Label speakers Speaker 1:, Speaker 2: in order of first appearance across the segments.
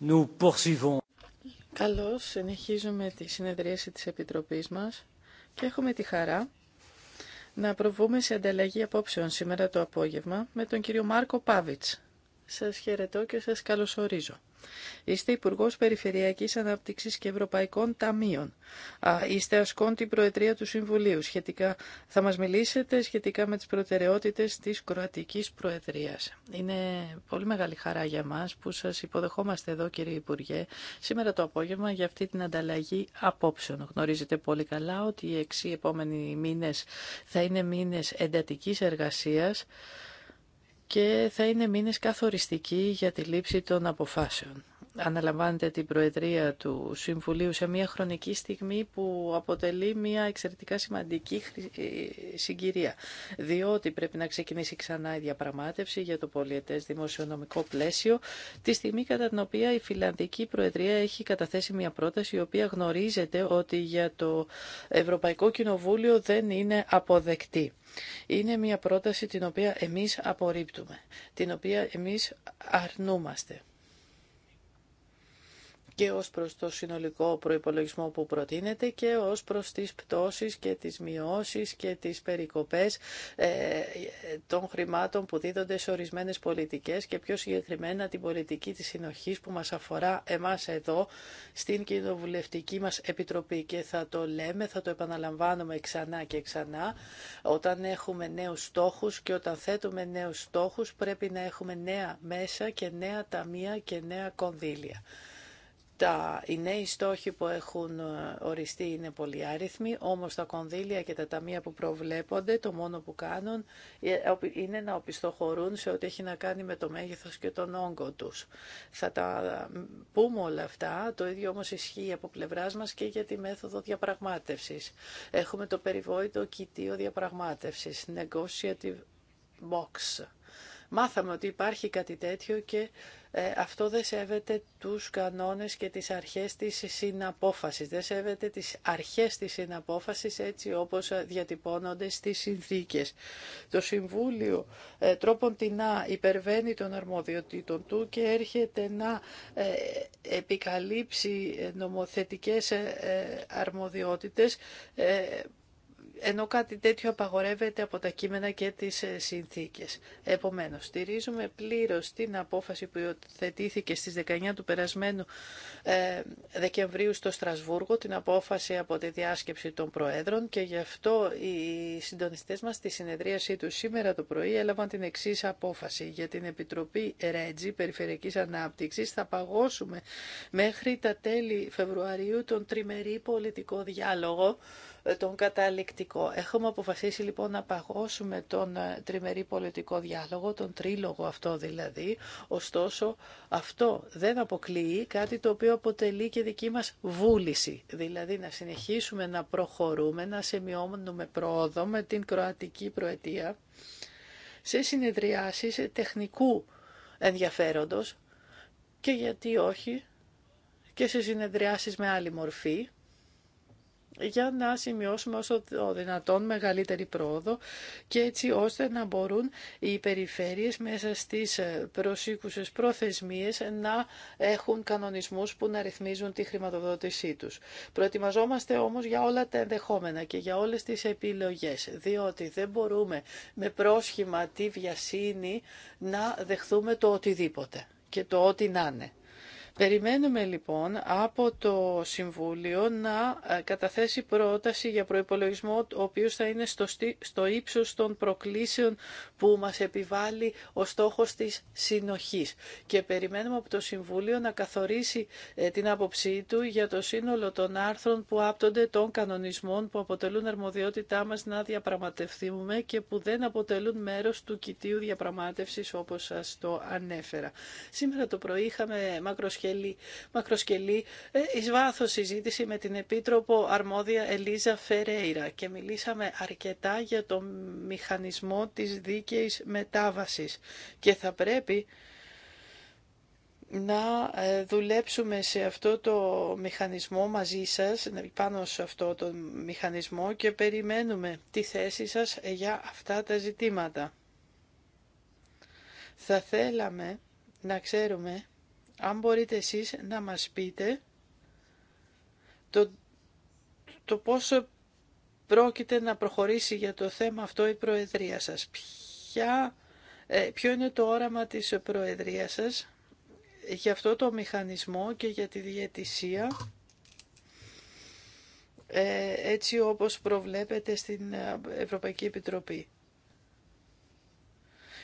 Speaker 1: Nous
Speaker 2: Καλώς, συνεχίζουμε τη συνεδρίαση της Επιτροπής μας και έχουμε τη χαρά να προβούμε σε ανταλλαγή απόψεων σήμερα το απόγευμα με τον κύριο Μάρκο Πάβιτς, σας χαιρετώ και σας καλωσορίζω. Είστε Υπουργό Περιφερειακή Ανάπτυξη και Ευρωπαϊκών Ταμείων. Είστε ασκόν την Προεδρία του Συμβουλίου. Σχετικά, θα μα μιλήσετε σχετικά με τι προτεραιότητε τη Κροατική Προεδρία. Είναι πολύ μεγάλη χαρά για μα που σα υποδεχόμαστε εδώ, κύριε Υπουργέ, σήμερα το απόγευμα για αυτή την ανταλλαγή απόψεων. Γνωρίζετε πολύ καλά ότι οι εξή επόμενοι μήνε θα είναι μήνε εντατική εργασία και θα είναι μήνες καθοριστικοί για τη λήψη των αποφάσεων αναλαμβάνετε την Προεδρία του Συμβουλίου σε μια χρονική στιγμή που αποτελεί μια εξαιρετικά σημαντική ε, συγκυρία. Διότι πρέπει να ξεκινήσει ξανά η διαπραγμάτευση για το πολιετές δημοσιονομικό πλαίσιο, τη στιγμή κατά την οποία η Φιλανδική Προεδρία έχει καταθέσει μια πρόταση η οποία γνωρίζεται ότι για το Ευρωπαϊκό Κοινοβούλιο δεν είναι αποδεκτή. Είναι μια πρόταση την οποία εμείς απορρίπτουμε, την οποία εμείς αρνούμαστε και ως προς το συνολικό προϋπολογισμό που προτείνεται και ως προς τις πτώσεις και τις μειώσεις και τις περικοπές ε, των χρημάτων που δίδονται σε ορισμένες πολιτικές και πιο συγκεκριμένα την πολιτική της συνοχής που μας αφορά εμάς εδώ στην κοινοβουλευτική μας επιτροπή και θα το λέμε, θα το επαναλαμβάνουμε ξανά και ξανά όταν έχουμε νέους στόχους και όταν θέτουμε νέους στόχους πρέπει να έχουμε νέα μέσα και νέα ταμεία και νέα κονδύλια τα, οι νέοι στόχοι που έχουν ε, οριστεί είναι πολύ άριθμοι, όμως τα κονδύλια και τα ταμεία που προβλέπονται, το μόνο που κάνουν ε, είναι να οπισθοχωρούν σε ό,τι έχει να κάνει με το μέγεθος και τον όγκο τους. Θα τα πούμε όλα αυτά, το ίδιο όμως ισχύει από πλευράς μας και για τη μέθοδο διαπραγμάτευσης. Έχουμε το περιβόητο κοιτίο διαπραγμάτευσης, negotiative box μάθαμε ότι υπάρχει κάτι τέτοιο και ε, αυτό δεν σέβεται τους κανόνες και τις αρχές της συναπόφασης. Δεν σέβεται τις αρχές της συναπόφασης έτσι όπως ε, διατυπώνονται στις συνθήκες. Το Συμβούλιο ε, τρόπον την υπερβαίνει των αρμοδιοτήτων του και έρχεται να επικαλύψει νομοθετικές αρμοδιότητες ενώ κάτι τέτοιο απαγορεύεται από τα κείμενα και τις ε, συνθήκες. Επομένως, στηρίζουμε πλήρως την απόφαση που υιοθετήθηκε στις 19 του περασμένου ε, Δεκεμβρίου στο Στρασβούργο, την απόφαση από τη διάσκεψη των Προέδρων και γι' αυτό οι συντονιστές μας στη συνεδρίασή του σήμερα το πρωί έλαβαν την εξή απόφαση για την Επιτροπή ΡΕΤΖΙ Περιφερειακής Ανάπτυξης. Θα παγώσουμε μέχρι τα τέλη Φεβρουαρίου τον τριμερή πολιτικό διάλογο ε, τον καταληκτικό. Έχουμε αποφασίσει λοιπόν να παγώσουμε τον ε, τριμερή πολιτικό διάλογο, τον τρίλογο αυτό δηλαδή. Ωστόσο αυτό δεν αποκλείει κάτι το οποίο αποτελεί και δική μας βούληση. Δηλαδή να συνεχίσουμε να προχωρούμε, να σημειώνουμε πρόοδο με την Κροατική Προετία σε συνεδριάσεις τεχνικού ενδιαφέροντος και γιατί όχι και σε συνεδριάσεις με άλλη μορφή για να σημειώσουμε όσο το δυνατόν μεγαλύτερη πρόοδο και έτσι ώστε να μπορούν οι περιφέρειες μέσα στις προσήκουσες προθεσμίες να έχουν κανονισμούς που να ρυθμίζουν τη χρηματοδότησή τους. Προετοιμαζόμαστε όμως για όλα τα ενδεχόμενα και για όλες τις επιλογές, διότι δεν μπορούμε με πρόσχημα τη βιασύνη να δεχθούμε το οτιδήποτε και το ό,τι να είναι. Περιμένουμε λοιπόν από το Συμβούλιο να ε, καταθέσει πρόταση για προϋπολογισμό ο οποίος θα είναι στο, στο ύψος των προκλήσεων που μας επιβάλλει ο στόχος της συνοχής. Και περιμένουμε από το Συμβούλιο να καθορίσει ε, την άποψή του για το σύνολο των άρθρων που άπτονται των κανονισμών που αποτελούν αρμοδιότητά μας να διαπραγματευτούμε και που δεν αποτελούν μέρος του κοιτίου διαπραγμάτευσης όπως σας το ανέφερα. Σήμερα το πρωί είχαμε μακροσκελή, μακροσκελή ε, εις βάθος συζήτηση με την Επίτροπο Αρμόδια Ελίζα Φερέιρα και μιλήσαμε αρκετά για το μηχανισμό της δίκαιης μετάβασης και θα πρέπει να ε, δουλέψουμε σε αυτό το μηχανισμό μαζί σας, πάνω σε αυτό το μηχανισμό και περιμένουμε τη θέση σας ε, για αυτά τα ζητήματα. Θα θέλαμε να ξέρουμε αν μπορείτε εσείς να μας πείτε το, το πόσο πρόκειται να προχωρήσει για το θέμα αυτό η Προεδρία σας. Ποια, ε, ποιο είναι το όραμα της Προεδρίας σας για αυτό το μηχανισμό και για τη διαιτησία ε, έτσι όπως προβλέπετε στην ε, Ευρωπαϊκή Επιτροπή.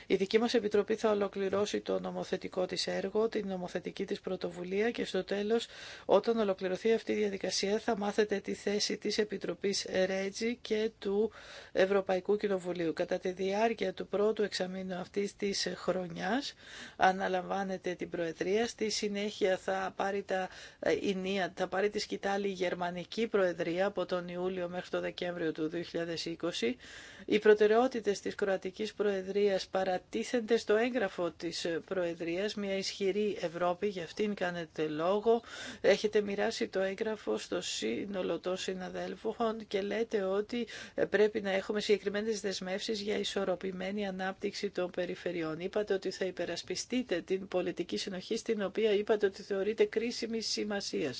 Speaker 2: Η δική μας Επιτροπή θα ολοκληρώσει το νομοθετικό της έργο, την νομοθετική της πρωτοβουλία και στο τέλος όταν ολοκληρωθεί αυτή η διαδικασία θα μάθετε τη θέση της Επιτροπής Ρέτζη και του Ευρωπαϊκού Κοινοβουλίου. Κατά τη διάρκεια του πρώτου εξαμήνου αυτής της χρονιάς αναλαμβάνεται την Προεδρία. Στη συνέχεια θα πάρει, τα, ε, θα πάρει τη σκητάλη η Γερμανική Προεδρία από τον Ιούλιο μέχρι τον Δεκέμβριο του 2020. Οι προτεραιότητες της Κροατικής Προεδρίας παρα κατατίθενται στο έγγραφο της Προεδρίας, μια ισχυρή Ευρώπη, για αυτήν κάνετε λόγο. Έχετε μοιράσει το έγγραφο στο σύνολο των συναδέλφων και λέτε ότι πρέπει να έχουμε συγκεκριμένες δεσμεύσεις για ισορροπημένη ανάπτυξη των περιφερειών. Είπατε ότι θα υπερασπιστείτε την πολιτική συνοχή στην οποία είπατε ότι θεωρείτε κρίσιμη σημασία.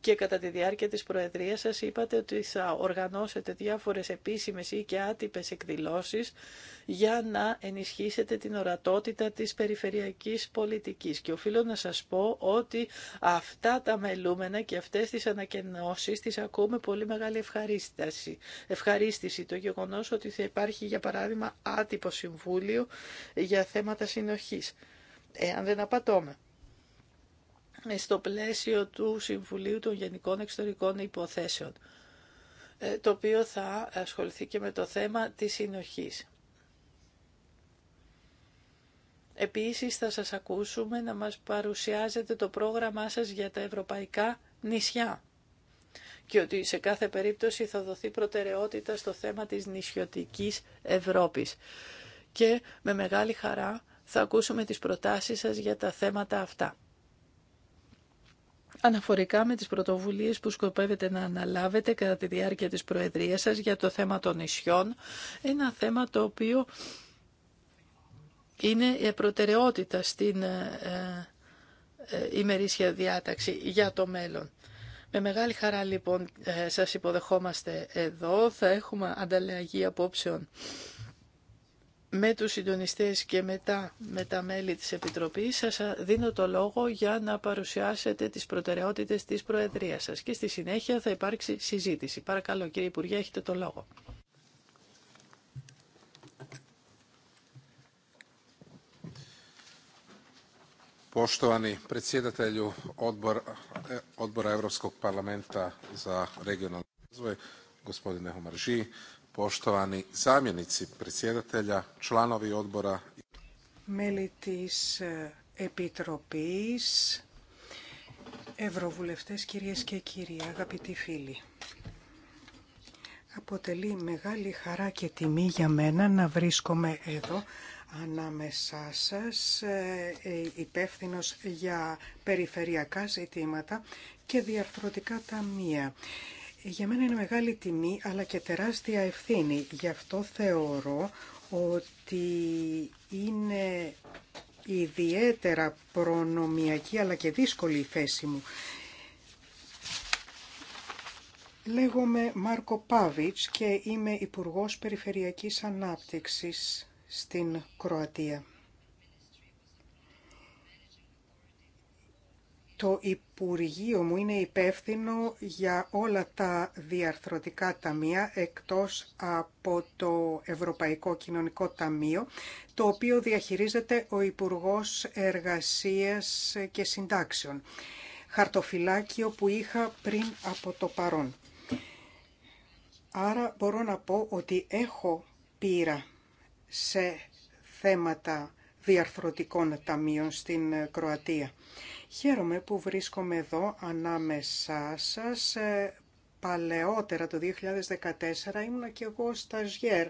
Speaker 2: Και κατά τη διάρκεια της Προεδρίας σας είπατε ότι θα οργανώσετε διάφορες επίσημες ή και άτυπες εκδηλώσεις για να ενισχύσετε την ορατότητα της περιφερειακής πολιτικής. Και οφείλω να σας πω ότι αυτά τα μελούμενα και αυτές τις ανακαινώσεις τις ακούμε πολύ μεγάλη ευχαρίστηση. ευχαρίστηση. Το γεγονός ότι θα υπάρχει για παράδειγμα άτυπο συμβούλιο για θέματα συνοχής. Ε, αν δεν απατώμε ε, στο πλαίσιο του Συμβουλίου των Γενικών Εξωτερικών Υποθέσεων, ε, το οποίο θα ασχοληθεί και με το θέμα της συνοχής. Επίσης θα σας ακούσουμε να μας παρουσιάζετε το πρόγραμμά σας για τα ευρωπαϊκά νησιά και ότι σε κάθε περίπτωση θα δοθεί προτεραιότητα στο θέμα της νησιωτικής Ευρώπης. Και με μεγάλη χαρά θα ακούσουμε τις προτάσεις σας για τα θέματα αυτά. Αναφορικά με τις πρωτοβουλίες που σκοπεύετε να αναλάβετε κατά τη διάρκεια της Προεδρίας σας για το θέμα των νησιών, ένα θέμα το οποίο είναι ε, προτεραιότητα στην ε, ε, ημερήσια διάταξη για το μέλλον. Με μεγάλη χαρά λοιπόν σας υποδεχόμαστε εδώ. Θα έχουμε ανταλλαγή απόψεων με τους συντονιστές και μετά με τα μέλη της Επιτροπής σας δίνω το λόγο για να παρουσιάσετε τις προτεραιότητες της Προεδρίας σας και στη συνέχεια θα υπάρξει συζήτηση. Παρακαλώ κύριε Υπουργέ, έχετε το λόγο.
Speaker 3: Poštovani predsjedatelju odbor, odbora Europskog parlamenta za regionalni razvoj, gospodine Omarži, poštovani zamjenici predsjedatelja, članovi odbora.
Speaker 4: i της Επιτροπής, Ευρωβουλευτές, κυρίες και κύριοι, αγαπητοί φίλοι. Αποτελεί μεγάλη χαρά και τιμή για μένα να βρίσκομαι εδώ ανάμεσά σας ε, ε, υπεύθυνος για περιφερειακά ζητήματα και διαρθρωτικά ταμεία. Για μένα είναι μεγάλη τιμή αλλά και τεράστια ευθύνη. Γι' αυτό θεωρώ ότι είναι ιδιαίτερα προνομιακή αλλά και δύσκολη η θέση μου. Λέγομαι Μάρκο Πάβιτς και είμαι Υπουργός Περιφερειακής Ανάπτυξης στην Κροατία. Το Υπουργείο μου είναι υπεύθυνο για όλα τα διαρθρωτικά ταμεία εκτός από το Ευρωπαϊκό Κοινωνικό Ταμείο, το οποίο διαχειρίζεται ο Υπουργός Εργασίας και Συντάξεων. Χαρτοφυλάκιο που είχα πριν από το παρόν. Άρα μπορώ να πω ότι έχω πείρα σε θέματα διαρθρωτικών ταμείων στην ε, Κροατία. Χαίρομαι που βρίσκομαι εδώ ανάμεσά σας. Ε, παλαιότερα, το 2014, ήμουνα και εγώ σταζιέρ.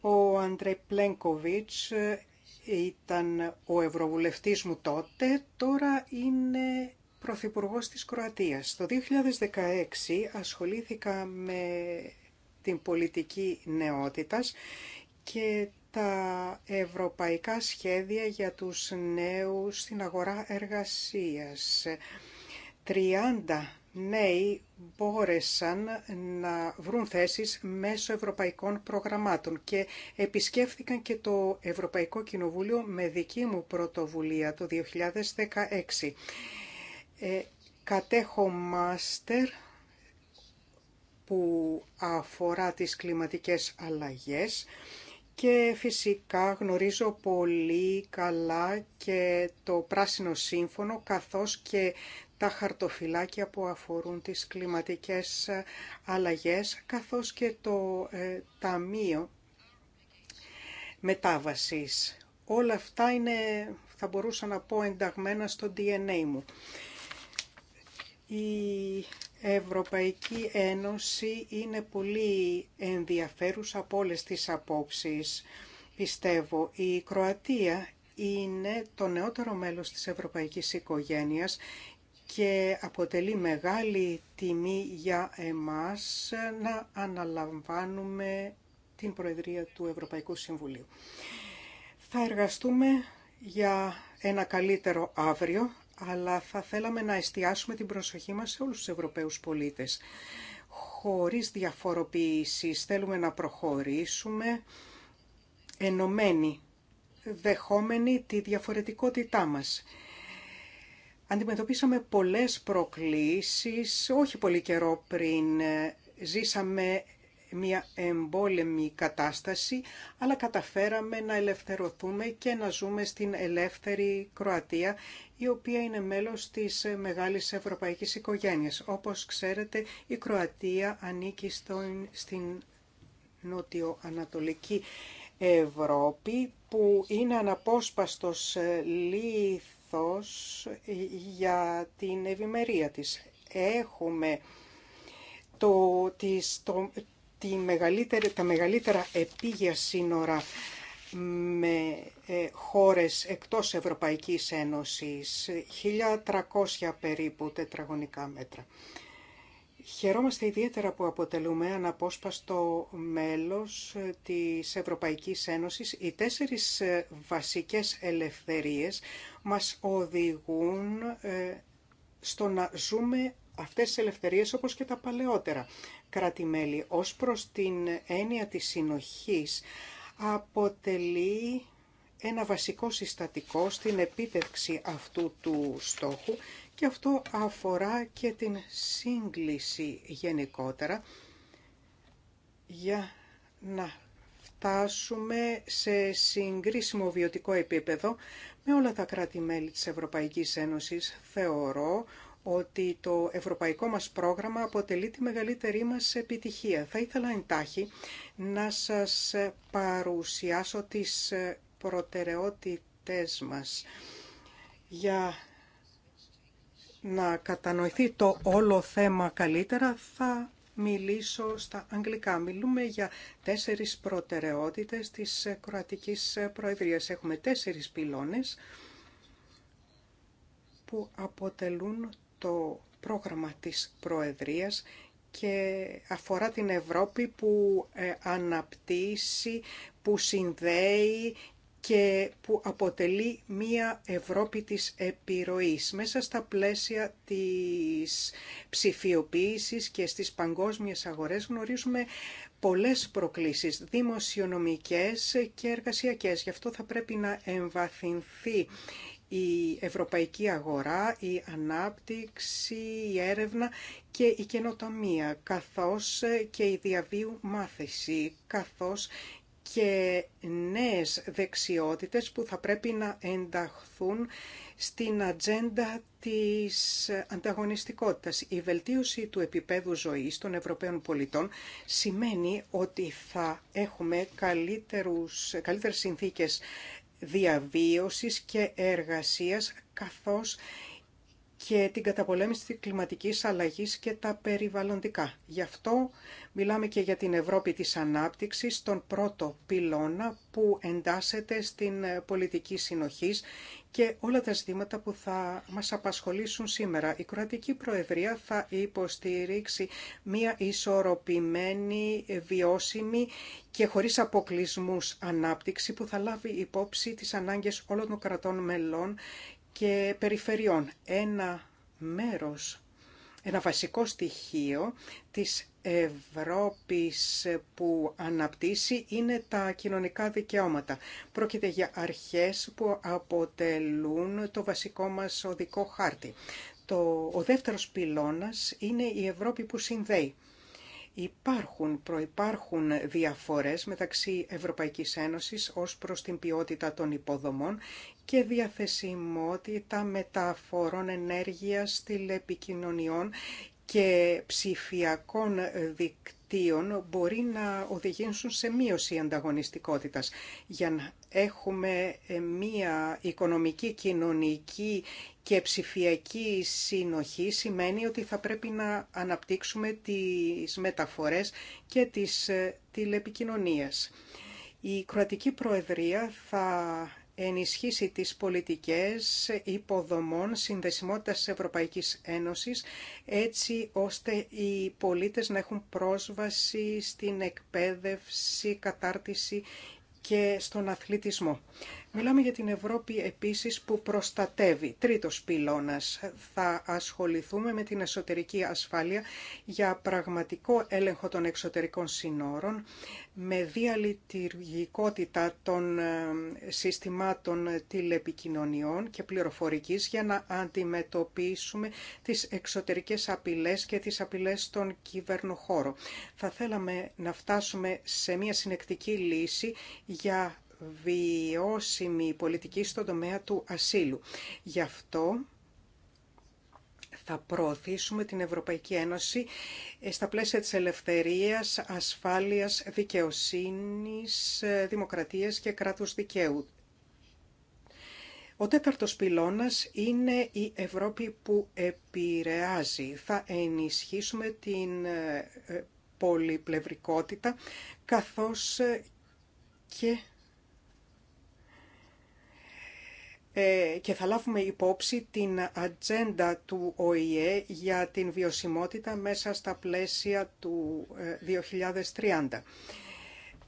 Speaker 4: Ο Αντρέ Πλένκοβιτς ε, ήταν ο ευρωβουλευτής μου τότε, τώρα είναι πρωθυπουργός της Κροατίας. Το 2016 ασχολήθηκα με την πολιτική νεότητας και τα ευρωπαϊκά σχέδια για τους νέους στην αγορά εργασίας. 30 νέοι μπόρεσαν να βρουν θέσεις μέσω ευρωπαϊκών προγραμμάτων και επισκέφθηκαν και το Ευρωπαϊκό Κοινοβούλιο με δική μου πρωτοβουλία το 2016. Ε, κατέχω μάστερ που αφορά τις κλιματικές αλλαγές και φυσικά γνωρίζω πολύ καλά και το Πράσινο Σύμφωνο καθώς και τα χαρτοφυλάκια που αφορούν τις κλιματικές αλλαγές καθώς και το ε, Ταμείο Μετάβασης. Όλα αυτά είναι, θα μπορούσα να πω, ενταγμένα στο DNA μου. Ευρωπαϊκή Ένωση είναι πολύ ενδιαφέρουσα από όλες τις απόψεις. Πιστεύω η Κροατία είναι το νεότερο μέλος της ευρωπαϊκής οικογένειας και αποτελεί μεγάλη τιμή για εμάς να αναλαμβάνουμε την Προεδρία του Ευρωπαϊκού Συμβουλίου. Θα εργαστούμε για ένα καλύτερο αύριο αλλά θα θέλαμε να εστιάσουμε την προσοχή μας σε όλους τους Ευρωπαίους πολίτες. Χωρίς διαφοροποίησης θέλουμε να προχωρήσουμε ενωμένοι, δεχόμενοι τη διαφορετικότητά μας. Αντιμετωπίσαμε πολλές προκλήσεις, όχι πολύ καιρό πριν ζήσαμε μια εμπόλεμη κατάσταση, αλλά καταφέραμε να ελευθερωθούμε και να ζούμε στην ελεύθερη Κροατία, η οποία είναι μέλος της μεγάλης ευρωπαϊκής οικογένειας. Όπως ξέρετε, η Κροατία ανήκει στον, στην νότιο-ανατολική Ευρώπη, που είναι αναπόσπαστος λίθος για την ευημερία της. Έχουμε το, της το, τη μεγαλύτερη, τα μεγαλύτερα επίγεια σύνορα με ε, χώρες εκτός Ευρωπαϊκής Ένωσης, 1.300 περίπου τετραγωνικά μέτρα. Χαιρόμαστε ιδιαίτερα που αποτελούμε αναπόσπαστο μέλος ε, της Ευρωπαϊκής Ένωσης. Οι τέσσερις ε, βασικές ελευθερίες μας οδηγούν στο να ζούμε αυτές τις ελευθερίες όπως και τα παλαιότερα κράτη-μέλη. Ως προς την έννοια της συνοχής αποτελεί ένα βασικό συστατικό στην επίτευξη αυτού του στόχου και αυτό αφορά και την σύγκληση γενικότερα για να φτάσουμε σε συγκρίσιμο βιωτικό επίπεδο με όλα τα κράτη-μέλη της Ευρωπαϊκής Ένωσης. Θεωρώ ότι το ευρωπαϊκό μας πρόγραμμα αποτελεί τη μεγαλύτερη μας επιτυχία. Θα ήθελα εντάχει να σας παρουσιάσω τις προτεραιότητες μας για να κατανοηθεί το όλο θέμα καλύτερα θα μιλήσω στα αγγλικά. Μιλούμε για τέσσερις προτεραιότητες της Κροατικής Προεδρίας. Έχουμε τέσσερις πυλώνες που αποτελούν το πρόγραμμα της Προεδρίας και αφορά την Ευρώπη που ε, αναπτύσσει, που συνδέει και που αποτελεί μία Ευρώπη της επιρροής μέσα στα πλαίσια της ψηφιοποίησης και στις παγκόσμιες αγορές γνωρίζουμε πολλές προκλήσεις δημοσιονομικές και εργασιακές. Γι' αυτό θα πρέπει να εμβαθυνθεί η ευρωπαϊκή αγορά, η ανάπτυξη, η έρευνα και η καινοτομία, καθώς και η διαβίου μάθηση, καθώς και νέες δεξιότητες που θα πρέπει να ενταχθούν στην ατζέντα της ανταγωνιστικότητας. Η βελτίωση του επίπεδου ζωής των Ευρωπαίων πολιτών σημαίνει ότι θα έχουμε καλύτερους, καλύτερες συνθήκες διαβίωσης και εργασίας καθώς και την καταπολέμηση της κλιματικής αλλαγής και τα περιβαλλοντικά. Γι' αυτό μιλάμε και για την Ευρώπη της ανάπτυξης, τον πρώτο πυλώνα που εντάσσεται στην πολιτική συνοχής και όλα τα ζητήματα που θα μας απασχολήσουν σήμερα. Η Κροατική Προεδρία θα υποστηρίξει μια ισορροπημένη, βιώσιμη και χωρίς αποκλεισμούς ανάπτυξη που θα λάβει υπόψη τις ανάγκες όλων των κρατών μελών και περιφερειών. Ένα μέρος, ένα βασικό στοιχείο της Ευρώπης που αναπτύσσει είναι τα κοινωνικά δικαιώματα. Πρόκειται για αρχές που αποτελούν το βασικό μας οδικό χάρτη. Το, ο δεύτερος πυλώνας είναι η Ευρώπη που συνδέει. Υπάρχουν, προϋπάρχουν διαφορές μεταξύ Ευρωπαϊκής Ένωσης ως προς την ποιότητα των υποδομών και διαθεσιμότητα μεταφορών ενέργειας, τηλεπικοινωνιών και ψηφιακών δικτύων μπορεί να οδηγήσουν σε μείωση ανταγωνιστικότητας. Για να έχουμε ε, μία οικονομική, κοινωνική και ψηφιακή συνοχή σημαίνει ότι θα πρέπει να αναπτύξουμε τις μεταφορές και τις ε, τηλεπικοινωνίες. Η Κροατική Προεδρία θα ενισχύσει τις πολιτικές υποδομών συνδεσιμότητας της Ευρωπαϊκής Ένωσης έτσι ώστε οι πολίτες να έχουν πρόσβαση στην εκπαίδευση, κατάρτιση και στον αθλητισμό. Μιλάμε για την Ευρώπη επίσης που προστατεύει. Τρίτος πυλώνας. Θα ασχοληθούμε με την εσωτερική ασφάλεια για πραγματικό έλεγχο των εξωτερικών συνόρων με διαλειτουργικότητα των ε, συστημάτων τηλεπικοινωνιών και πληροφορικής για να αντιμετωπίσουμε τις εξωτερικές απειλές και τις απειλές στον κυβερνοχώρο. Θα θέλαμε να φτάσουμε σε μια συνεκτική λύση για βιώσιμη πολιτική στον τομέα του ασύλου. Γι' αυτό θα προωθήσουμε την Ευρωπαϊκή Ένωση ε, στα πλαίσια της ελευθερίας, ασφάλειας, δικαιοσύνης, ε, δημοκρατίας και κράτους δικαίου. Ο τέταρτος πυλώνας είναι η Ευρώπη που επηρεάζει. Θα ενισχύσουμε την ε, πολυπλευρικότητα καθώς και Ε, και θα λάβουμε υπόψη την ατζέντα του ΟΗΕ για την βιωσιμότητα μέσα στα πλαίσια του 2030.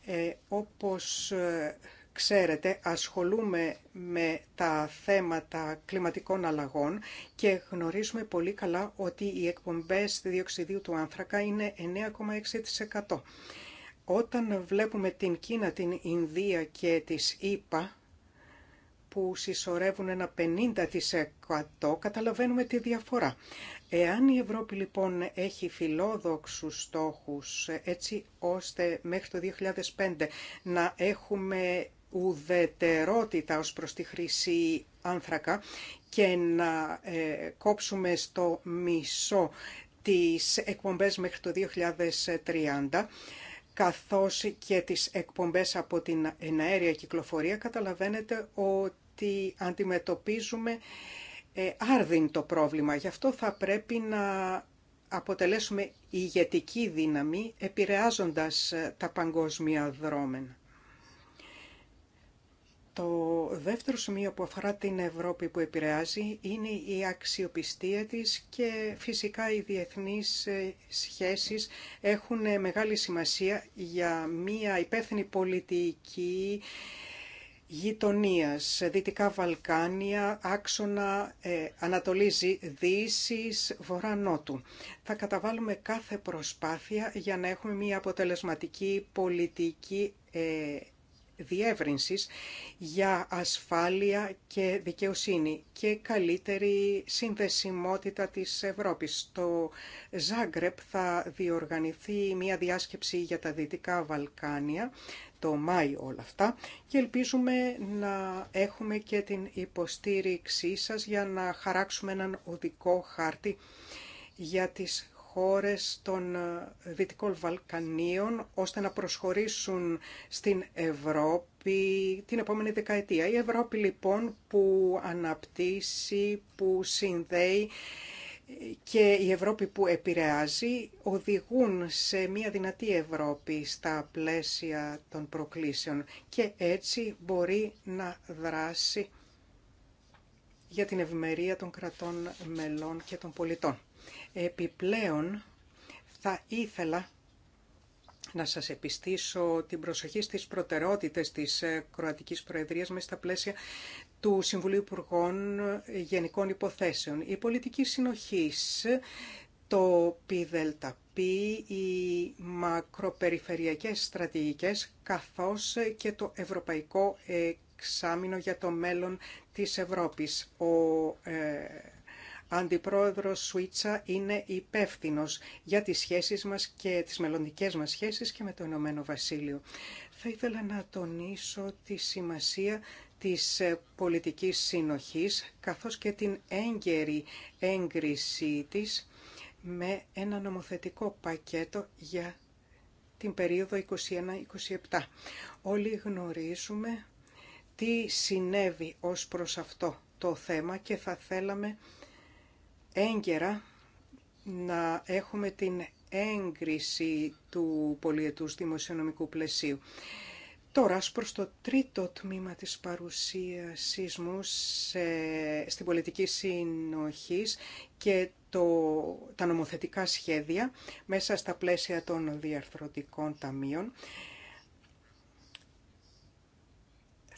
Speaker 4: Ε, ε, όπως ε, ξέρετε, ασχολούμε με τα θέματα κλιματικών αλλαγών και γνωρίζουμε πολύ καλά ότι οι εκπομπές διοξιδίου του άνθρακα είναι 9,6%. Όταν βλέπουμε την Κίνα, την Ινδία και τις ΗΠΑ, που συσσωρεύουν ένα 50% καταλαβαίνουμε τη διαφορά. Εάν η Ευρώπη λοιπόν έχει φιλόδοξους στόχους έτσι ώστε μέχρι το 2005 να έχουμε ουδετερότητα ως προς τη χρήση άνθρακα και να ε, κόψουμε στο μισό τις εκπομπές μέχρι το 2030 καθώς και τις εκπομπές από την εναέρια κυκλοφορία καταλαβαίνετε ότι ότι αντιμετωπίζουμε ε, άρδιν το πρόβλημα. Γι' αυτό θα πρέπει να αποτελέσουμε η ηγετική δύναμη επηρεάζοντας ε, τα παγκόσμια δρόμενα. Το δεύτερο σημείο που αφορά την Ευρώπη που επηρεάζει είναι η αξιοπιστία της και φυσικά οι διεθνείς ε, σχέσεις έχουν μεγάλη σημασία για μια υπεύθυνη πολιτική γειτονίας, Δυτικά Βαλκάνια, άξονα ανατολίζει Ανατολής Δύσης, Βορρά Νότου. Θα καταβάλουμε κάθε προσπάθεια για να έχουμε μια αποτελεσματική πολιτική ε, διεύρυνσης για ασφάλεια και δικαιοσύνη και καλύτερη συνδεσιμότητα της Ευρώπης. Στο Ζάγκρεπ θα διοργανηθεί μια διάσκεψη για τα Δυτικά Βαλκάνια το Μάη όλα αυτά και ελπίζουμε να έχουμε και την υποστήριξή σας για να χαράξουμε έναν οδικό χάρτη για τις χώρες των ε, Δυτικών Βαλκανίων ώστε να προσχωρήσουν στην Ευρώπη την επόμενη δεκαετία. Η Ευρώπη λοιπόν που αναπτύσσει, που συνδέει και η Ευρώπη που επηρεάζει οδηγούν σε μια δυνατή Ευρώπη στα πλαίσια των προκλήσεων και έτσι μπορεί να δράσει για την ευημερία των κρατών μελών και των πολιτών. Επιπλέον θα ήθελα να σας επιστήσω την προσοχή στις προτερότητες της ε, Κροατικής Προεδρίας μέσα στα πλαίσια του Συμβουλίου Υπουργών Γενικών Υποθέσεων. Η πολιτική συνοχής, το ΠΙΔΕΛΤΑΠΗ, οι μακροπεριφερειακές στρατηγικές, καθώς και το Ευρωπαϊκό Εξάμεινο για το Μέλλον της Ευρώπης. Ε, Αντιπρόεδρος Σουίτσα είναι υπεύθυνο για τις σχέσεις μας και τις μελλοντικέ μας σχέσεις και με το Ηνωμένο Βασίλειο. Θα ήθελα να τονίσω τη σημασία της πολιτικής συνοχής καθώς και την έγκαιρη έγκρισή της με ένα νομοθετικό πακέτο για την περίοδο 21-27. Όλοι γνωρίζουμε τι συνέβη ως προς αυτό το θέμα και θα θέλαμε έγκαιρα να έχουμε την έγκριση του πολιετούς δημοσιονομικού πλαισίου. Τώρα, προ προς το τρίτο τμήμα της παρουσίασής μου στην πολιτική συνοχής και το, τα νομοθετικά σχέδια μέσα στα πλαίσια των διαρθρωτικών ταμείων,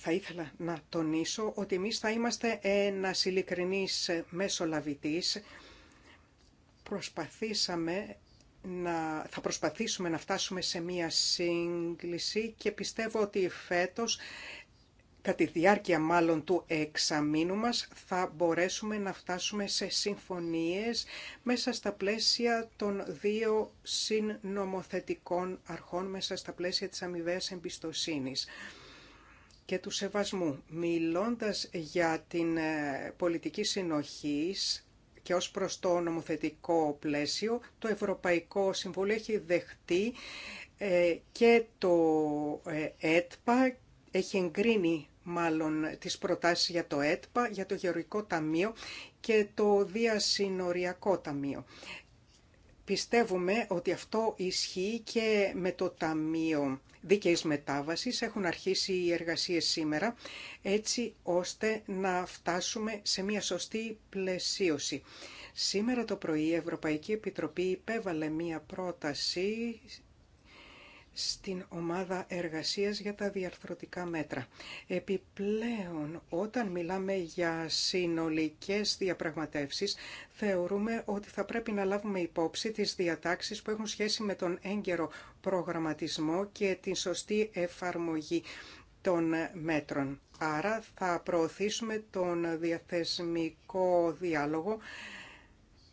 Speaker 4: θα ήθελα να τονίσω ότι εμείς θα είμαστε ένα ειλικρινής μεσολαβητής. Προσπαθήσαμε να, θα προσπαθήσουμε να φτάσουμε σε μία σύγκληση και πιστεύω ότι φέτος, κατά τη διάρκεια μάλλον του εξαμήνου μας, θα μπορέσουμε να φτάσουμε σε συμφωνίες μέσα στα πλαίσια των δύο συνομοθετικών αρχών, μέσα στα πλαίσια της αμοιβαίας εμπιστοσύνης και του σεβασμού. Μιλώντας για την ε, πολιτική συνοχής και ως προς το νομοθετικό πλαίσιο, το Ευρωπαϊκό Συμβούλιο έχει δεχτεί ε, και το ε, ΕΤΠΑ, έχει εγκρίνει μάλλον τις προτάσεις για το ΕΤΠΑ, για το Γεωργικό Ταμείο και το Διασυνοριακό Ταμείο. Πιστεύουμε ότι αυτό ισχύει και με το Ταμείο Δίκαιης Μετάβασης. Έχουν αρχίσει οι εργασίες σήμερα έτσι ώστε να φτάσουμε σε μια σωστή πλαισίωση. Σήμερα το πρωί η Ευρωπαϊκή Επιτροπή υπέβαλε μια πρόταση στην ομάδα εργασίας για τα διαρθρωτικά μέτρα. Επιπλέον, όταν μιλάμε για συνολικές διαπραγματεύσεις, θεωρούμε ότι θα πρέπει να λάβουμε υπόψη τις διατάξεις που έχουν σχέση με τον έγκαιρο προγραμματισμό και την σωστή εφαρμογή των μέτρων. Άρα θα προωθήσουμε τον διαθεσμικό διάλογο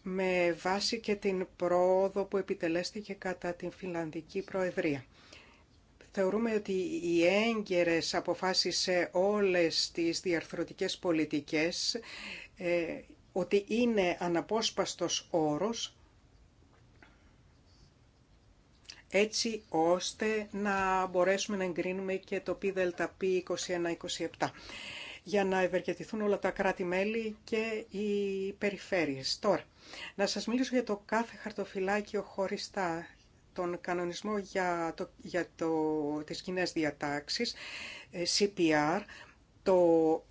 Speaker 4: με βάση και την πρόοδο που επιτελέστηκε κατά την Φιλανδική Προεδρία. Θεωρούμε ότι οι έγκαιρες αποφάσεις σε όλες τις διαρθρωτικές πολιτικές ε, ότι είναι αναπόσπαστος όρος έτσι ώστε να μπορέσουμε να εγκρίνουμε και το ΠΔΠ 21-27 για να ευεργετηθούν όλα τα κράτη-μέλη και οι περιφέρειες. Τώρα, να σας μιλήσω για το κάθε χαρτοφυλάκιο χωριστά τον κανονισμό για, το, για το, τις κοινέ διατάξεις, ε, CPR, το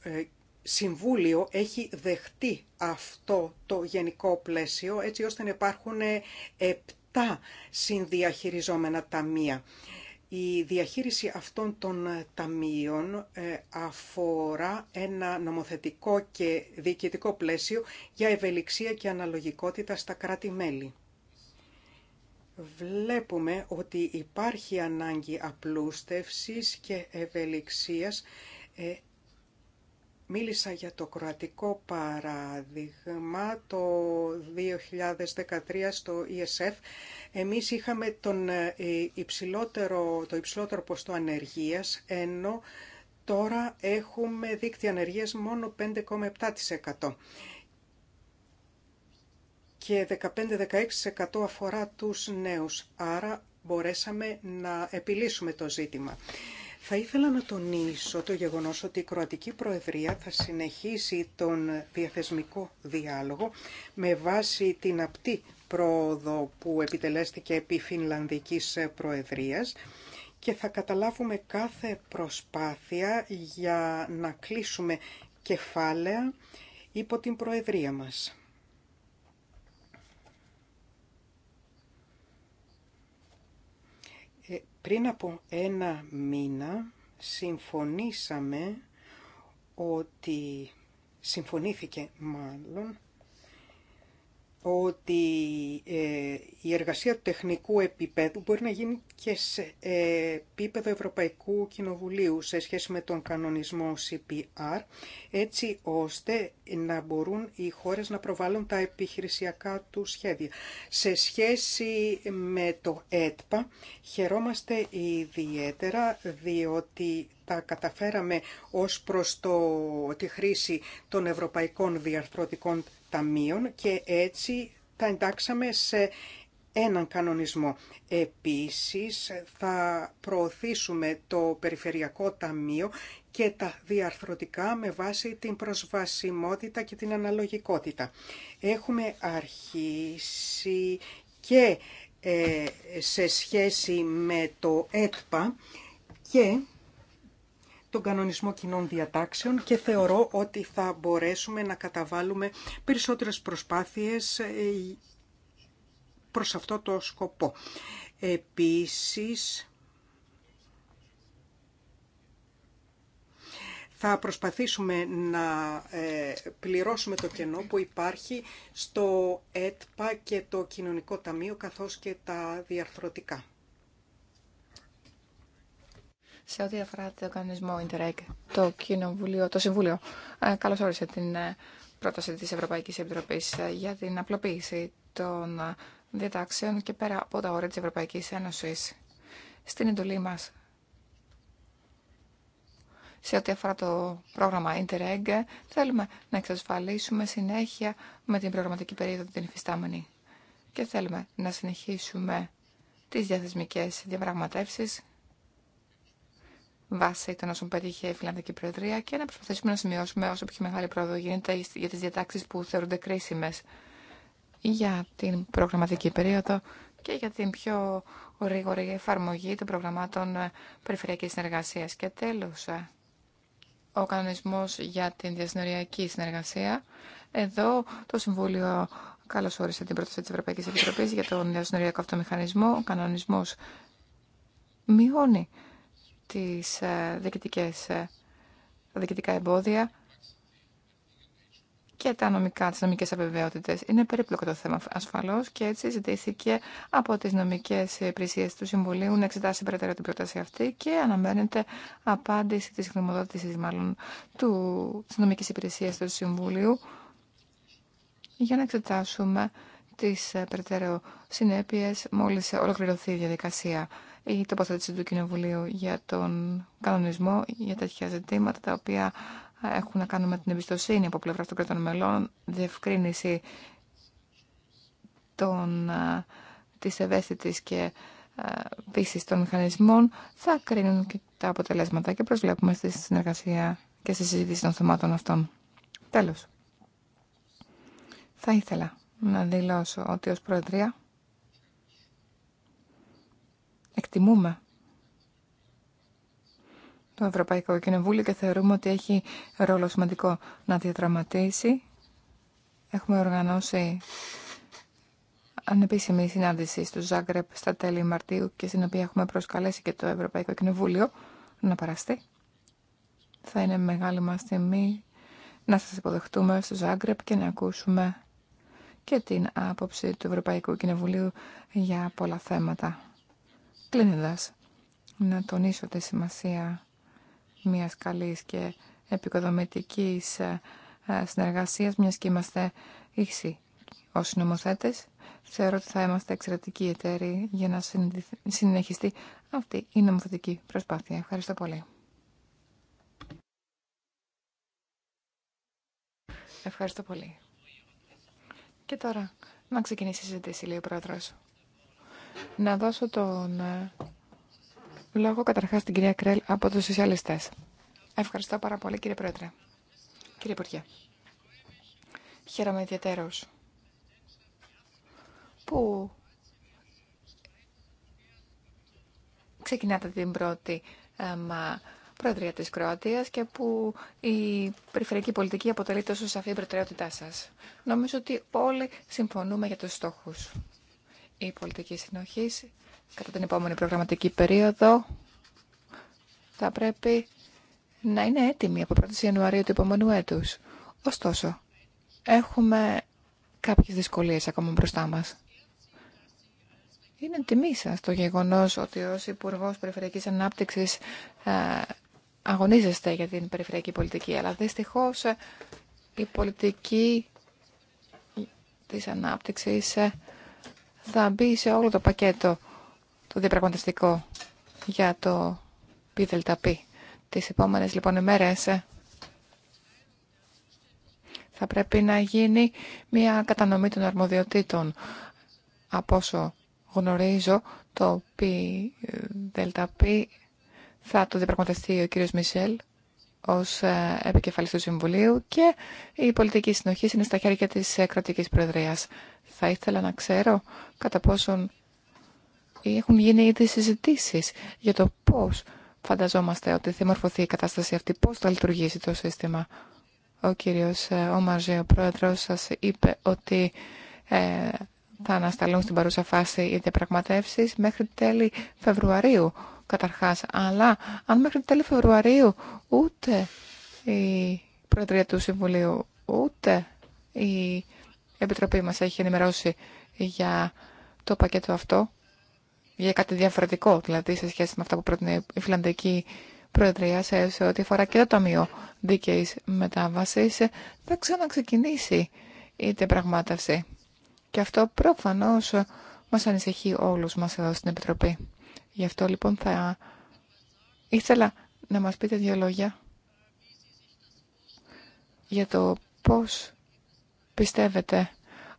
Speaker 4: ε, Συμβούλιο έχει δεχτεί αυτό το γενικό πλαίσιο έτσι ώστε να υπάρχουν ε, επτά συνδιαχειριζόμενα ταμεία. Η διαχείριση αυτών των ταμείων αφορά ένα νομοθετικό και διοικητικό πλαίσιο για ευελιξία και αναλογικότητα στα κράτη-μέλη βλέπουμε ότι υπάρχει ανάγκη απλούστευσης και ευελιξίας. Ε, μίλησα για το κροατικό παράδειγμα το 2013 στο ESF. Εμείς είχαμε τον ε, υψηλότερο, το υψηλότερο ποστό ανεργίας, ενώ τώρα έχουμε δίκτυα ανεργίας μόνο 5,7% και 15-16% αφορά τους νέους. Άρα μπορέσαμε να επιλύσουμε το ζήτημα. Θα ήθελα να τονίσω το γεγονός ότι η Κροατική Προεδρία θα συνεχίσει τον διαθεσμικό διάλογο με βάση την απτή πρόοδο που επιτελέστηκε επί Φινλανδικής Προεδρίας και θα καταλάβουμε κάθε προσπάθεια για να κλείσουμε κεφάλαια υπό την Προεδρία μας. Πριν από ένα μήνα συμφωνήσαμε ότι συμφωνήθηκε μάλλον ότι ε, η εργασία του τεχνικού επίπεδου μπορεί να γίνει και σε ε, επίπεδο Ευρωπαϊκού Κοινοβουλίου σε σχέση με τον κανονισμό CPR, έτσι ώστε να μπορούν οι χώρες να προβάλλουν τα επιχειρησιακά του σχέδια. Σε σχέση με το ΕΤΠΑ, χαιρόμαστε ιδιαίτερα διότι τα καταφέραμε ως προς το, τη χρήση των ευρωπαϊκών διαρθρωτικών ταμείων και έτσι τα εντάξαμε σε έναν κανονισμό. Επίσης θα προωθήσουμε το Περιφερειακό Ταμείο και τα διαρθρωτικά με βάση την προσβασιμότητα και την αναλογικότητα. Έχουμε αρχίσει και ε, σε σχέση με το ΕΤΠΑ και τον κανονισμό κοινών διατάξεων και θεωρώ ότι θα μπορέσουμε να καταβάλουμε περισσότερες προσπάθειες ε, προς αυτό το σκοπό. Επίσης, θα προσπαθήσουμε να ε, πληρώσουμε το κενό που υπάρχει στο ΕΤΠΑ και το Κοινωνικό Ταμείο καθώς και τα διαρθρωτικά
Speaker 1: σε ό,τι αφορά το κανονισμό Interreg. Το Κοινοβούλιο, το Συμβούλιο ε, καλώς την ε, πρόταση της Ευρωπαϊκής Επιτροπής ε, για την απλοποίηση των διατάξεων και πέρα από τα όρια της Ευρωπαϊκής Ένωσης. Στην εντολή μας σε ό,τι αφορά το πρόγραμμα Interreg, θέλουμε να εξασφαλίσουμε συνέχεια με την προγραμματική περίοδο την υφιστάμενη. Και θέλουμε να συνεχίσουμε τις διαθεσμικές διαπραγματεύσεις βάσει των όσων πέτυχε η Φιλανδική Προεδρία και να προσπαθήσουμε να σημειώσουμε όσο πιο μεγάλη πρόοδο γίνεται για τι διατάξει που θεωρούνται κρίσιμε για την προγραμματική περίοδο και για την πιο γρήγορη εφαρμογή των προγραμμάτων περιφερειακής συνεργασίας. Και τέλος, ο κανονισμός για την διασυνοριακή συνεργασία. Εδώ το Συμβούλιο καλώς την πρόταση της Ευρωπαϊκής Επιτροπής για τον διασυνοριακό αυτομηχανισμό. Ο κανονισμός μειώνει τις ε, διοικητικές, τα ε, διοικητικά εμπόδια και τα νομικά, τις νομικές αβεβαιότητες. Είναι περίπλοκο το θέμα ασφαλώς και έτσι ζητήθηκε από τις νομικές υπηρεσίες του Συμβουλίου να εξετάσει περαιτέρω την πρόταση αυτή και αναμένεται απάντηση της γνωμοδότησης μάλλον του, της νομικής υπηρεσίας του Συμβουλίου για να εξετάσουμε τις ε, περαιτέρω συνέπειες μόλις ολοκληρωθεί η διαδικασία η τοποθέτηση του Κοινοβουλίου για τον κανονισμό για τέτοια ζητήματα τα οποία έχουν να κάνουν με την εμπιστοσύνη από πλευρά των κρατών μελών, διευκρίνηση των, ε, της ευαίσθητης και πίσης ε, των μηχανισμών, θα κρίνουν και τα αποτελέσματα και προσβλέπουμε στη συνεργασία και στη συζήτηση των θεμάτων αυτών. Τέλος. Θα ήθελα να δηλώσω ότι ως Προεδρία εκτιμούμε το Ευρωπαϊκό Κοινοβούλιο και θεωρούμε ότι έχει ρόλο σημαντικό να διαδραματίσει. Έχουμε οργανώσει ανεπίσημη συνάντηση στο Ζάγκρεπ στα τέλη Μαρτίου και στην οποία έχουμε προσκαλέσει και το Ευρωπαϊκό Κοινοβούλιο να παραστεί. Θα είναι μεγάλη μας τιμή να σας υποδεχτούμε στο Ζάγκρεπ και να ακούσουμε και την άποψη του Ευρωπαϊκού Κοινοβουλίου για πολλά θέματα. Κλείνοντας, να τονίσω τη σημασία μιας καλής και επικοδομητικής ε, συνεργασίας, μιας και είμαστε ίσοι ως νομοθέτες. Θεωρώ ότι θα είμαστε εξαιρετικοί εταίροι για να συνεχιστεί αυτή η νομοθετική προσπάθεια. Ευχαριστώ πολύ. Ευχαριστώ πολύ. Και τώρα, να ξεκινήσει η συζήτηση, λέει ο πρόεδρο. Να δώσω τον ε, λόγο καταρχά στην κυρία Κρέλ από του Σοσιαλιστέ. Ευχαριστώ πάρα πολύ, κύριε Πρόεδρε. Κύριε Υπουργέ, χαίρομαι ιδιαίτερω που ξεκινάτε την πρώτη μα Προεδρία της Κροατίας και που η περιφερειακή πολιτική αποτελεί τόσο σαφή προτεραιότητά σας. Νομίζω ότι όλοι συμφωνούμε για τους στόχους. Η πολιτική συνοχή κατά την επόμενη προγραμματική περίοδο θα πρέπει να είναι έτοιμη από 1η Ιανουαρίου του επόμενου έτους. Ωστόσο, έχουμε κάποιες δυσκολίες ακόμα μπροστά μας. Είναι τιμή σα το γεγονός ότι ω Υπουργό Περιφερειακής Ανάπτυξη ε, αγωνίζεστε για την περιφερειακή πολιτική, αλλά δυστυχώς ε, η πολιτική της ανάπτυξης ε, θα μπει σε όλο το πακέτο το διαπραγματευτικό για το ΠΔΠ. Τις επόμενες λοιπόν ημέρες ε, θα πρέπει να γίνει μια κατανομή των αρμοδιοτήτων. Από όσο γνωρίζω, το ΠΙΔΕΛΤΑΠΗ θα το διαπραγματευτεί ο κύριος Μισελ ως ε, επικεφαλής του Συμβουλίου και η πολιτική συνοχή είναι στα χέρια της ε, κρατικής προεδρίας. Θα ήθελα να ξέρω κατά πόσον έχουν γίνει ήδη συζητήσεις για το πώς φανταζόμαστε ότι θα μορφωθεί η κατάσταση αυτή, πώς θα λειτουργήσει το σύστημα. Ο κύριος ε, Ομαζέ, ο πρόεδρος, σας είπε ότι θα ανασταλούν στην παρούσα φάση οι διαπραγματεύσεις μέχρι τέλη Φεβρουαρίου καταρχάς, αλλά αν μέχρι το τέλη Φεβρουαρίου ούτε η Προεδρία του Συμβουλίου, ούτε η Επιτροπή μας έχει ενημερώσει για το πακέτο αυτό, για κάτι διαφορετικό, δηλαδή σε σχέση με αυτά που πρότεινε η Φιλανδική Προεδρία σε, σε ό,τι αφορά και το Ταμείο Δίκαιης Μετάβασης, θα ξαναξεκινήσει η διαπραγμάτευση. Και αυτό προφανώς μας ανησυχεί όλους μας εδώ στην Επιτροπή. Γι' αυτό λοιπόν θα ήθελα να μας πείτε δύο λόγια για το πώς πιστεύετε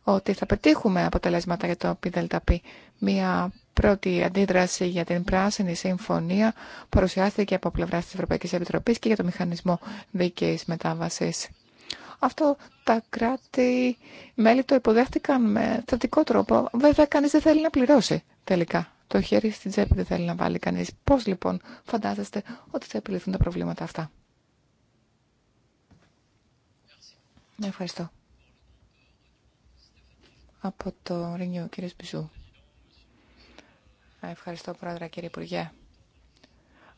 Speaker 1: ότι θα πετύχουμε αποτελέσματα για το ΠΔΠ. Μία πρώτη αντίδραση για την Πράσινη Συμφωνία παρουσιάστηκε από πλευρά της Ευρωπαϊκής Επιτροπής και για το Μηχανισμό Δίκαιης Μετάβασης. Αυτό τα κράτη-μέλη το υποδέχτηκαν με θετικό τρόπο. Βέβαια, κανείς δεν θέλει να πληρώσει τελικά. Το χέρι στην τσέπη δεν θέλει να βάλει κανείς. Πώς λοιπόν φαντάζεστε ότι θα επιληθούν τα προβλήματα αυτά. Ευχαριστώ. Από το Ρινιού, κύριε Σπιζού. Ευχαριστώ, Πρόεδρε, κύριε Υπουργέ.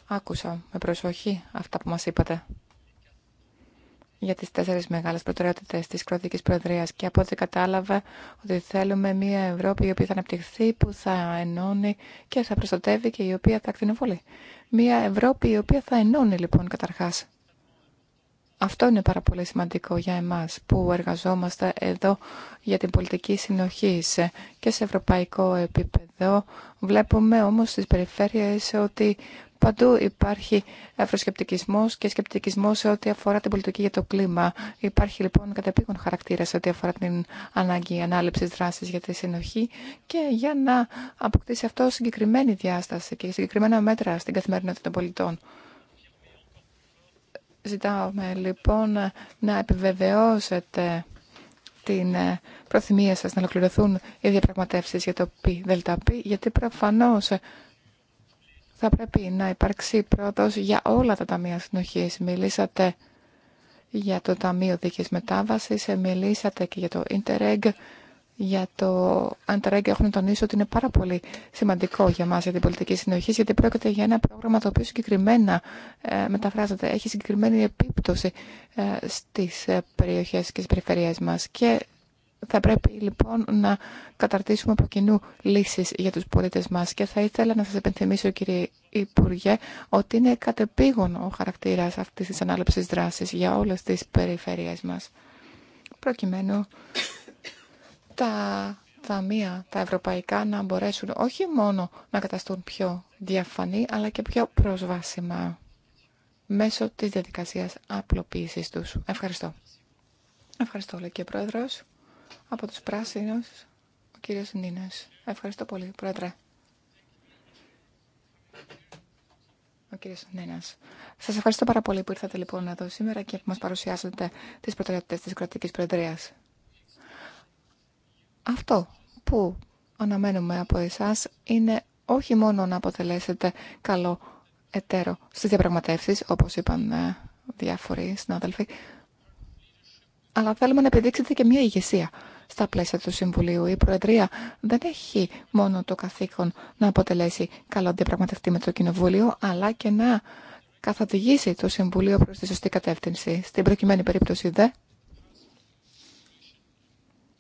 Speaker 1: Άκουσα με προσοχή αυτά που μας είπατε για τις τέσσερις μεγάλες προτεραιότητες της Κροδική προεδρίας και από ό,τι κατάλαβα ότι θέλουμε μια Ευρώπη η οποία θα αναπτυχθεί, που θα ενώνει και θα προστατεύει και η οποία θα ακτινοβολεί. Μια Ευρώπη η οποία θα ενώνει λοιπόν καταρχάς. Αυτό είναι πάρα πολύ σημαντικό για εμάς που εργαζόμαστε εδώ για την πολιτική συνοχή και σε ευρωπαϊκό επίπεδο. Βλέπουμε όμως στις περιφέρειες ότι παντού υπάρχει ευρωσκεπτικισμός και σκεπτικισμός σε ό,τι αφορά την πολιτική για το κλίμα. Υπάρχει λοιπόν κατεπήγον χαρακτήρα σε ό,τι αφορά την ανάγκη ανάληψης δράσης για τη συνοχή και για να αποκτήσει αυτό συγκεκριμένη διάσταση και συγκεκριμένα μέτρα στην καθημερινότητα των πολιτών. Ζητάμε λοιπόν να επιβεβαιώσετε την ε, προθυμία σας να ολοκληρωθούν οι διαπραγματεύσεις για το ΠΔΠ, γιατί προφανώς ε, θα πρέπει να υπάρξει πρόοδος για όλα τα ταμεία συνοχής. Μιλήσατε για το Ταμείο Δίκης Μετάβασης, ε, μιλήσατε και για το Interreg, για το ΡΕΚ έχουν τονίσει ότι είναι πάρα πολύ σημαντικό για μας για την πολιτική συνοχή, γιατί πρόκειται για ένα πρόγραμμα το οποίο συγκεκριμένα ε, μεταφράζεται, έχει συγκεκριμένη επίπτωση ε, στις ε, περιοχές και στις περιφερειές μας και θα πρέπει λοιπόν να καταρτήσουμε από κοινού λύσεις για τους πολίτες μας και θα ήθελα να σας επενθυμίσω κύριε Υπουργέ ότι είναι κατεπήγον ο χαρακτήρας αυτής της ανάληψης δράσης για όλες τις περιφερειές μας προκειμένου τα μία, τα ευρωπαϊκά, να μπορέσουν όχι μόνο να καταστούν πιο διαφανή, αλλά και πιο προσβάσιμα μέσω της διαδικασίας απλοποίησης τους. Ευχαριστώ. Ευχαριστώ, λέει και Πρόεδρος. Από τους Πράσινους, ο κύριος Νίνας. Ευχαριστώ πολύ, Πρόεδρε. Ο κύριος Νίνας. Σας ευχαριστώ πάρα πολύ που ήρθατε λοιπόν εδώ σήμερα και που μας παρουσιάσατε τις προτεραιότητες της κρατικής προεδρίας. Αυτό που αναμένουμε από εσάς είναι όχι μόνο να αποτελέσετε καλό εταίρο στις διαπραγματεύσεις, όπως είπαν ε, διάφοροι συνάδελφοι, αλλά θέλουμε να επιδείξετε και μια ηγεσία στα πλαίσια του Συμβουλίου. Η Προεδρία δεν έχει μόνο το καθήκον να αποτελέσει καλό διαπραγματευτή με το Κοινοβούλιο, αλλά και να καθοδηγήσει το Συμβουλίο προς τη σωστή κατεύθυνση. Στην προκειμένη περίπτωση δε,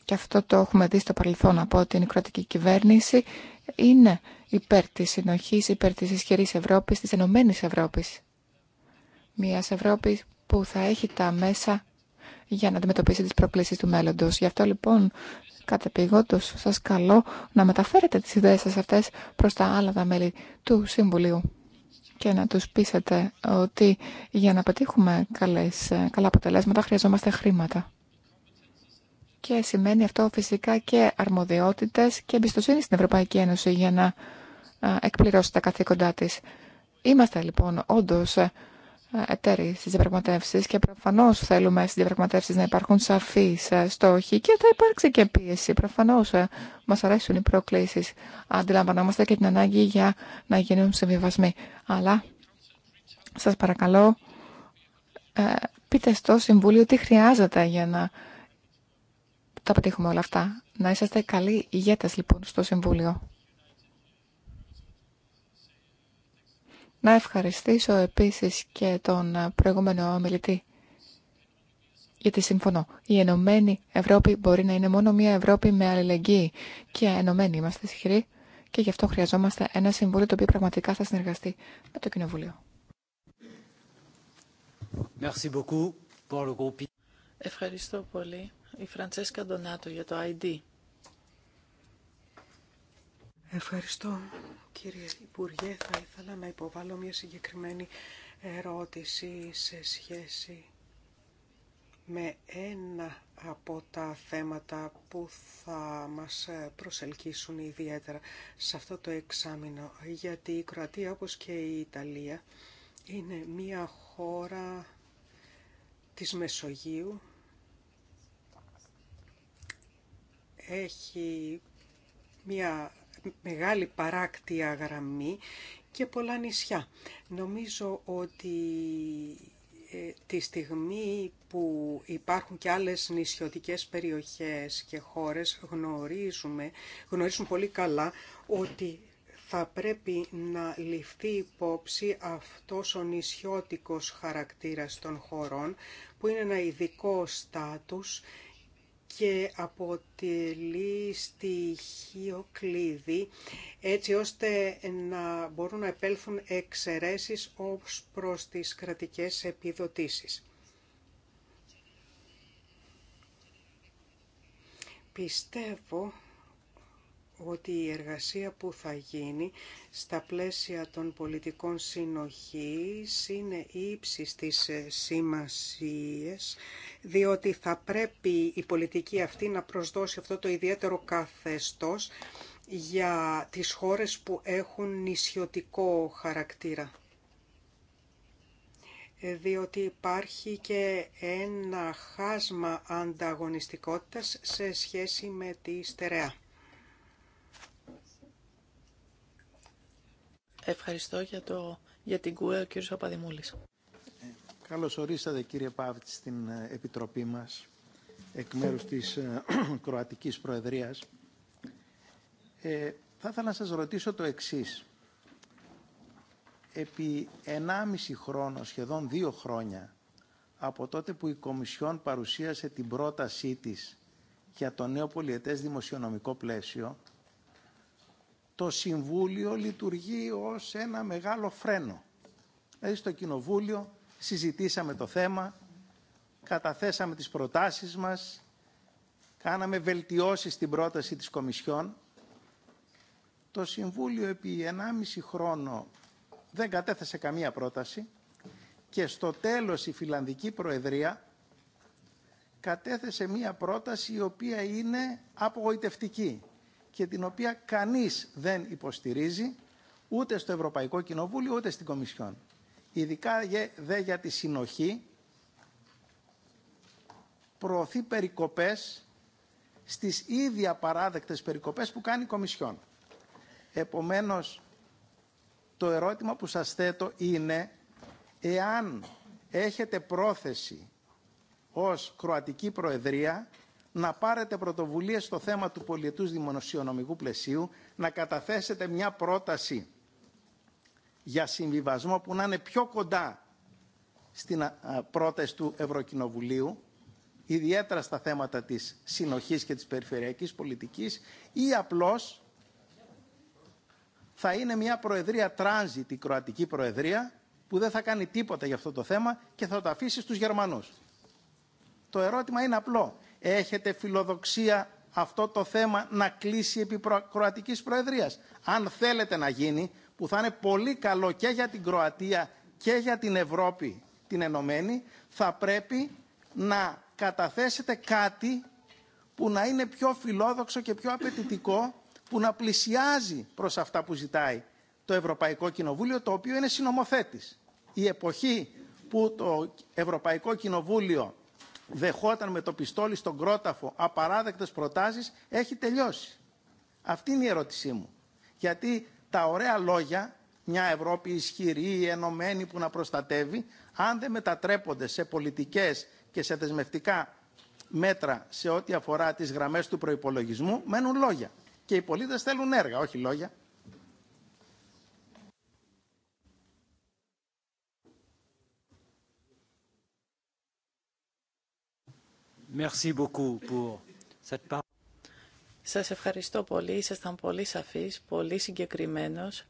Speaker 1: και αυτό το έχουμε δει στο παρελθόν από την κρατική κυβέρνηση, είναι υπέρ της συνοχής, υπέρ της ισχυρής Ευρώπης, της Ενωμένης Ευρώπης. Μιας Ευρώπη που θα έχει τα μέσα για να αντιμετωπίσει τις προκλήσεις του μέλλοντος. Γι' αυτό λοιπόν κατεπηγόντως σας καλώ να μεταφέρετε τις ιδέες σας αυτές προς τα άλλα τα μέλη του Συμβουλίου και να τους πείσετε ότι για να πετύχουμε καλές, καλά αποτελέσματα χρειαζόμαστε χρήματα και σημαίνει αυτό φυσικά και αρμοδιότητες και εμπιστοσύνη στην Ευρωπαϊκή Ένωση για να εκπληρώσει τα καθήκοντά της. Είμαστε λοιπόν όντως ε, εταίροι στις διαπραγματεύσεις και προφανώς θέλουμε στις διαπραγματεύσεις να υπάρχουν σαφείς ε, στόχοι και θα υπάρξει και πίεση. Προφανώς ε, μας αρέσουν οι προκλήσεις. Αντιλαμβανόμαστε και την ανάγκη για να γίνουν συμβιβασμοί. Αλλά σας παρακαλώ πείτε στο Συμβούλιο τι χρειάζεται για να τα πετύχουμε όλα αυτά. Να είσαστε καλοί ηγέτες λοιπόν στο Συμβούλιο. Να ευχαριστήσω επίσης και τον προηγούμενο ομιλητή. Γιατί συμφωνώ, η Ενωμένη Ευρώπη μπορεί να είναι μόνο μια Ευρώπη με αλληλεγγύη. Και ενωμένοι είμαστε ισχυροί και γι' αυτό χρειαζόμαστε ένα συμβούλιο το οποίο πραγματικά θα συνεργαστεί με το Κοινοβούλιο.
Speaker 2: Ευχαριστώ πολύ η Φραντσέσκα Ντονάτο για το ID.
Speaker 4: Ευχαριστώ κύριε Υπουργέ. Θα ήθελα να υποβάλω μια συγκεκριμένη ερώτηση σε σχέση με ένα από τα θέματα που θα μας προσελκύσουν ιδιαίτερα σε αυτό το εξάμεινο. Γιατί η Κροατία όπως και η Ιταλία είναι μια χώρα της Μεσογείου έχει μια μεγάλη παράκτια γραμμή και πολλά νησιά. Νομίζω ότι ε, τη στιγμή που υπάρχουν και άλλες νησιωτικές περιοχές και χώρες γνωρίζουμε, γνωρίζουν πολύ καλά ότι θα πρέπει να ληφθεί υπόψη αυτός ο νησιώτικος χαρακτήρας των χωρών που είναι ένα ειδικό στάτους και αποτελεί στοιχείο κλείδι έτσι ώστε να μπορούν να επέλθουν εξαιρέσεις ως προς τις κρατικές επιδοτήσεις. Πιστεύω ότι η εργασία που θα γίνει στα πλαίσια των πολιτικών συνοχής είναι ύψη της ε, σημασίας, διότι θα πρέπει η πολιτική αυτή να προσδώσει αυτό το ιδιαίτερο καθεστώς για τις χώρες που έχουν νησιωτικό χαρακτήρα ε, διότι υπάρχει και ένα χάσμα ανταγωνιστικότητας σε σχέση με τη στερεά.
Speaker 2: Ευχαριστώ για, το, για την κούρα, ο κύριος Παπαδημούλης.
Speaker 3: Καλώς ορίσατε κύριε Παύτη στην ε, Επιτροπή μας εκ μέρους της ε, Κροατικής Προεδρίας. Ε, θα ήθελα να σας ρωτήσω το εξής. Επί 1,5 χρόνο, σχεδόν δύο χρόνια, από τότε που η Κομισιόν παρουσίασε την πρότασή της για το νέο πολιετές δημοσιονομικό πλαίσιο, το Συμβούλιο λειτουργεί ως ένα μεγάλο φρένο. Δηλαδή στο Κοινοβούλιο συζητήσαμε το θέμα, καταθέσαμε τις προτάσεις μας, κάναμε βελτιώσεις στην πρόταση της Κομισιόν. Το Συμβούλιο επί 1,5 χρόνο δεν κατέθεσε καμία πρόταση και στο τέλος η Φιλανδική Προεδρία κατέθεσε μία πρόταση η οποία είναι απογοητευτική και την οποία κανείς δεν υποστηρίζει ούτε στο Ευρωπαϊκό Κοινοβούλιο ούτε στην Κομισιόν. Ειδικά δε για τη συνοχή προωθεί περικοπές στις ίδια παράδεκτε περικοπές που κάνει η Κομισιόν. Επομένως, το ερώτημα που σας θέτω είναι εάν έχετε πρόθεση ως Κροατική Προεδρία να πάρετε πρωτοβουλίες στο θέμα του πολιετούς δημοσιονομικού πλαισίου, να καταθέσετε μια πρόταση για συμβιβασμό που να είναι πιο κοντά στην πρόταση του Ευρωκοινοβουλίου, ιδιαίτερα στα θέματα της συνοχής και της περιφερειακής πολιτικής, ή απλώς θα είναι μια προεδρία τράνζιτ, η Κροατική Προεδρία, που δεν θα κάνει τίποτα για αυτό το θέμα και θα το αφήσει στους Γερμανούς. Το ερώτημα είναι απλό έχετε φιλοδοξία αυτό το θέμα να κλείσει επί Κροατικής Προεδρίας. Αν θέλετε να γίνει, που θα είναι πολύ καλό και για την Κροατία και για την Ευρώπη την Ενωμένη, θα πρέπει να καταθέσετε κάτι που να είναι πιο φιλόδοξο και πιο απαιτητικό, που να πλησιάζει προς αυτά που ζητάει το Ευρωπαϊκό Κοινοβούλιο, το οποίο είναι συνομοθέτης. Η εποχή που το Ευρωπαϊκό Κοινοβούλιο δεχόταν με το πιστόλι στον κρόταφο απαράδεκτες προτάσεις έχει τελειώσει. Αυτή είναι η ερώτησή μου. Γιατί τα ωραία λόγια, μια Ευρώπη ισχυρή, ενωμένη που να προστατεύει, αν δεν μετατρέπονται σε πολιτικές και σε δεσμευτικά μέτρα σε ό,τι αφορά τις γραμμές του προϋπολογισμού, μένουν λόγια. Και οι πολίτες θέλουν έργα, όχι λόγια.
Speaker 1: Σα
Speaker 2: Σας ευχαριστώ πολύ. Ήσασταν πολύ σαφής, πολύ συγκεκριμένος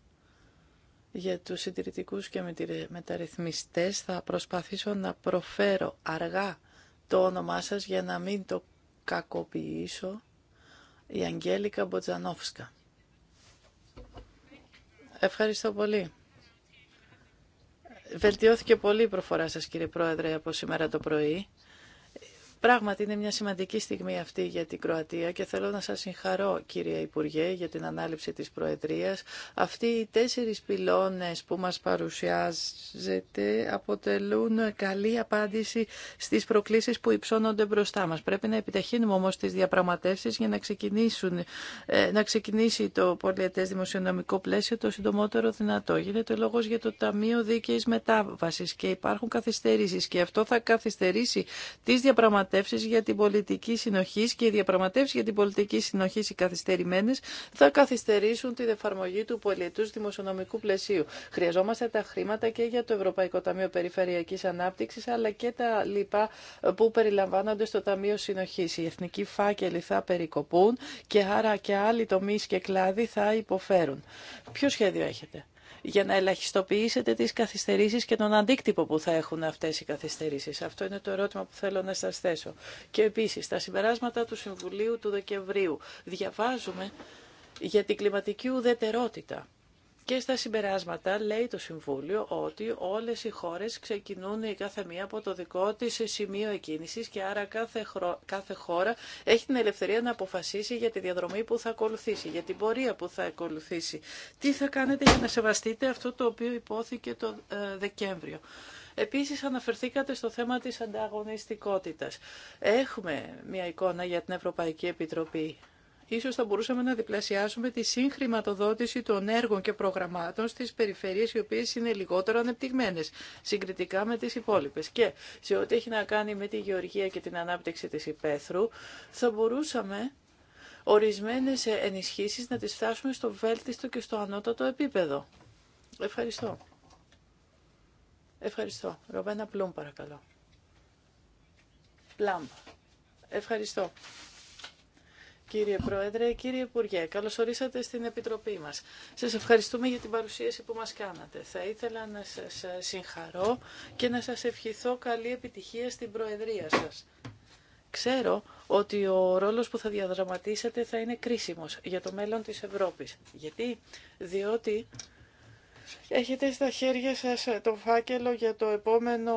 Speaker 2: για τους συντηρητικού και μεταρρυθμιστές. Θα προσπαθήσω να προφέρω αργά το όνομά σας για να μην το κακοποιήσω. Η Αγγέλικα Μποτζανόφσκα. Ευχαριστώ πολύ. Βελτιώθηκε πολύ η προφορά σας κύριε Πρόεδρε από σήμερα το πρωί. Πράγματι είναι μια σημαντική στιγμή αυτή για την Κροατία και θέλω να σας συγχαρώ κύριε Υπουργέ για την ανάληψη της Προεδρίας. Αυτοί οι τέσσερις πυλώνες που μας παρουσιάζετε αποτελούν καλή απάντηση στις προκλήσεις που υψώνονται μπροστά μας. Πρέπει να επιταχύνουμε όμως τις διαπραγματεύσεις για να, ξεκινήσουν, ε, να ξεκινήσει το πολιετές δημοσιονομικό πλαίσιο το συντομότερο δυνατό. Γίνεται λόγος για το Ταμείο Δίκαιης Μετάβασης και υπάρχουν καθυστερήσεις και αυτό θα καθυστερήσει τις διαπραγματεύσεις διαπραγματεύσει για την πολιτική συνοχή και οι διαπραγματεύσει για την πολιτική συνοχή οι καθυστερημένε θα καθυστερήσουν την εφαρμογή του πολιτού δημοσιονομικού πλαισίου. Χρειαζόμαστε τα χρήματα και για το Ευρωπαϊκό Ταμείο Περιφερειακή Ανάπτυξη, αλλά και τα λοιπά που περιλαμβάνονται στο Ταμείο συνοχή. Οι εθνικοί φάκελοι θα περικοπούν και άρα και άλλοι τομεί και κλάδοι θα υποφέρουν. Ποιο σχέδιο έχετε? για να ελαχιστοποιήσετε τις καθυστερήσεις και τον αντίκτυπο που θα έχουν αυτές οι καθυστερήσεις. Αυτό είναι το ερώτημα που θέλω να σας θέσω. Και επίσης, τα συμπεράσματα του Συμβουλίου του Δεκεμβρίου. Διαβάζουμε για την κλιματική ουδετερότητα. Και στα συμπεράσματα λέει το Συμβούλιο ότι όλες οι χώρες ξεκινούν η κάθε μία από το δικό της σημείο εκκίνησης και άρα κάθε, κάθε χώρα έχει την ελευθερία να αποφασίσει για τη διαδρομή που θα ακολουθήσει, για την πορεία που θα ακολουθήσει. Τι θα κάνετε για να σεβαστείτε αυτό το οποίο υπόθηκε το ε, Δεκέμβριο. Επίσης αναφερθήκατε στο θέμα της ανταγωνιστικότητας. Έχουμε μια εικόνα για την Ευρωπαϊκή Επιτροπή Ίσως θα μπορούσαμε να διπλασιάσουμε τη συγχρηματοδότηση των έργων και προγραμμάτων στις περιφέρειες οι οποίες είναι λιγότερο ανεπτυγμένες συγκριτικά με τις υπόλοιπες. Και σε ό,τι έχει να κάνει με τη γεωργία και την ανάπτυξη της υπαίθρου θα μπορούσαμε ορισμένες ενισχύσεις να τις φτάσουμε στο βέλτιστο και στο ανώτατο επίπεδο. Ευχαριστώ. Ευχαριστώ. Ροβένα Πλούμ παρακαλώ. Πλάμπ. Ευχαριστώ κύριε Πρόεδρε, κύριε Υπουργέ. Καλώς ορίσατε στην Επιτροπή μας. Σας ευχαριστούμε για την παρουσίαση που μα κάνατε. Θα ήθελα να σας συγχαρώ και να σας ευχηθώ καλή επιτυχία στην Προεδρία σας. Ξέρω ότι ο ρόλος που θα διαδραματίσετε θα είναι κρίσιμος για το μέλλον της Ευρώπης. Γιατί? Διότι Έχετε στα χέρια σας ε, το φάκελο για το επόμενο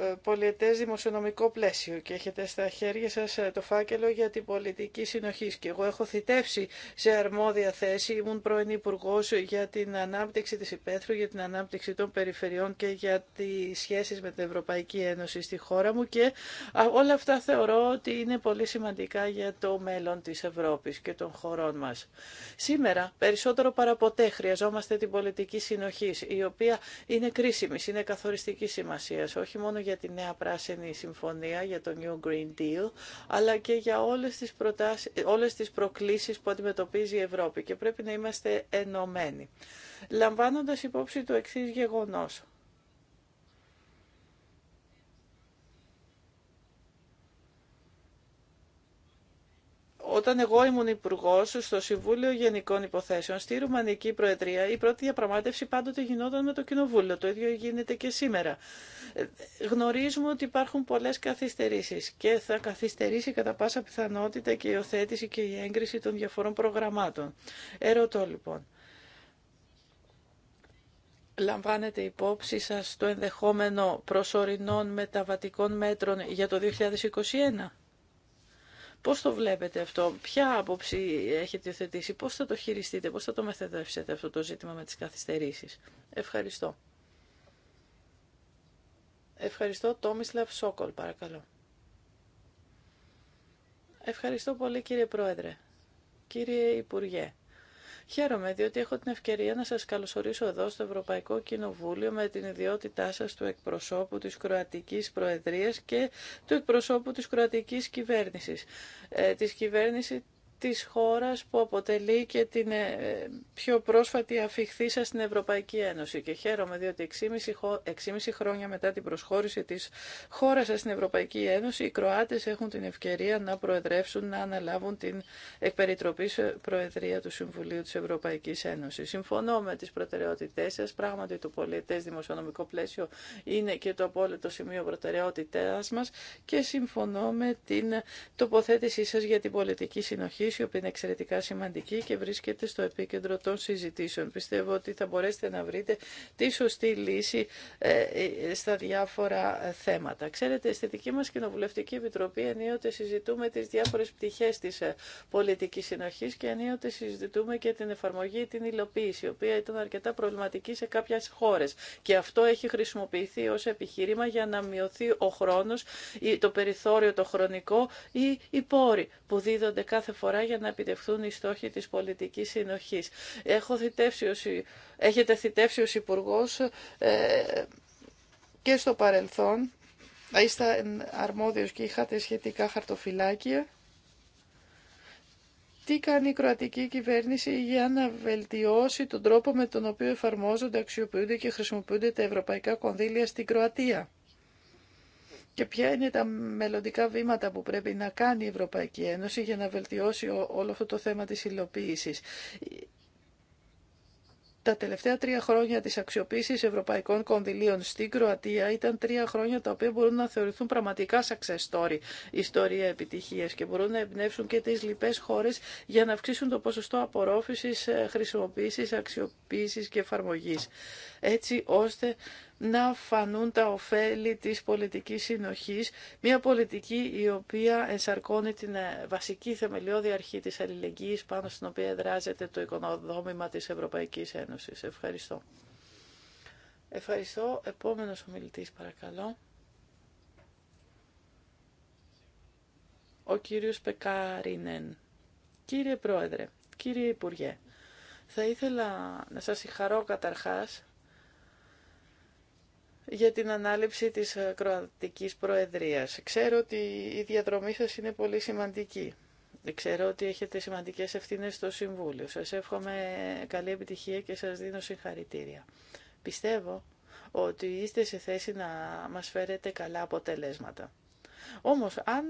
Speaker 2: ε, πολιετές δημοσιονομικό πλαίσιο και έχετε στα χέρια σας ε, το φάκελο για την πολιτική συνοχή. Και εγώ έχω θητεύσει σε αρμόδια θέση, ήμουν πρώην υπουργό για την ανάπτυξη της υπαίθρου, για την ανάπτυξη των περιφερειών και για τις σχέσεις με την Ευρωπαϊκή Ένωση στη χώρα μου και όλα αυτά θεωρώ ότι είναι πολύ σημαντικά για το μέλλον της Ευρώπης και των χωρών μας. Σήμερα, περισσότερο παραποτέ, χρειαζόμαστε την πολιτική συνοχή συνοχής, η οποία είναι κρίσιμη, είναι καθοριστική σημασία, όχι μόνο για τη νέα πράσινη συμφωνία, για το New Green Deal, αλλά και για όλες τις, προτάσεις, όλες τις προκλήσεις που αντιμετωπίζει η Ευρώπη και πρέπει να είμαστε ενωμένοι. Λαμβάνοντας υπόψη το εξής γεγονός, Όταν εγώ ήμουν υπουργό στο Συμβούλιο Γενικών Υποθέσεων, στη Ρουμανική Προεδρία, η πρώτη διαπραγμάτευση πάντοτε γινόταν με το Κοινοβούλιο. Το ίδιο γίνεται και σήμερα. Ε, γνωρίζουμε ότι υπάρχουν πολλέ καθυστερήσει και θα καθυστερήσει κατά πάσα πιθανότητα και η υιοθέτηση και η έγκριση των διαφορών προγραμμάτων. Ερωτώ λοιπόν λαμβάνετε υπόψη σας το ενδεχόμενο προσωρινών μεταβατικών μέτρων για το 2021. Πώς το βλέπετε αυτό, ποια άποψη έχετε υιοθετήσει, πώς θα το χειριστείτε, πώς θα το μεθεδεύσετε αυτό το ζήτημα με τις καθυστερήσεις. Ευχαριστώ. Ευχαριστώ, Τόμισλαβ Σόκολ, παρακαλώ. Ευχαριστώ πολύ κύριε Πρόεδρε. Κύριε Υπουργέ, Χαίρομαι διότι έχω την ευκαιρία να σας καλωσορίσω εδώ στο Ευρωπαϊκό Κοινοβούλιο με την ιδιότητά σας του εκπροσώπου της Κροατικής Προεδρίας και του εκπροσώπου της Κροατικής Κυβέρνησης, ε, της κυβέρνησης της χώρας που αποτελεί και την ε, πιο πρόσφατη αφιχθήσα στην Ευρωπαϊκή Ένωση. Και χαίρομαι διότι 6,5 χρόνια μετά την προσχώρηση της χώρας σας στην Ευρωπαϊκή Ένωση, οι Κροάτες έχουν την ευκαιρία να προεδρεύσουν, να αναλάβουν την εκπεριτροπή Προεδρία του Συμβουλίου της Ευρωπαϊκής Ένωσης. Συμφωνώ με τις προτεραιότητές σας, πράγματι το πολιτές δημοσιονομικό πλαίσιο είναι και το απόλυτο σημείο προτεραιότητάς μας και συμφωνώ με την τοποθέτησή σας για την πολιτική συνοχή η οποία είναι εξαιρετικά σημαντική και βρίσκεται στο επίκεντρο των συζητήσεων. Πιστεύω ότι θα μπορέσετε να βρείτε τη σωστή λύση ε, ε, στα διάφορα θέματα. Ξέρετε, στη δική μα Κοινοβουλευτική Επιτροπή ενίοτε συζητούμε τις διάφορες πτυχές της ε, πολιτική συνοχή και ενίοτε συζητούμε και την εφαρμογή ή την υλοποίηση, η οποία ήταν αρκετά προβληματική σε κάποιε χώρε. Και αυτό έχει χρησιμοποιηθεί ω επιχείρημα για να μειωθεί ο χρόνο το περιθώριο, το χρονικό ή οι πόροι που δίδονται κάθε φορά για να επιτευχθούν οι στόχοι της πολιτικής συνοχής. Έχω θητεύσει έχετε θητεύσει ως Υπουργός ε, και στο παρελθόν, είστε αρμόδιος και είχατε σχετικά χαρτοφυλάκια. Τι κάνει η κροατική κυβέρνηση για να βελτιώσει τον τρόπο με τον οποίο εφαρμόζονται, αξιοποιούνται και χρησιμοποιούνται τα ευρωπαϊκά κονδύλια στην Κροατία και ποια είναι τα μελλοντικά βήματα που πρέπει να κάνει η Ευρωπαϊκή Ένωση για να βελτιώσει όλο αυτό το θέμα της υλοποίησης. Τα τελευταία τρία χρόνια της αξιοποίησης ευρωπαϊκών κονδυλίων στην Κροατία ήταν τρία χρόνια τα οποία μπορούν να θεωρηθούν πραγματικά success story, ιστορία επιτυχίας και μπορούν να εμπνεύσουν και τις λοιπές χώρες για να αυξήσουν το ποσοστό απορρόφησης, ε, χρησιμοποίησης, αξιοποίησης και εφαρμογή. Έτσι ώστε να φανούν τα ωφέλη της πολιτικής συνοχής, μια πολιτική η οποία ενσαρκώνει την ε, βασική θεμελιώδη αρχή της αλληλεγγύης πάνω στην οποία δράζεται το οικονοδόμημα της Ευρωπαϊκής Ένωσης. Ευχαριστώ. Ευχαριστώ. Επόμενος ομιλητής παρακαλώ. Ο κύριος Πεκάρινεν. Κύριε Πρόεδρε, κύριε Υπουργέ, θα ήθελα να σας συγχαρώ καταρχάς για την ανάληψη της ε, Κροατικής Προεδρίας. Ξέρω ότι η διαδρομή σας είναι πολύ σημαντική. Ξέρω ότι έχετε σημαντικές ευθύνες στο Συμβούλιο. Σας εύχομαι καλή επιτυχία και σας δίνω συγχαρητήρια. Πιστεύω ότι είστε σε θέση να μας φέρετε καλά αποτελέσματα. Όμως, αν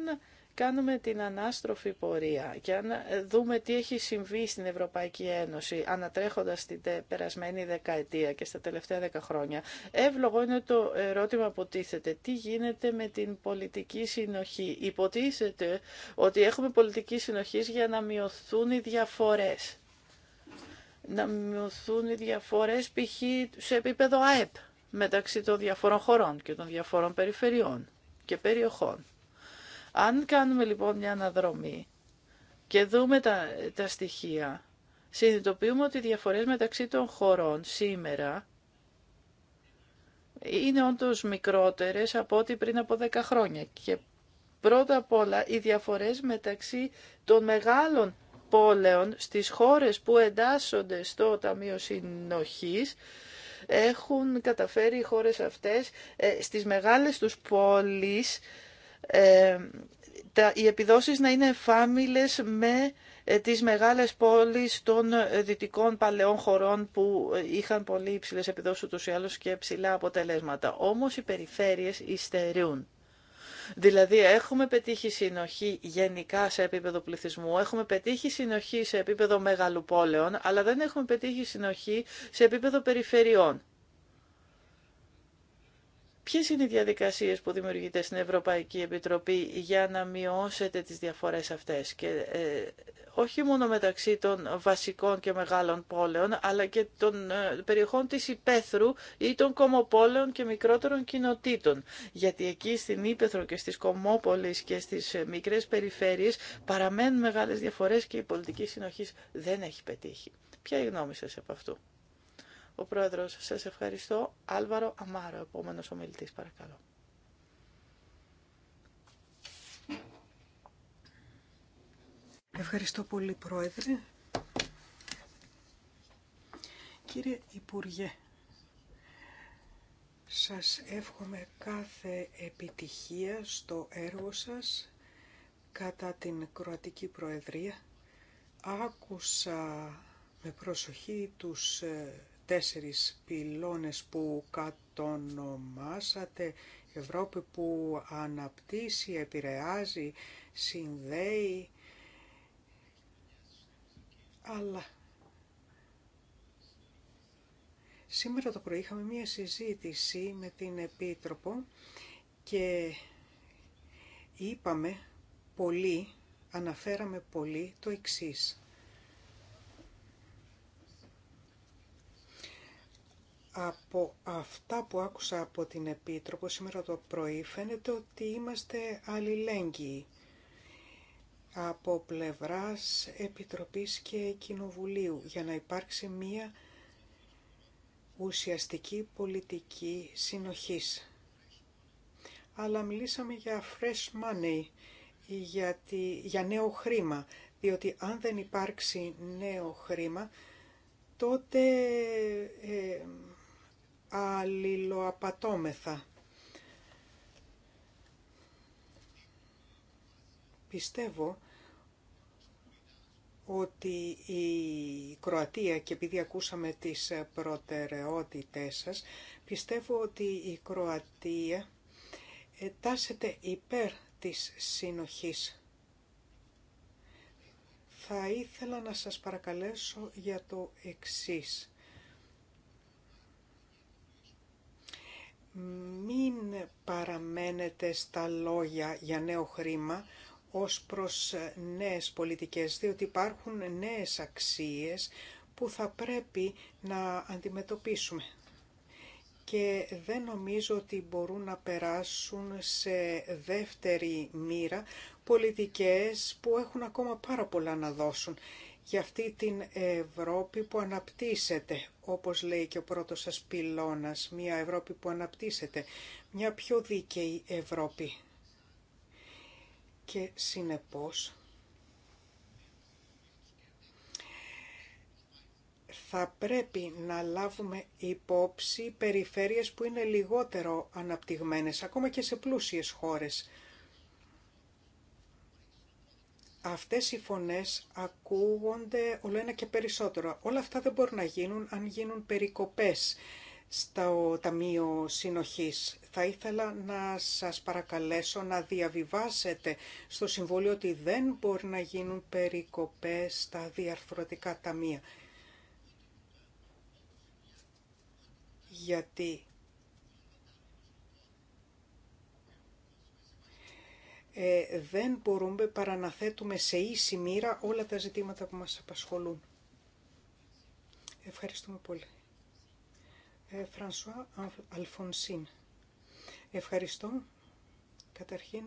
Speaker 2: κάνουμε την ανάστροφη πορεία και αν δούμε τι έχει συμβεί στην Ευρωπαϊκή Ένωση ανατρέχοντας την περασμένη δεκαετία και στα τελευταία δέκα χρόνια, εύλογο είναι το ερώτημα που τίθεται. Τι γίνεται με την πολιτική συνοχή. Υποτίθεται ότι έχουμε πολιτική συνοχή για να μειωθούν οι διαφορές. Να μειωθούν οι διαφορές π.χ. σε επίπεδο ΑΕΠ μεταξύ των διαφορών χωρών και των διαφορών περιφερειών και περιοχών. Αν κάνουμε λοιπόν μια αναδρομή και δούμε τα, τα στοιχεία, συνειδητοποιούμε ότι οι διαφορές μεταξύ των χωρών σήμερα είναι όντως μικρότερες από ό,τι πριν από 10 χρόνια. Και πρώτα απ' όλα οι διαφορές μεταξύ των μεγάλων πόλεων στις χώρες που εντάσσονται στο Ταμείο Συνοχής έχουν καταφέρει οι χώρες αυτές ε, στις μεγάλες τους πόλεις ε, τα, οι επιδόσεις να είναι φάμιλες με ε, τις μεγάλες πόλεις των ε, δυτικών παλαιών χωρών που είχαν πολύ υψηλές επιδόσεις ούτως ή άλλως και ψηλά αποτελέσματα. Όμως οι περιφέρειες υστερούν. Δηλαδή έχουμε πετύχει συνοχή γενικά σε επίπεδο πληθυσμού, έχουμε πετύχει συνοχή σε επίπεδο πόλεων, αλλά δεν έχουμε πετύχει συνοχή σε επίπεδο περιφερειών. Ποιες είναι οι διαδικασίες που δημιουργείται στην Ευρωπαϊκή Επιτροπή για να μειώσετε τις διαφορές αυτές και ε, όχι μόνο μεταξύ των βασικών και μεγάλων πόλεων αλλά και των ε, περιοχών της Υπέθρου ή των κομμοπόλεων και μικρότερων κοινοτήτων. Γιατί εκεί στην Υπέθρο και στις κομόπολεις και στις ε, μικρές περιφέρειες παραμένουν μεγάλες διαφορές και η πολιτική συνοχή δεν έχει πετύχει. Ποια είναι η γνώμη σας από αυτού. Ο Πρόεδρος, σας ευχαριστώ. Άλβαρο Αμάρο, επόμενος ομιλητής, παρακαλώ.
Speaker 4: Ευχαριστώ πολύ, Πρόεδρε. Κύριε Υπουργέ, σας εύχομαι κάθε επιτυχία στο έργο σας κατά την Κροατική Προεδρία. Άκουσα με προσοχή τους ε, τέσσερις πυλώνες που κατονομάσατε, Ευρώπη που αναπτύσσει, επηρεάζει, συνδέει, αλλά σήμερα το πρωί είχαμε μία συζήτηση με την Επίτροπο και είπαμε πολύ, αναφέραμε πολύ το εξής. από αυτά που άκουσα από την Επίτροπο σήμερα το πρωί φαίνεται ότι είμαστε αλληλέγγυοι από πλευράς Επιτροπής και Κοινοβουλίου για να υπάρξει μία ουσιαστική πολιτική συνοχής. Αλλά μιλήσαμε για fresh money, γιατί, για νέο χρήμα, διότι αν δεν υπάρξει νέο χρήμα, τότε ε, αλληλοαπατώμεθα. Πιστεύω ότι η Κροατία, και επειδή ακούσαμε τις προτεραιότητές σας, πιστεύω ότι η Κροατία ε, τάσεται υπέρ της συνοχής. Θα ήθελα να σας παρακαλέσω για το εξής. μην παραμένετε στα λόγια για νέο χρήμα ως προς νέες πολιτικές, διότι υπάρχουν νέες αξίες που θα πρέπει να αντιμετωπίσουμε. Και δεν νομίζω ότι μπορούν να περάσουν σε δεύτερη μοίρα πολιτικές που έχουν ακόμα πάρα πολλά να δώσουν για αυτή την Ευρώπη που αναπτύσσεται, όπως λέει και ο πρώτος σας πυλώνας, μια Ευρώπη που αναπτύσσεται, μια πιο δίκαιη Ευρώπη. Και συνεπώς θα πρέπει να λάβουμε υπόψη περιφέρειες που είναι λιγότερο αναπτυγμένες, ακόμα και σε πλούσιες χώρες Αυτές οι φωνές ακούγονται όλο ένα και περισσότερο. Όλα αυτά δεν μπορούν να γίνουν αν γίνουν περικοπές στο Ταμείο Συνοχής. Θα ήθελα να σας παρακαλέσω να διαβιβάσετε στο Συμβούλιο ότι δεν μπορεί να γίνουν περικοπές στα διαρθρωτικά ταμεία. Γιατί ε, δεν μπορούμε παρά να θέτουμε σε ίση μοίρα όλα τα ζητήματα που μας απασχολούν. Ευχαριστούμε πολύ. Ε, Φρανσουά Αλφονσίν. Ευχαριστώ. Καταρχήν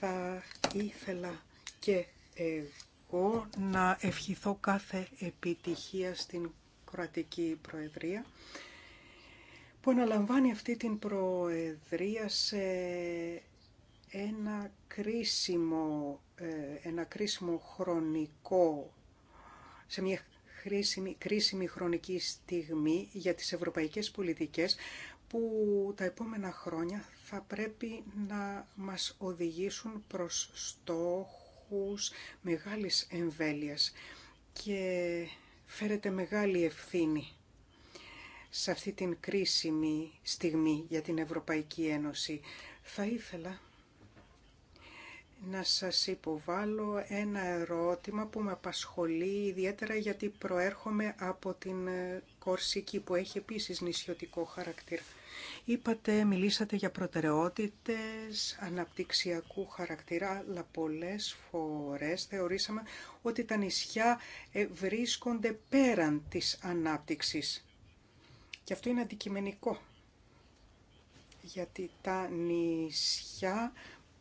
Speaker 4: θα ήθελα και εγώ να ευχηθώ κάθε επιτυχία στην κρατική Προεδρία που αναλαμβάνει αυτή την Προεδρία σε ένα κρίσιμο, ε, ένα κρίσιμο χρονικό, σε μια κρίσιμη, κρίσιμη χρονική στιγμή για τις ευρωπαϊκές πολιτικές που τα επόμενα χρόνια θα πρέπει να μας οδηγήσουν προς στόχους μεγάλης εμβέλειας και φέρετε μεγάλη ευθύνη σε αυτή την κρίσιμη στιγμή για την Ευρωπαϊκή Ένωση. Θα ήθελα να σας υποβάλω ένα ερώτημα που με απασχολεί ιδιαίτερα γιατί προέρχομαι από την ε, Κορσική που έχει επίσης νησιωτικό χαρακτήρα. Είπατε, μιλήσατε για προτεραιότητες αναπτυξιακού χαρακτήρα, αλλά πολλές φορές θεωρήσαμε ότι τα νησιά ε, βρίσκονται πέραν της ανάπτυξης. Και αυτό είναι αντικειμενικό, γιατί τα νησιά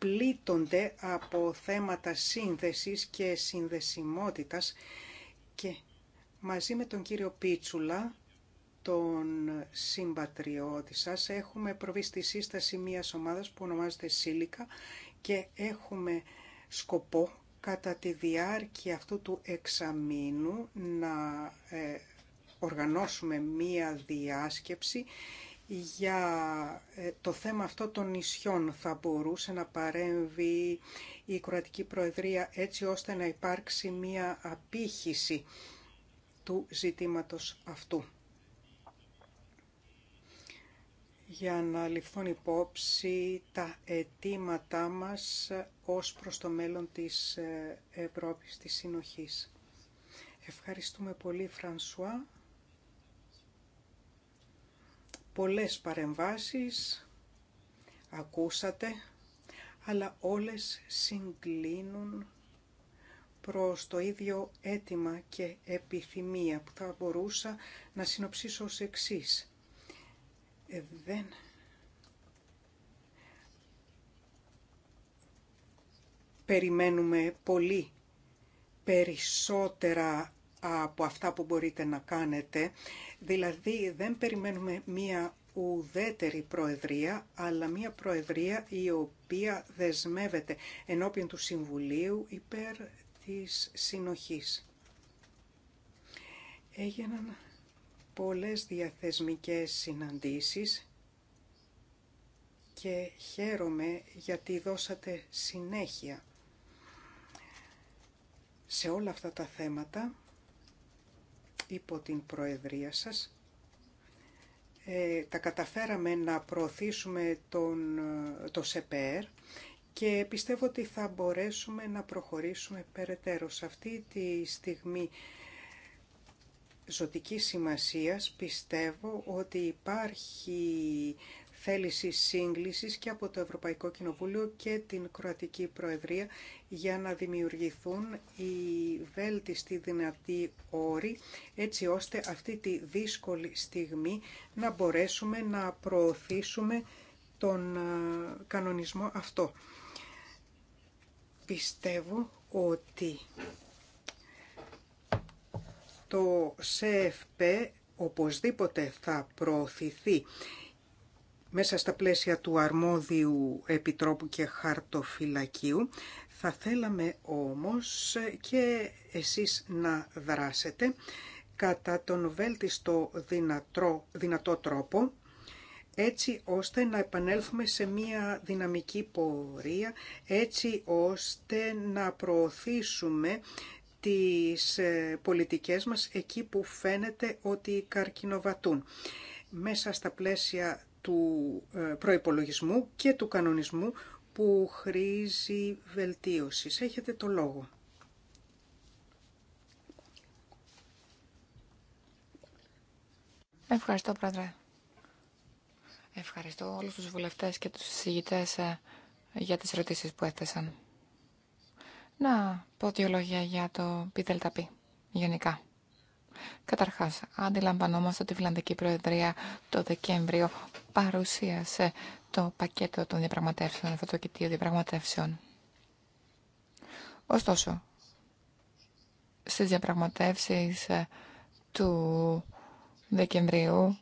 Speaker 4: πλήττονται από θέματα σύνδεσης και συνδεσιμότητας και μαζί με τον κύριο Πίτσουλα, τον συμπατριώτη σας, έχουμε προβεί στη σύσταση μιας ομάδας που ονομάζεται Σίλικα και έχουμε σκοπό κατά τη διάρκεια αυτού του εξαμήνου να ε, οργανώσουμε μία διάσκεψη για ε, το θέμα αυτό των νησιών θα μπορούσε να παρέμβει η Κροατική Προεδρία έτσι ώστε να υπάρξει μία απήχηση του ζητήματος αυτού. για να ληφθούν υπόψη τα αιτήματά μας ως προς το μέλλον της ε, Ευρώπης της Συνοχής. Ευχαριστούμε πολύ Φρανσουά. Πολλές παρεμβάσεις ακούσατε, αλλά όλες συγκλίνουν προς το ίδιο αίτημα και επιθυμία που θα μπορούσα να συνοψίσω ως εξής. Ε, δεν περιμένουμε πολύ περισσότερα από αυτά που μπορείτε να κάνετε. Δηλαδή δεν περιμένουμε μία ουδέτερη προεδρία, αλλά μία προεδρία η οποία δεσμεύεται ενώπιον του Συμβουλίου υπέρ της συνοχής. Έγιναν πολλές διαθεσμικές συναντήσεις και χαίρομαι γιατί δώσατε συνέχεια σε όλα αυτά τα θέματα υπό την Προεδρία σας ε, τα καταφέραμε να προωθήσουμε τον, το ΣΕΠΕΡ και πιστεύω ότι θα μπορέσουμε να προχωρήσουμε περαιτέρω. Σε αυτή τη στιγμή ζωτικής σημασίας πιστεύω ότι υπάρχει θέληση σύγκληση και από το Ευρωπαϊκό Κοινοβούλιο και την Κροατική Προεδρία για να δημιουργηθούν οι βέλτιστοι δυνατοί όροι έτσι ώστε αυτή τη δύσκολη στιγμή να μπορέσουμε να προωθήσουμε τον κανονισμό αυτό. Πιστεύω ότι το ΣΕΦΠ οπωσδήποτε θα προωθηθεί μέσα στα πλαίσια του αρμόδιου επιτρόπου και χαρτοφυλακίου. Θα θέλαμε όμως και εσείς να δράσετε κατά τον βέλτιστο δυνατό, δυνατό τρόπο έτσι ώστε να επανέλθουμε σε μία δυναμική πορεία, έτσι ώστε να προωθήσουμε τις ε, πολιτικές μας εκεί που φαίνεται ότι καρκινοβατούν. Μέσα στα πλαίσια του ε, προϋπολογισμού και του κανονισμού που χρήζει βελτίωσης. Έχετε το λόγο.
Speaker 1: Ευχαριστώ, Πρόεδρε. Ευχαριστώ όλους τους βουλευτές και τους συζητητές ε, για τις ερωτήσεις που έθεσαν. Να πω δύο λόγια για το ΠΔΠ γενικά. Καταρχάς, αντιλαμβανόμαστε ότι η Φιλανδική Προεδρία το Δεκέμβριο παρουσίασε το πακέτο των διαπραγματεύσεων, αυτό το κοιτίο διαπραγματεύσεων. Ωστόσο, στις διαπραγματεύσεις ε, του Δεκεμβρίου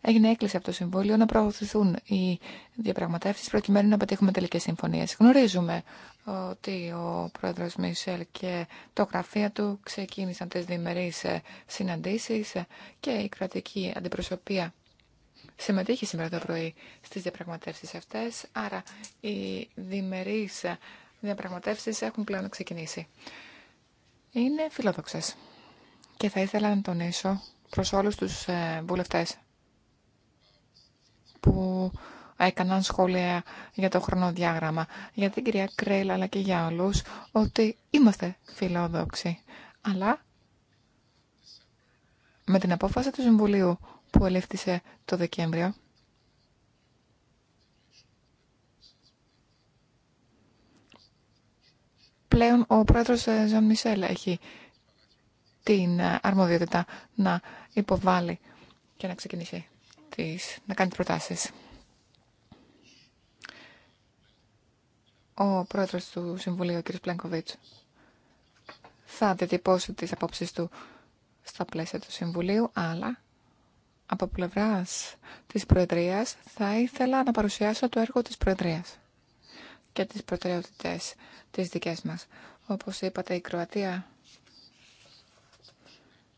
Speaker 1: έγινε έκκληση από το Συμβούλιο να προωθηθούν οι διαπραγματεύσεις προκειμένου να πετύχουμε τελικές συμφωνίες. Γνωρίζουμε ότι ο πρόεδρος Μισελ και το γραφείο του ξεκίνησαν τις διμερείς ε, συναντήσεις ε, και η κρατική αντιπροσωπεία συμμετείχε σήμερα το πρωί στις διαπραγματεύσεις αυτές, άρα οι διμερείς ε, διαπραγματεύσεις έχουν πλέον ξεκινήσει. Είναι φιλόδοξες και θα ήθελα να τονίσω προς όλους τους βουλευτές που έκαναν σχόλια για το χρονοδιάγραμμα, για την κυρία Κρέλ αλλά και για όλους, ότι είμαστε φιλόδοξοι. Αλλά με την απόφαση του Συμβουλίου που ελεύθεσε το Δεκέμβριο, πλέον ο πρόεδρος ε, Ζαν Μισελ έχει την ε, αρμοδιότητα να υποβάλει και να ξεκινήσει τις, να κάνει προτάσεις. ο πρόεδρο του Συμβουλίου, ο κ. Πλένκοβιτ, θα διατυπώσει τι απόψεις του στα πλαίσια του Συμβουλίου, αλλά από πλευρά της Προεδρίας θα ήθελα να παρουσιάσω το έργο της Προεδρία και τις προτεραιότητε, της δικές μας. Όπω είπατε, η Κροατία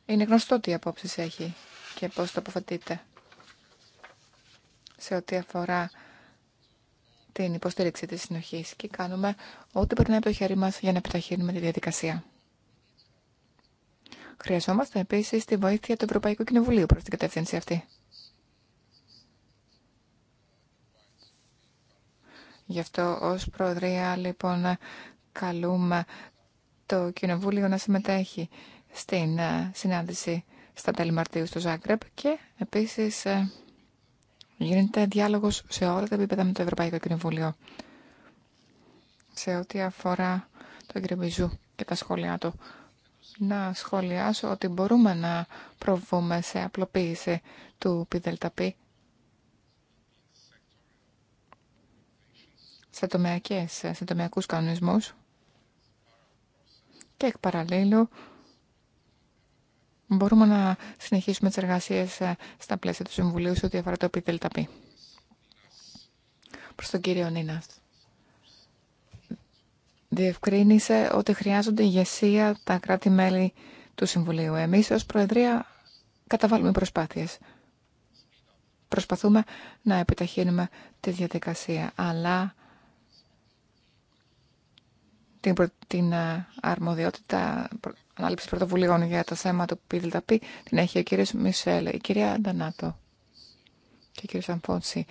Speaker 1: είναι γνωστό τι απόψεις έχει και πώ το αποφατείται σε ό,τι αφορά την υποστήριξη της συνοχής και κάνουμε ό,τι περνάει από το χέρι μας για να επιταχύνουμε τη διαδικασία. Χρειαζόμαστε επίσης τη βοήθεια του Ευρωπαϊκού Κοινοβουλίου προς την κατεύθυνση αυτή. Γι' αυτό ως Προεδρία λοιπόν καλούμε το Κοινοβούλιο να συμμετέχει στην ε, συνάντηση στα τέλη Μαρτίου στο Ζάγκρεπ και επίσης ε, Γίνεται διάλογος σε όλα τα επίπεδα με το Ευρωπαϊκό Κοινοβούλιο. Σε ό,τι αφορά τον κύριο Μπιζού και τα σχόλιά του. Να σχολιάσω ότι μπορούμε να προβούμε σε απλοποίηση του ΠΙΔΕΛΤΑΠΗ σε, τομεακές, σε τομεακούς κανονισμούς και εκ παραλλήλου μπορούμε να συνεχίσουμε τις εργασίες ε, στα πλαίσια του Συμβουλίου σε ό,τι αφορά το πει. Προς τον κύριο Νίνας. Διευκρίνησε ότι χρειάζονται ηγεσία τα κράτη-μέλη του Συμβουλίου. Εμείς ως Προεδρία καταβάλουμε προσπάθειες. Προσπαθούμε να επιταχύνουμε τη διαδικασία, αλλά την ε, αρμοδιότητα ανάληψη πρωτοβουλίων για το θέμα του ΠΙΔΛΤΑΠΗ την έχει ο κύριος Μισελ, η κυρία Ντανάτο και ο κύριος Αμφόντση.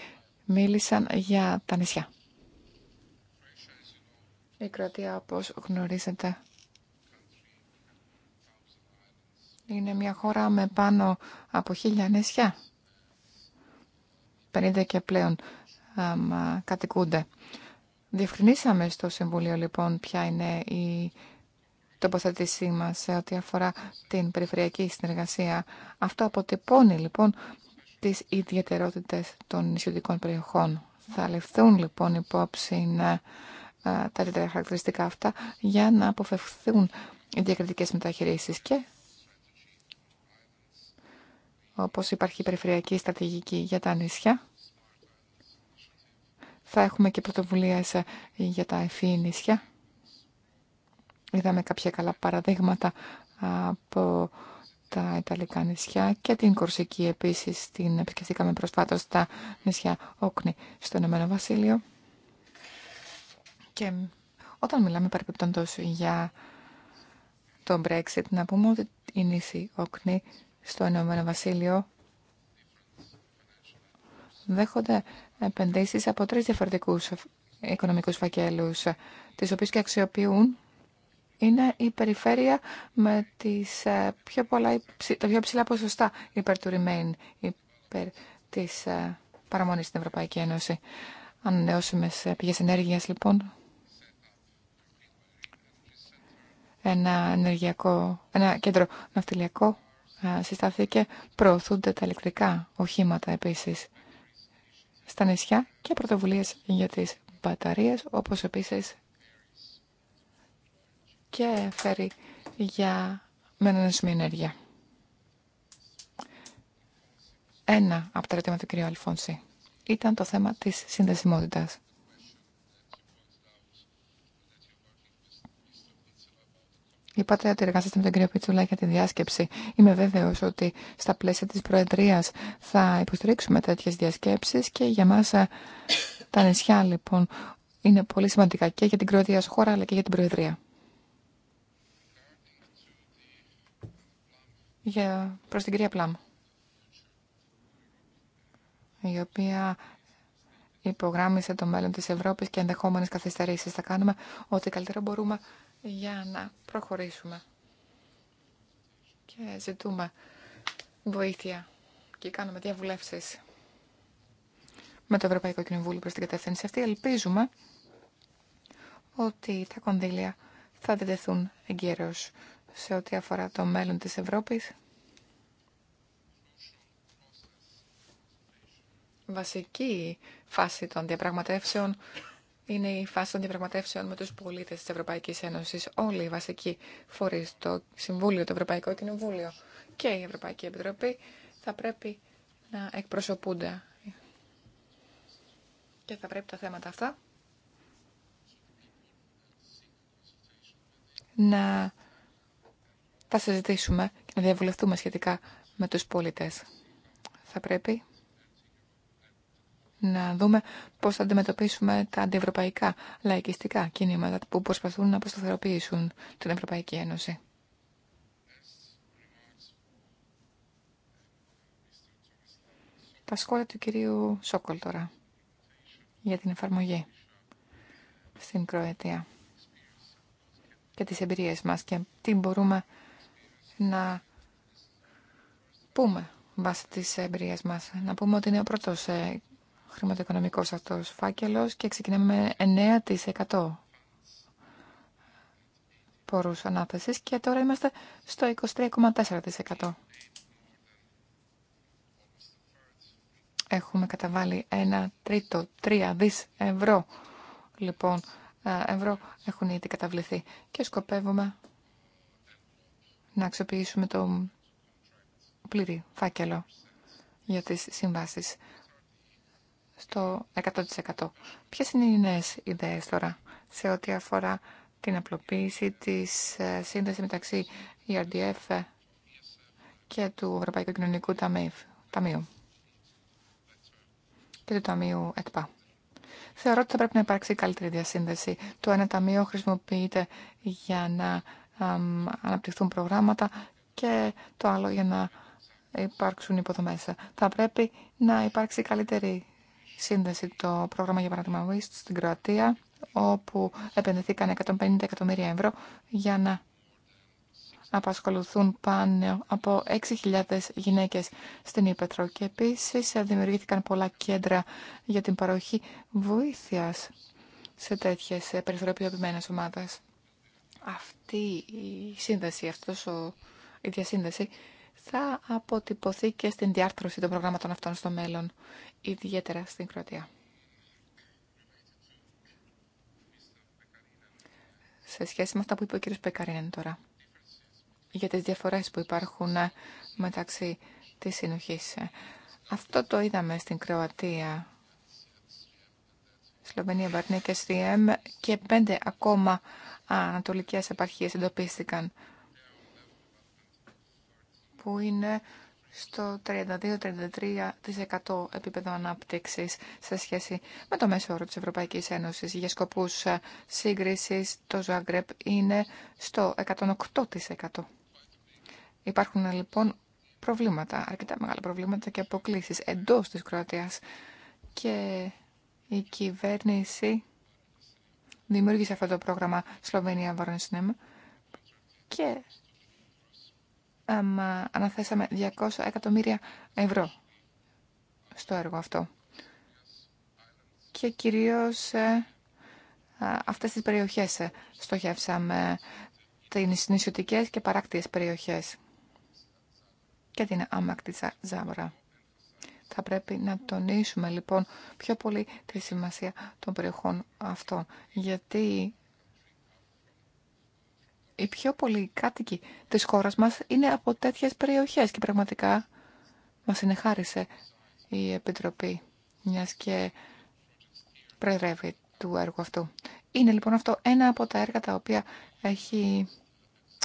Speaker 1: Μίλησαν για τα νησιά. Η κρατία όπω γνωρίζετε, είναι μια χώρα με πάνω από χίλια νησιά. 50 και πλέον κατοικούνται. Διευκρινίσαμε στο Συμβούλιο λοιπόν ποια είναι η τοποθέτησή μας σε ό,τι αφορά την περιφερειακή συνεργασία. Αυτό αποτυπώνει λοιπόν τις ιδιαίτερότητε των νησιωτικών περιοχών. Θα ληφθούν λοιπόν υπόψη ε, ε, τα ιδιαίτερα χαρακτηριστικά αυτά για να αποφευχθούν οι διακριτικέ μεταχειρήσεις και όπως υπάρχει η περιφερειακή στρατηγική για τα νησιά, θα έχουμε και πρωτοβουλίες για τα ευφύ νησιά Είδαμε κάποια καλά παραδείγματα από τα Ιταλικά νησιά και την Κορσική επίσης την επισκεφθήκαμε προσφάτως στα νησιά Όκνη στο Ηνωμένο Βασίλειο. Και όταν μιλάμε παρεπιπτόντως για τον Brexit, να πούμε ότι η νήσι Όκνη στο Ηνωμένο Βασίλειο δέχονται επενδύσεις από τρεις διαφορετικούς οικονομικούς φακέλους, τις οποίες και αξιοποιούν είναι η περιφέρεια με τις, ε, πιο πολλά, τα πιο ψηλά ποσοστά υπέρ του Remain, υπέρ της ε, παραμονής στην Ευρωπαϊκή Ένωση. Ανανεώσιμες ε, πηγές ενέργειας, λοιπόν. Ένα, ενεργειακό, ένα κέντρο ναυτιλιακό συστάθηκε. Προωθούνται τα ηλεκτρικά οχήματα επίσης στα νησιά και πρωτοβουλίες για τις μπαταρίες, όπως επίσης και φέρει για με ενέργεια. Ένα από τα ερωτήματα του κ. Αλφόνση ήταν το θέμα της συνδεσιμότητας. Είπατε ότι εργάζεστε με τον κύριο Πιτσούλα για τη διάσκεψη. Είμαι βέβαιο ότι στα πλαίσια τη Προεδρία θα υποστηρίξουμε τέτοιε διασκέψει και για μα ε, τα νησιά λοιπόν είναι πολύ σημαντικά και για την Κροατία χώρα αλλά και για την Προεδρία. για, προς την κυρία Πλάμ, η οποία υπογράμμισε το μέλλον της Ευρώπης και ενδεχόμενες καθυστερήσεις. Θα κάνουμε ό,τι καλύτερο μπορούμε για να προχωρήσουμε. Και ζητούμε βοήθεια και κάνουμε διαβουλεύσεις με το Ευρωπαϊκό Κοινοβούλιο προς την κατεύθυνση αυτή. Ελπίζουμε ότι τα κονδύλια θα διδεθούν εγκαίρως σε ό,τι αφορά το μέλλον της Ευρώπης. Βασική φάση των διαπραγματεύσεων είναι η φάση των διαπραγματεύσεων με τους πολίτες της Ευρωπαϊκής Ένωσης. Όλοι οι βασικοί φορείς, το Συμβούλιο, το Ευρωπαϊκό Κοινοβούλιο και η Ευρωπαϊκή Επιτροπή θα πρέπει να εκπροσωπούνται. Και θα πρέπει τα θέματα αυτά να θα συζητήσουμε και να διαβουλευτούμε σχετικά με τους πολίτες. Θα πρέπει να δούμε πώς θα αντιμετωπίσουμε τα αντιευρωπαϊκά λαϊκιστικά κίνηματα που προσπαθούν να αποσταθεροποιήσουν την Ευρωπαϊκή Ένωση. Τα σχόλια του κυρίου Σόκολ τώρα για την εφαρμογή στην Κροατία και τις εμπειρίες μας και τι μπορούμε να πούμε βάσει της εμπειρίας μας, να πούμε ότι είναι ο πρώτος ε, χρηματοοικονομικός αυτός φάκελος και ξεκινάμε με 9% πόρους ανάθεσης και τώρα είμαστε στο 23,4%. Έχουμε καταβάλει ένα τρίτο, τρία δις ευρώ, λοιπόν, ε, ευρώ έχουν ήδη καταβληθεί και σκοπεύουμε να αξιοποιήσουμε το πλήρη φάκελο για τις συμβάσεις στο 100%. Ποιες είναι οι νέες ιδέες τώρα σε ό,τι αφορά την απλοποίηση της ε, σύνδεσης μεταξύ ERDF και του Ευρωπαϊκού Κοινωνικού Ταμείου και του Ταμείου ΕΤΠΑ. Θεωρώ ότι θα πρέπει να υπάρξει καλύτερη διασύνδεση. Το ένα ταμείο χρησιμοποιείται για να αναπτυχθούν προγράμματα και το άλλο για να υπάρξουν υποδομές. Θα πρέπει να υπάρξει καλύτερη σύνδεση το πρόγραμμα για παράδειγμα WIST στην Κροατία όπου επενδυθήκαν 150 εκατομμύρια ευρώ για να απασχοληθούν πάνω από 6.000 γυναίκες στην Ήπετρο και επίσης ε, δημιουργήθηκαν πολλά κέντρα για την παροχή βοήθειας σε τέτοιες ε, περιθωριοποιημένες ομάδες αυτή η σύνδεση, αυτός ο, η διασύνδεση θα αποτυπωθεί και στην διάρθρωση των προγράμματων αυτών στο μέλλον, ιδιαίτερα στην Κροατία. Σε σχέση με αυτά που είπε ο κ. Πεκαρίνεν τώρα, για τις διαφορές που υπάρχουν ε, μεταξύ της συνοχής. Ε, αυτό το είδαμε στην Κροατία Σλοβενία, Βαρνία και ΣΡΙΕΜ και πέντε ακόμα ανατολικές επαρχίες εντοπίστηκαν που είναι στο 32-33% επίπεδο ανάπτυξης σε σχέση με το μέσο όρο της Ευρωπαϊκής Ένωσης. Για σκοπούς ε, σύγκρισης το Ζαγκρέπ είναι στο 108%. Υπάρχουν ε, λοιπόν προβλήματα, αρκετά μεγάλα προβλήματα και αποκλήσεις εντός της Κροατίας και η κυβέρνηση δημιούργησε αυτό το πρόγραμμα Σλοβενία Σινέμα και αμα, αναθέσαμε 200 εκατομμύρια ευρώ στο έργο αυτό. Και κυρίως ε, αυτές τις περιοχές ε, στοχεύσαμε, τις νησιωτικές και παράκτιες περιοχές και την άμακτη Ζάβρα. Θα πρέπει να τονίσουμε λοιπόν πιο πολύ τη σημασία των περιοχών αυτών. Γιατί οι πιο πολλοί κάτοικοι της χώρας μας είναι από τέτοιες περιοχές και πραγματικά μας συνεχάρισε η Επιτροπή, μιας και προερεύει του έργου αυτού. Είναι λοιπόν αυτό ένα από τα έργα τα οποία έχει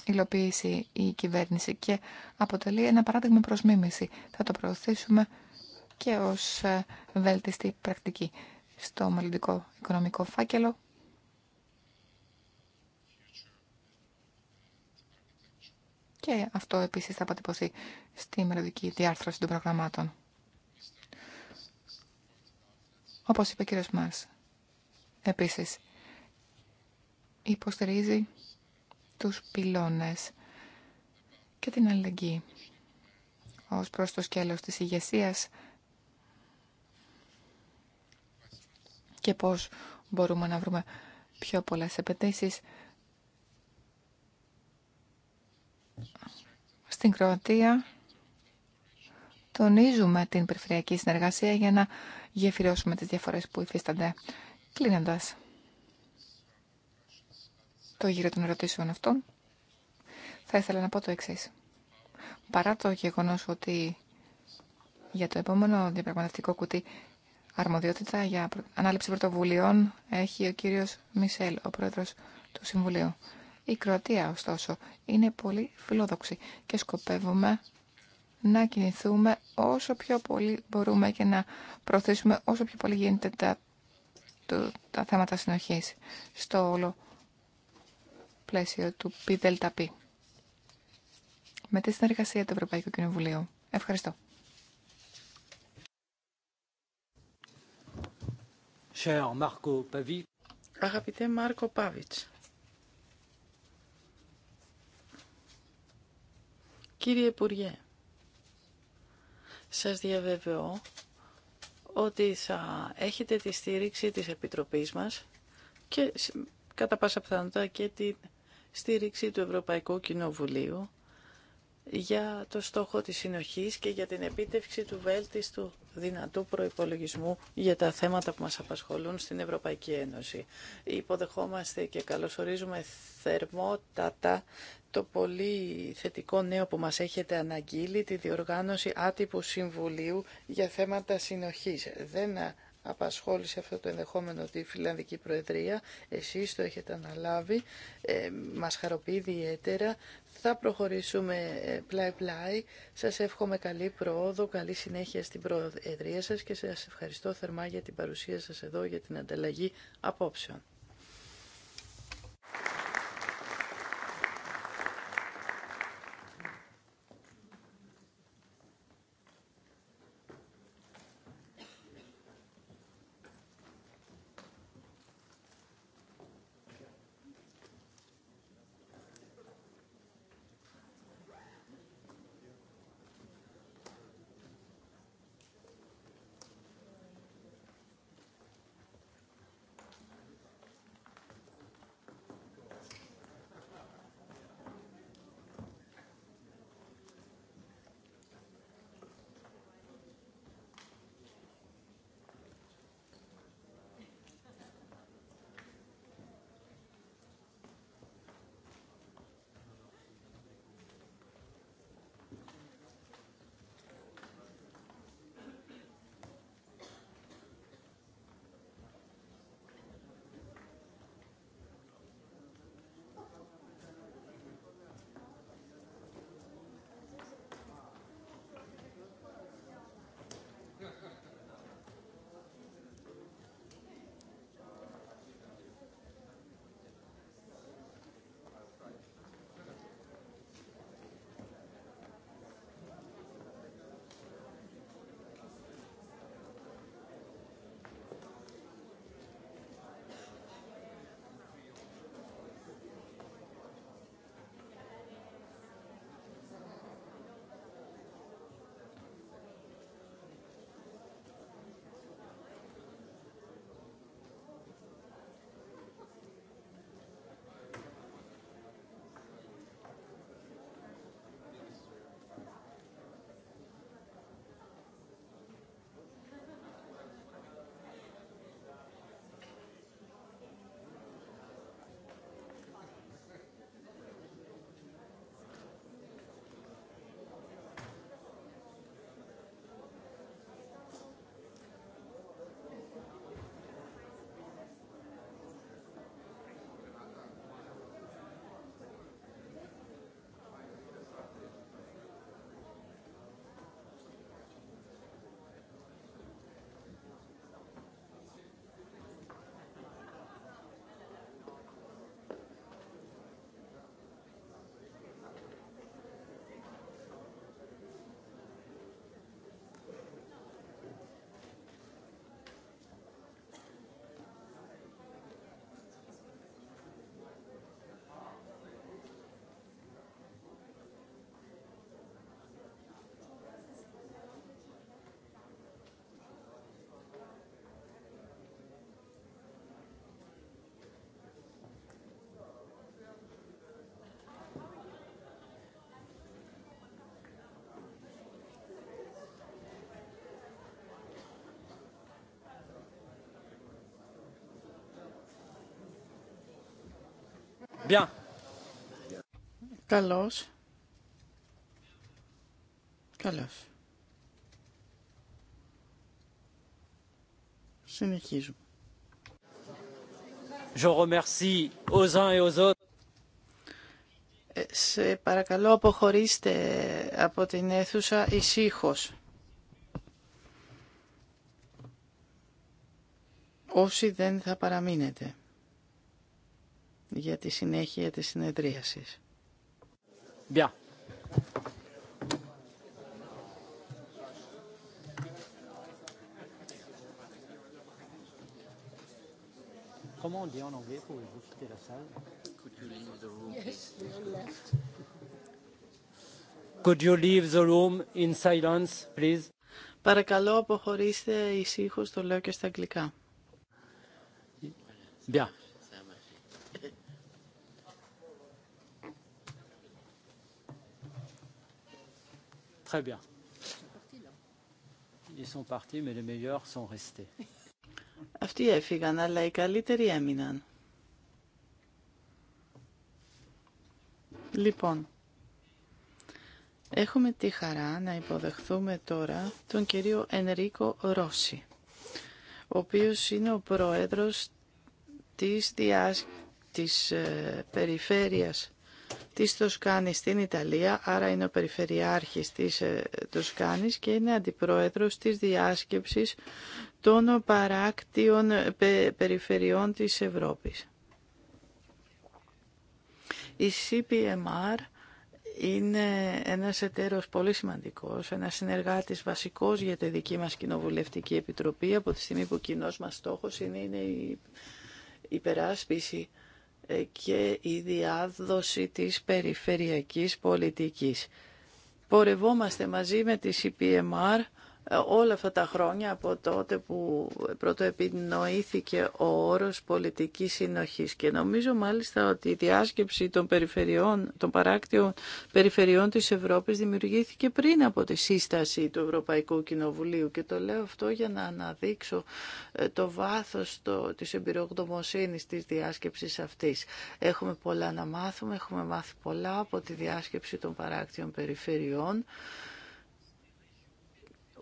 Speaker 1: υλοποιήσει η κυβέρνηση και αποτελεί ένα παράδειγμα προς μίμηση. Θα το προωθήσουμε και ως ε, βέλτιστη πρακτική στο μελλοντικό οικονομικό φάκελο. Και αυτό επίσης θα αποτυπωθεί στη μελλοντική διάρθρωση των προγραμμάτων. Όπως είπε ο κύριος Μάρς, επίσης υποστηρίζει τους πυλώνες και την αλληλεγγύη ως προς το σκέλος της ηγεσίας και πώς μπορούμε να βρούμε πιο πολλές επενδύσεις στην Κροατία τονίζουμε την περιφερειακή συνεργασία για να γεφυρώσουμε τις διαφορές που υφίστανται. Κλείνοντας το γύρο των ερωτήσεων αυτών, θα ήθελα να πω το εξής. Παρά το γεγονός ότι για το επόμενο διαπραγματευτικό κουτί αρμοδιότητα για ανάληψη πρωτοβουλειών έχει ο κύριος Μισελ, ο πρόεδρος του Συμβουλίου. Η Κροατία, ωστόσο, είναι πολύ φιλόδοξη και σκοπεύουμε να κινηθούμε όσο πιο πολύ μπορούμε και να προωθήσουμε όσο πιο πολύ γίνεται τα, θέματα συνοχής στο όλο πλαίσιο του ΠΔΠ. Με τη συνεργασία του Ευρωπαϊκού Κοινοβουλίου. Ευχαριστώ.
Speaker 2: Αγαπητέ Μάρκο Πάβιτς. Κύριε Υπουργέ, σας διαβεβαιώ ότι θα έχετε τη στήριξη της Επιτροπής μας και κατά πάσα πιθανότητα και τη στήριξη του Ευρωπαϊκού Κοινοβουλίου για το στόχο της συνοχής και για την επίτευξη του βέλτιστου δυνατού προϋπολογισμού για τα θέματα που μας απασχολούν στην Ευρωπαϊκή Ένωση. Υποδεχόμαστε και καλωσορίζουμε θερμότατα το πολύ θετικό νέο που μας έχετε αναγγείλει, τη διοργάνωση άτυπου συμβουλίου για θέματα συνοχής. Δεν απασχόλησε αυτό το ενδεχόμενο τη Φιλανδική Προεδρία. Εσείς το έχετε αναλάβει. Ε, μας χαροποιεί ιδιαίτερα. Θα προχωρήσουμε πλάι-πλάι. Ε, σας εύχομαι καλή προόδο, καλή συνέχεια στην Προεδρία σας και σας ευχαριστώ θερμά για την παρουσία σας εδώ, για την ανταλλαγή απόψεων. Bien. Καλώς. Καλώς. Συνεχίζουμε. Je remercie aux uns et ε, Σε παρακαλώ αποχωρήστε από την αίθουσα ησύχως. Όσοι δεν θα παραμείνετε για τη συνέχεια της συνεδρίασης. Yeah. Comment on dit
Speaker 1: en
Speaker 3: anglais pour vous quitter la salle Could you leave the room Yes, we left.
Speaker 2: Could you leave the room in silence, please? Παρακαλώ αποχωρήστε ησύχως, το λέω και στα αγγλικά. Bien. Très bien. Ils sont partis, mais les Αυτοί έφυγαν, αλλά οι καλύτεροι έμειναν. Λοιπόν, έχουμε τη χαρά να υποδεχθούμε τώρα τον κύριο Ενρίκο Ρώση, ο οποίος είναι ο πρόεδρος της, διά... της ε, περιφέρειας της Τοσκάνης στην Ιταλία, άρα είναι ο περιφερειάρχης της ε, Τοσκάνης και είναι αντιπρόεδρος της διάσκεψης των παράκτιων ε, περιφερειών της Ευρώπης. Η CPMR είναι ένας εταίρος πολύ σημαντικός, ένας συνεργάτης βασικός για τη δική μας Κοινοβουλευτική Επιτροπή από τη στιγμή που ο κοινός μας στόχος είναι, είναι η υπεράσπιση και η διάδοση της περιφερειακής πολιτικής. Πορευόμαστε μαζί με τις CPMR, ε, όλα αυτά τα χρόνια από τότε που πρώτο επινοήθηκε ο όρος πολιτικής συνοχής και νομίζω μάλιστα ότι η διάσκεψη των, περιφερειών, των παράκτιων περιφερειών της Ευρώπης δημιουργήθηκε πριν από τη σύσταση του Ευρωπαϊκού Κοινοβουλίου και το λέω αυτό για να αναδείξω ε, το βάθος το, της εμπειρογνωμοσύνης της διάσκεψης αυτής. Έχουμε πολλά να μάθουμε, έχουμε μάθει πολλά από τη διάσκεψη των παράκτιων περιφερειών.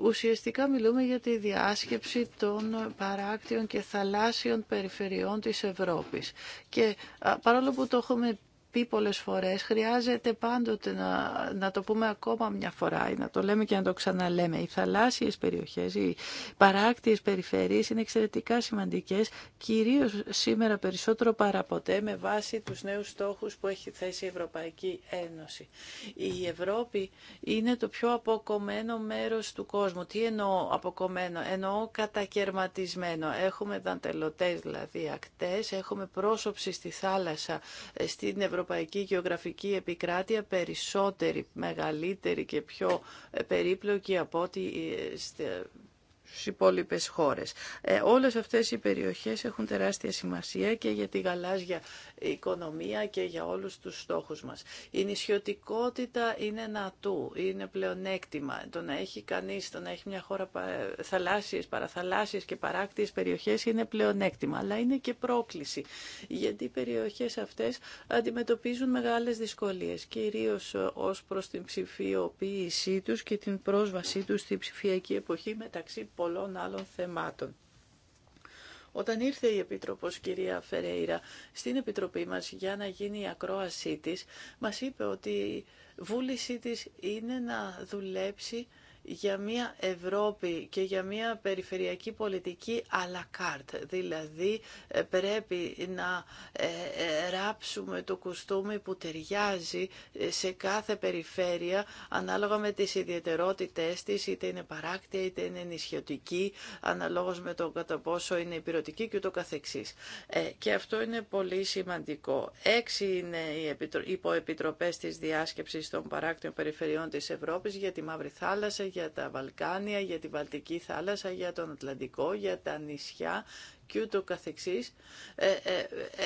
Speaker 2: Ουσιαστικά μιλούμε για τη διάσκεψη των παράκτιων και θαλάσσιων περιφερειών της Ευρώπης. Και παρόλο που το έχουμε πει πολλές φορές, χρειάζεται πάντοτε να, να το πούμε ακόμα μια φορά ή να το λέμε και να το ξαναλέμε. Οι θαλάσσιες περιοχές, οι παράκτιες περιφερειέ είναι εξαιρετικά σημαντικές, κυρίως σήμερα περισσότερο παραποτέ με βάση τους νέους στόχους που έχει θέσει η Ευρωπαϊκή Ένωση. Η Ευρώπη είναι το πιο αποκομμένο μέρος του κόσμου. Τι εννοώ αποκομμένο, εννοώ κατακαιρματισμένο. Έχουμε δαντελωτές δηλαδή ακτέ, έχουμε πρόσωψη στη θάλασσα, στην Ευρωπαϊκή ευρωπαϊκή γεωγραφική επικράτεια περισσότερη, μεγαλύτερη και πιο περίπλοκη από ό,τι ε, στις υπόλοιπες χώρες. Ε, όλες αυτές οι περιοχές έχουν τεράστια σημασία και για τη γαλάζια οικονομία και για όλους τους στόχους μας. Η νησιωτικότητα είναι ένα του, είναι πλεονέκτημα. Το να έχει κανείς, το να έχει μια χώρα θαλάσσιες, παραθαλάσσιες και παράκτιες περιοχές είναι πλεονέκτημα, αλλά είναι και πρόκληση. Γιατί οι περιοχές αυτές αντιμετωπίζουν μεγάλες δυσκολίες, κυρίως ως προς την ψηφιοποίησή τους και την πρόσβασή τους στη ψηφιακή εποχή μεταξύ πολλών άλλων θεμάτων. Όταν ήρθε η Επίτροπος κυρία Φερέιρα στην Επιτροπή μας για να γίνει η ακρόασή της, μας είπε ότι η βούλησή της είναι να δουλέψει για μια Ευρώπη και για μια περιφερειακή πολιτική à la carte. Δηλαδή ε, πρέπει να ε, ε, ράψουμε το κουστούμι που ταιριάζει σε κάθε περιφέρεια ανάλογα με τις ιδιαιτερότητές της, είτε είναι παράκτια είτε είναι νησιωτική, αναλόγως με το κατά πόσο είναι υπηρετική και ούτω καθεξής. και αυτό είναι πολύ σημαντικό. Έξι είναι οι υποεπιτροπές της διάσκεψης των παράκτιων περιφερειών της Ευρώπης για τη Μαύρη Θάλασσα, για τα Βαλκάνια, για τη Βαλτική θάλασσα, για τον Ατλαντικό, για τα νησιά και ούτω καθεξής. Ε, ε,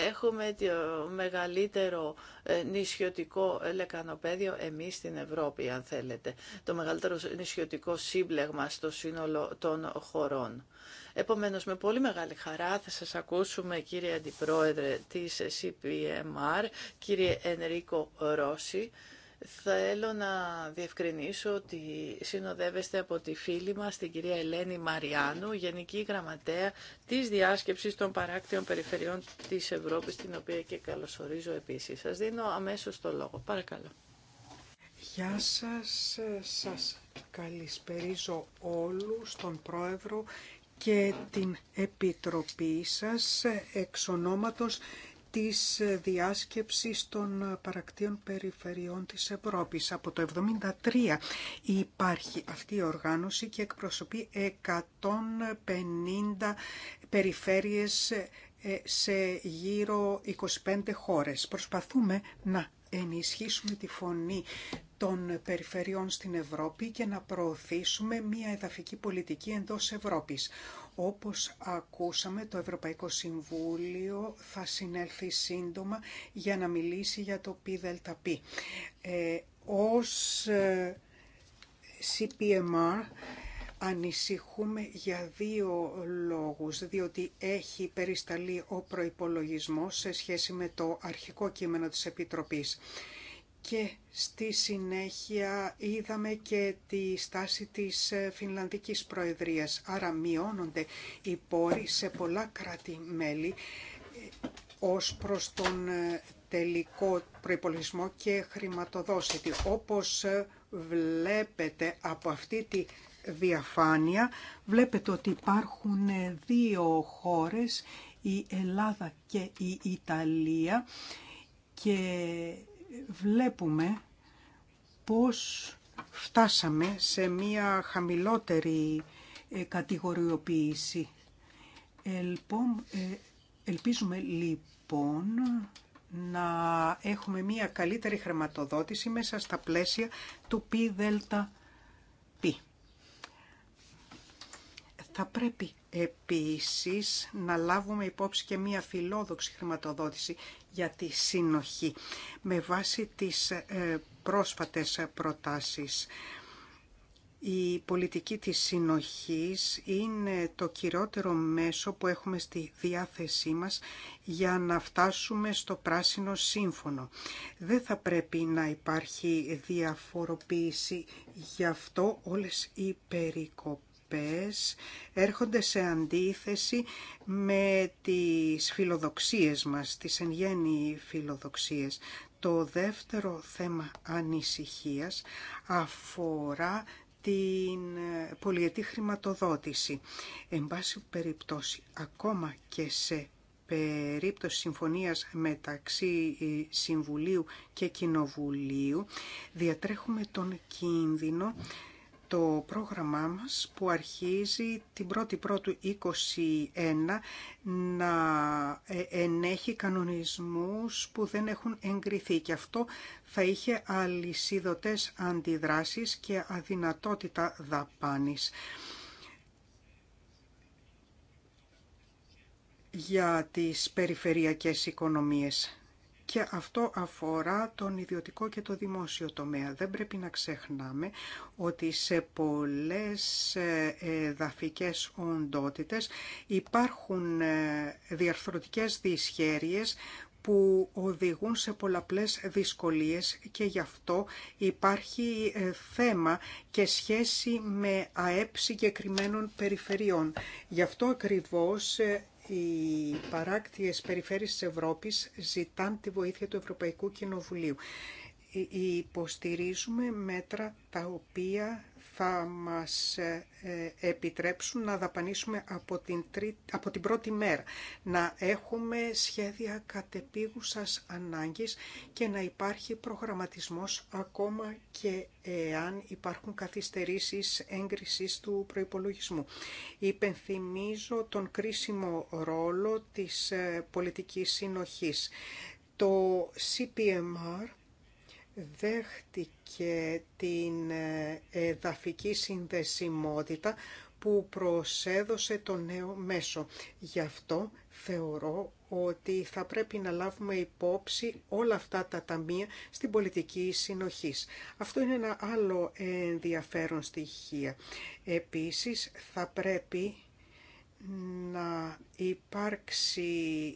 Speaker 2: έχουμε το μεγαλύτερο ε, νησιωτικό λεκανοπέδιο εμείς στην Ευρώπη, αν θέλετε. Το μεγαλύτερο νησιωτικό σύμπλεγμα στο σύνολο των χωρών. Επομένως, με πολύ μεγάλη χαρά θα σας ακούσουμε, κύριε Αντιπρόεδρε της CPMR, κύριε Ενρίκο Ρώση, Θέλω να διευκρινίσω ότι συνοδεύεστε από τη φίλη μας, την κυρία Ελένη Μαριάνου, Γενική Γραμματέα της Διάσκεψης των Παράκτιων Περιφερειών της Ευρώπης, την οποία και καλωσορίζω επίσης. Σας δίνω αμέσως το λόγο. Παρακαλώ.
Speaker 4: Γεια σας, σας καλησπερίζω όλους, τον Πρόεδρο και την Επιτροπή σας εξ της διάσκεψης των παρακτήων περιφερειών της Ευρώπης. Από το 1973 υπάρχει αυτή η οργάνωση και εκπροσωπεί 150 περιφέρειες ε, σε γύρω 25 χώρες. Προσπαθούμε να ενισχύσουμε τη φωνή των περιφερειών στην Ευρώπη και να προωθήσουμε μία εδαφική πολιτική εντός Ευρώπης. Όπως ακούσαμε, το Ευρωπαϊκό Συμβούλιο θα συνέλθει σύντομα για να μιλήσει για το ΠΔΠ. Ε, ως CPMR ε, ανησυχούμε για δύο λόγους, διότι έχει περισταλεί ο προϋπολογισμός σε σχέση με το αρχικό κείμενο της Επιτροπής. Και στη συνέχεια είδαμε και τη στάση της ε, Φινλανδικής Προεδρίας. Άρα μειώνονται οι πόροι σε πολλά κράτη-μέλη ε, ως προς τον ε, τελικό προϋπολογισμό και χρηματοδότηση. Όπως βλέπετε από αυτή τη διαφάνεια, βλέπετε ότι υπάρχουν δύο χώρες, η Ελλάδα και η Ιταλία και βλέπουμε πώς φτάσαμε σε μία χαμηλότερη ε, κατηγοριοποίηση. Ε, ελπίζουμε λοιπόν να έχουμε μία καλύτερη χρηματοδότηση μέσα στα πλαίσια του πι δελτα πι. Θα πρέπει Επίσης, να λάβουμε υπόψη και μία φιλόδοξη χρηματοδότηση για τη συνοχή με βάση τις ε, πρόσφατες προτάσεις. Η πολιτική της συνοχής είναι το κυριότερο μέσο που έχουμε στη διάθεσή μας για να φτάσουμε στο πράσινο σύμφωνο. Δεν θα πρέπει να υπάρχει διαφοροποίηση, γι' αυτό όλες οι περικοπές έρχονται σε αντίθεση με τις φιλοδοξίες μας, τις εν γέννη φιλοδοξίες. Το δεύτερο θέμα ανησυχίας αφορά την πολιετή χρηματοδότηση. Εν πάση περιπτώσει, ακόμα και σε περίπτωση συμφωνίας μεταξύ ε, Συμβουλίου και Κοινοβουλίου διατρέχουμε τον κίνδυνο το πρόγραμμά μας που αρχίζει την 1η Πρώτου 21 να ε, ενέχει κανονισμούς που δεν έχουν εγκριθεί και αυτό θα είχε αλυσίδωτες αντιδράσεις και αδυνατότητα δαπάνης. για τις περιφερειακές οικονομίες και αυτό αφορά τον ιδιωτικό και το δημόσιο τομέα. Δεν πρέπει να ξεχνάμε ότι σε πολλές ε, δαφικές οντότητες υπάρχουν ε, διαρθρωτικές δυσχέρειες που οδηγούν σε πολλαπλές δυσκολίες και γι' αυτό υπάρχει ε, θέμα και σχέση με ΑΕΠ συγκεκριμένων περιφερειών. Γι' αυτό ακριβώς οι παράκτιες περιφέρειες της Ευρώπης ζητάν τη βοήθεια του Ευρωπαϊκού Κοινοβουλίου. Ε, ε, υποστηρίζουμε μέτρα τα οποία θα μας ε, ε, επιτρέψουν να δαπανίσουμε από την, από την πρώτη μέρα, να έχουμε σχέδια κατεπίγουσας ανάγκης και να υπάρχει προγραμματισμός ακόμα και εάν υπάρχουν καθυστερήσεις έγκρισης του προϋπολογισμού. Υπενθυμίζω τον κρίσιμο ρόλο της ε, πολιτικής συνοχής. Το CPMR δέχτηκε την ε, εδαφική συνδεσιμότητα που προσέδωσε το νέο μέσο. Γι' αυτό θεωρώ ότι θα πρέπει να λάβουμε υπόψη όλα αυτά τα ταμεία στην πολιτική συνοχής. Αυτό είναι ένα άλλο ενδιαφέρον στοιχείο. Επίσης, θα πρέπει να υπάρξει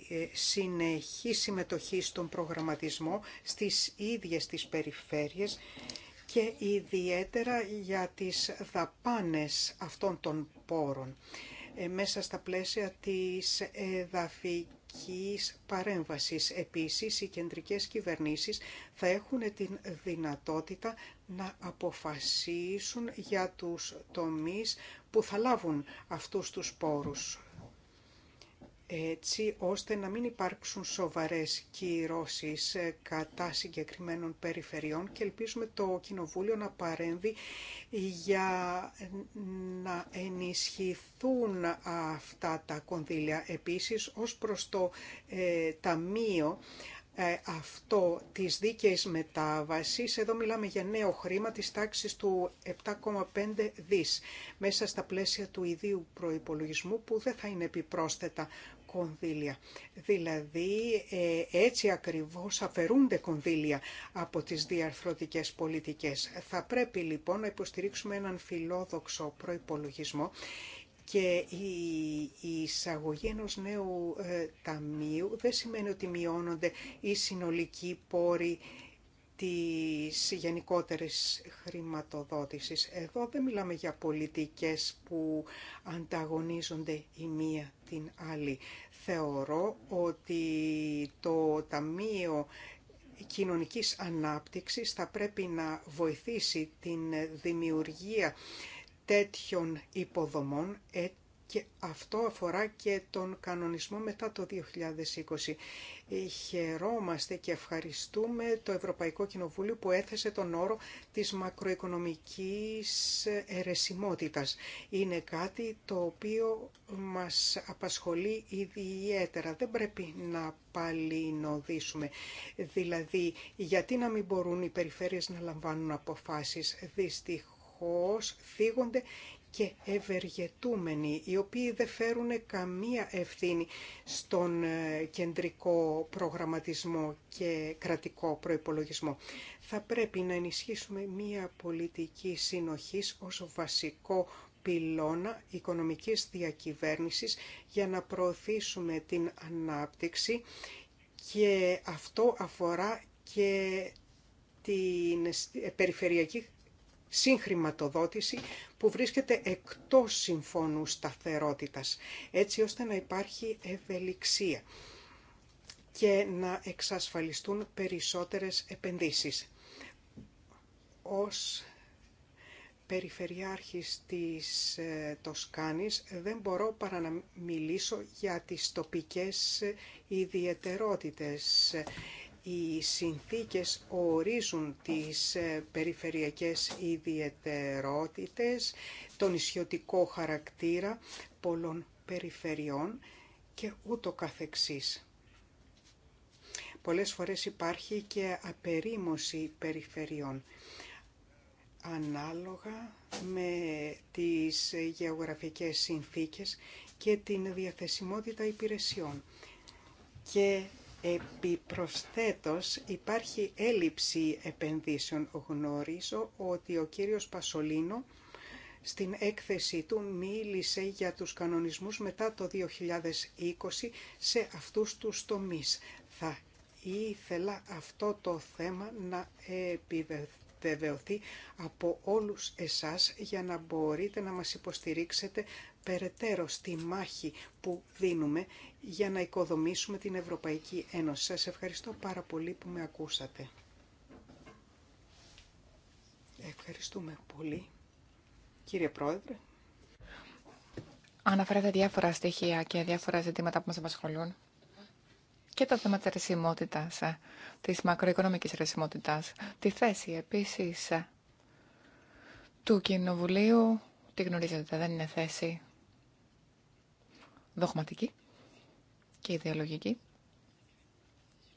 Speaker 4: ε, συνεχή συμμετοχή στον προγραμματισμό στις ίδιες τις περιφέρειες και ιδιαίτερα για τις δαπάνες αυτών των πόρων ε, μέσα στα πλαίσια της εδαφικής παρέμβασης. Επίσης, οι κεντρικές κυβερνήσεις θα έχουν την δυνατότητα να αποφασίσουν για τους τομείς που θα λάβουν αυτούς τους πόρους έτσι ώστε να μην υπάρξουν σοβαρές κυρώσεις ε, κατά συγκεκριμένων περιφερειών και ελπίζουμε το Κοινοβούλιο να παρέμβει για να ενισχυθούν αυτά τα κονδύλια. Επίσης, ως προς το ε, Ταμείο ε, αυτό της δίκαιης μετάβασης, εδώ μιλάμε για νέο χρήμα της τάξης του 7,5 δις μέσα στα πλαίσια του ιδίου προϋπολογισμού που δεν θα είναι επιπρόσθετα κονδύλια. Δηλαδή ε, έτσι ακριβώς αφαιρούνται κονδύλια από τις διαρθρωτικές πολιτικές. Θα πρέπει λοιπόν να υποστηρίξουμε έναν φιλόδοξο προϋπολογισμό και η εισαγωγή ενός νέου ε, ταμείου δεν σημαίνει ότι μειώνονται οι συνολικοί πόροι της γενικότερης χρηματοδότησης. Εδώ δεν μιλάμε για πολιτικές που ανταγωνίζονται η μία την άλλη. Θεωρώ ότι το Ταμείο Κοινωνικής Ανάπτυξης θα πρέπει να βοηθήσει την δημιουργία τέτοιων υποδομών ε, και αυτό αφορά και τον κανονισμό μετά το 2020. Ε, χαιρόμαστε και ευχαριστούμε το Ευρωπαϊκό Κοινοβούλιο που έθεσε τον όρο της μακροοικονομικής ερεσιμότητας. Είναι κάτι το οποίο μας απασχολεί ιδιαίτερα. Δεν πρέπει να παλινοδίσουμε. Δηλαδή, γιατί να μην μπορούν οι περιφέρειες να λαμβάνουν αποφάσεις. Δυστυχώς συνεχώς θίγονται και ευεργετούμενοι, οι οποίοι δεν φέρουν καμία ευθύνη στον ε, κεντρικό προγραμματισμό και κρατικό προϋπολογισμό. Θα πρέπει να ενισχύσουμε μία πολιτική συνοχής ως βασικό πυλώνα οικονομικής διακυβέρνησης για να προωθήσουμε την ανάπτυξη και αυτό αφορά και την περιφερειακή συγχρηματοδότηση που βρίσκεται εκτός συμφώνου σταθερότητας, έτσι ώστε να υπάρχει ευελιξία και να εξασφαλιστούν περισσότερες επενδύσεις. Ως περιφερειάρχης της ε, Τοσκάνης δεν μπορώ παρά να μιλήσω για τις τοπικές ιδιαιτερότητες οι συνθήκες ορίζουν τις ε, περιφερειακές ιδιαιτερότητες, τον ισιωτικό χαρακτήρα πολλών περιφερειών και ούτω καθεξής. Πολλές φορές υπάρχει και απερίμωση περιφερειών ανάλογα με τις γεωγραφικές συνθήκες και την διαθεσιμότητα υπηρεσιών. Και Επιπροσθέτως υπάρχει έλλειψη επενδύσεων. Γνωρίζω ότι ο κύριος Πασολίνο στην έκθεση του μίλησε για τους κανονισμούς μετά το 2020 σε αυτούς τους τομείς. Θα ήθελα αυτό το θέμα να επιβεβαιωθεί από όλους εσάς για να μπορείτε να μας υποστηρίξετε περαιτέρω στη μάχη που δίνουμε για να οικοδομήσουμε την Ευρωπαϊκή Ένωση. Σας ευχαριστώ πάρα πολύ που με ακούσατε. Ευχαριστούμε πολύ. Κύριε Πρόεδρε.
Speaker 1: Αναφέρατε διάφορα στοιχεία και διάφορα ζητήματα που μας απασχολούν και το θέμα της ρεσιμότητας, ε, της μακροοικονομικής ρεσιμότητας, τη θέση επίσης ε, του Κοινοβουλίου, τη γνωρίζετε, δεν είναι θέση δογματική και ιδεολογική.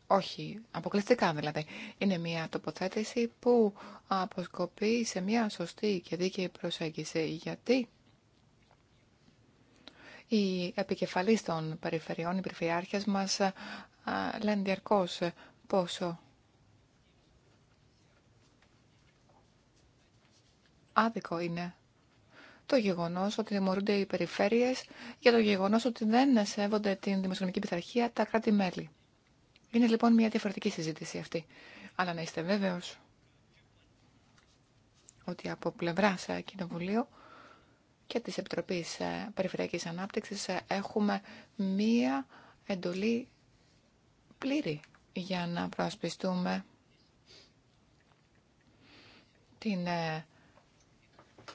Speaker 1: Όχι, αποκλειστικά δηλαδή. Είναι μια τοποθέτηση που αποσκοπεί σε μια σωστή και δίκαιη προσέγγιση. Γιατί οι επικεφαλείς των περιφερειών, οι περιφερειάρχες μας α, λένε διαρκώς πόσο άδικο είναι το γεγονό ότι δημιουργούνται οι περιφέρειε για το γεγονό ότι δεν σέβονται την δημοσιονομική πειθαρχία τα κράτη-μέλη. Είναι λοιπόν μια διαφορετική συζήτηση αυτή. Αλλά να είστε βέβαιο ότι από πλευρά ε, Κοινοβουλίου και τη επιτροπή ε, Περιφερειακής Ανάπτυξης ε, έχουμε μία εντολή πλήρη για να προασπιστούμε την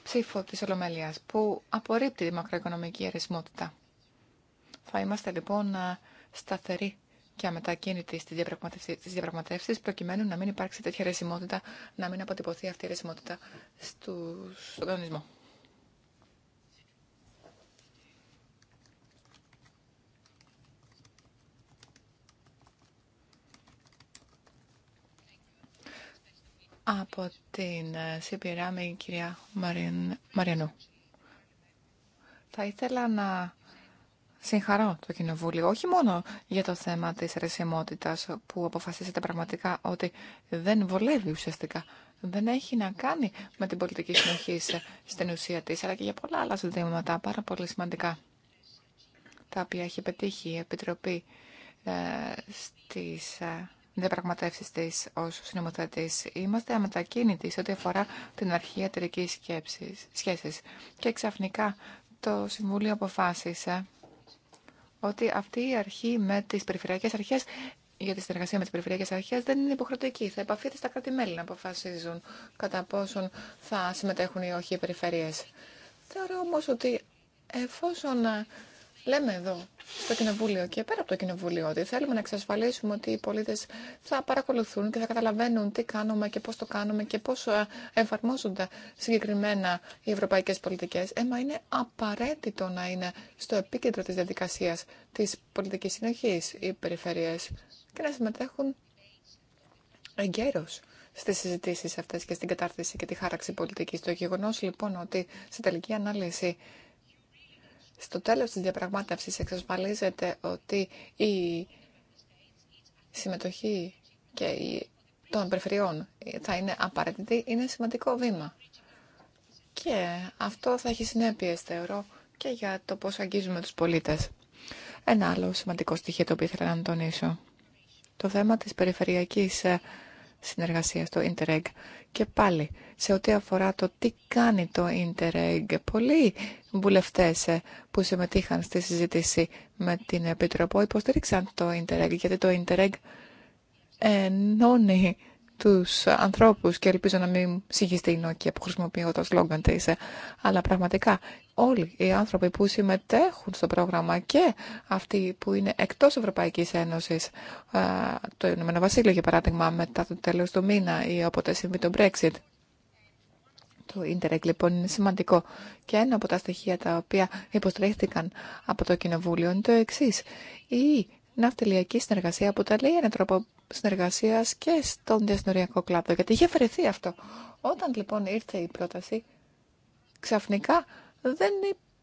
Speaker 1: ψήφο της Ολομέλειας που απορρίπτει τη μακροοικονομική αρισμότητα. Θα είμαστε λοιπόν σταθεροί και αμετακίνητοι στις διαπραγματεύσεις, διαπραγματεύσεις προκειμένου να μην υπάρξει τέτοια ρεσιμότητα, να μην αποτυπωθεί αυτή η ρεσιμότητα στον κανονισμό. από την ε, ΣΥΠΙΡΑ με η κυρία Μαριανού. Θα ήθελα να συγχαρώ το Κοινοβούλιο, όχι μόνο για το θέμα της ρεσιμότητας που αποφασίσετε πραγματικά ότι δεν βολεύει ουσιαστικά, δεν έχει να κάνει με την πολιτική συνοχή στην ουσία της, αλλά και για πολλά άλλα ζητήματα πάρα πολύ σημαντικά, τα οποία έχει πετύχει η Επιτροπή ε, στις... Ε, διαπραγματεύσει τη ω συνομοθέτη. Είμαστε αμετακίνητοι σε ό,τι αφορά την αρχή εταιρική σχέση. Και ξαφνικά το Συμβούλιο αποφάσισε ότι αυτή η αρχή με τις περιφερειακές αρχές για τη συνεργασία με τι περιφερειακές αρχέ δεν είναι υποχρεωτική. Θα επαφείται στα κράτη-μέλη να αποφασίζουν κατά πόσον θα συμμετέχουν ή όχι οι περιφερειές. Θεωρώ όμω ότι εφόσον Λέμε εδώ, στο Κοινοβούλιο και πέρα από το Κοινοβούλιο, ότι θέλουμε να εξασφαλίσουμε ότι οι πολίτε θα παρακολουθούν και θα καταλαβαίνουν τι κάνουμε και πώ το κάνουμε και πώ ε, εφαρμόζονται συγκεκριμένα οι ευρωπαϊκέ πολιτικέ. Έμα ε, είναι απαραίτητο να είναι στο επίκεντρο τη διαδικασία τη πολιτική συνοχή οι περιφέρειε και να συμμετέχουν εγκαίρω στι συζητήσει αυτέ και στην κατάρτιση και τη χάραξη πολιτική. Το γεγονό λοιπόν ότι σε τελική ανάλυση στο τέλος της διαπραγμάτευσης εξασφαλίζεται ότι η συμμετοχή και η των περιφερειών θα είναι απαραίτητη, είναι σημαντικό βήμα. Και αυτό θα έχει συνέπειες, θεωρώ, και για το πώς αγγίζουμε τους πολίτες. Ένα άλλο σημαντικό στοιχείο το οποίο ήθελα να τονίσω. Το θέμα της περιφερειακής ε, Συνεργασία στο Interreg. Και πάλι, σε ό,τι αφορά το τι κάνει το Interreg, πολλοί βουλευτέ ε, που συμμετείχαν στη συζήτηση με την Επιτροπό υποστήριξαν το Interreg, γιατί το Interreg ενώνει τους ανθρώπους και ελπίζω να μην συγχυστεί η Νόκια που χρησιμοποιώ το σλόγγαν τη. Ε. Αλλά πραγματικά όλοι οι άνθρωποι που συμμετέχουν στο πρόγραμμα και αυτοί που είναι εκτός Ευρωπαϊκής Ένωσης, ε, το Ηνωμένο Βασίλειο για παράδειγμα μετά το τέλος του μήνα ή όποτε συμβεί το Brexit, το ίντερεκ λοιπόν είναι σημαντικό. Και ένα από τα στοιχεία τα οποία υποστρέφτηκαν από το Κοινοβούλιο είναι το εξή. Η ναυτιλιακή συνεργασία αποτελεί έναν τρόπο Συνεργασία και στον διασυνοριακό κλάδο, γιατί είχε αφαιρεθεί αυτό. Όταν λοιπόν ήρθε η πρόταση, ξαφνικά δεν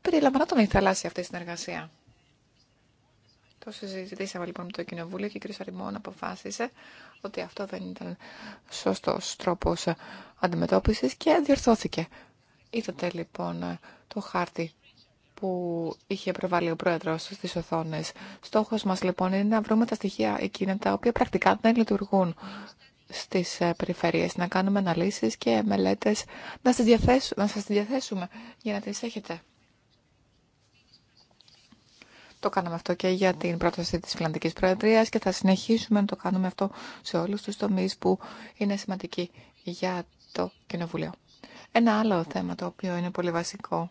Speaker 1: περιλαμβανόταν η θαλάσσια αυτή η συνεργασία. Το συζητήσαμε λοιπόν με το Κοινοβούλιο και ο κ. αποφάσισε ότι αυτό δεν ήταν σωστό τρόπο αντιμετώπιση και διορθώθηκε. Είδατε λοιπόν το χάρτη που είχε προβάλει ο πρόεδρο στι οθόνε. Στόχο μα λοιπόν είναι να βρούμε τα στοιχεία εκείνα τα οποία πρακτικά δεν λειτουργούν στι ε, περιφερειε, να κάνουμε αναλύσει και μελέτε να σα διαθέσουμε, να διαθέσουμε για να τι έχετε. Το κάναμε αυτό και για την πρόταση της Φιλανδικής Προεδρίας και θα συνεχίσουμε να το κάνουμε αυτό σε όλους τους τομείς που είναι σημαντικοί για το Κοινοβουλίο. Ένα άλλο θέμα το οποίο είναι πολύ βασικό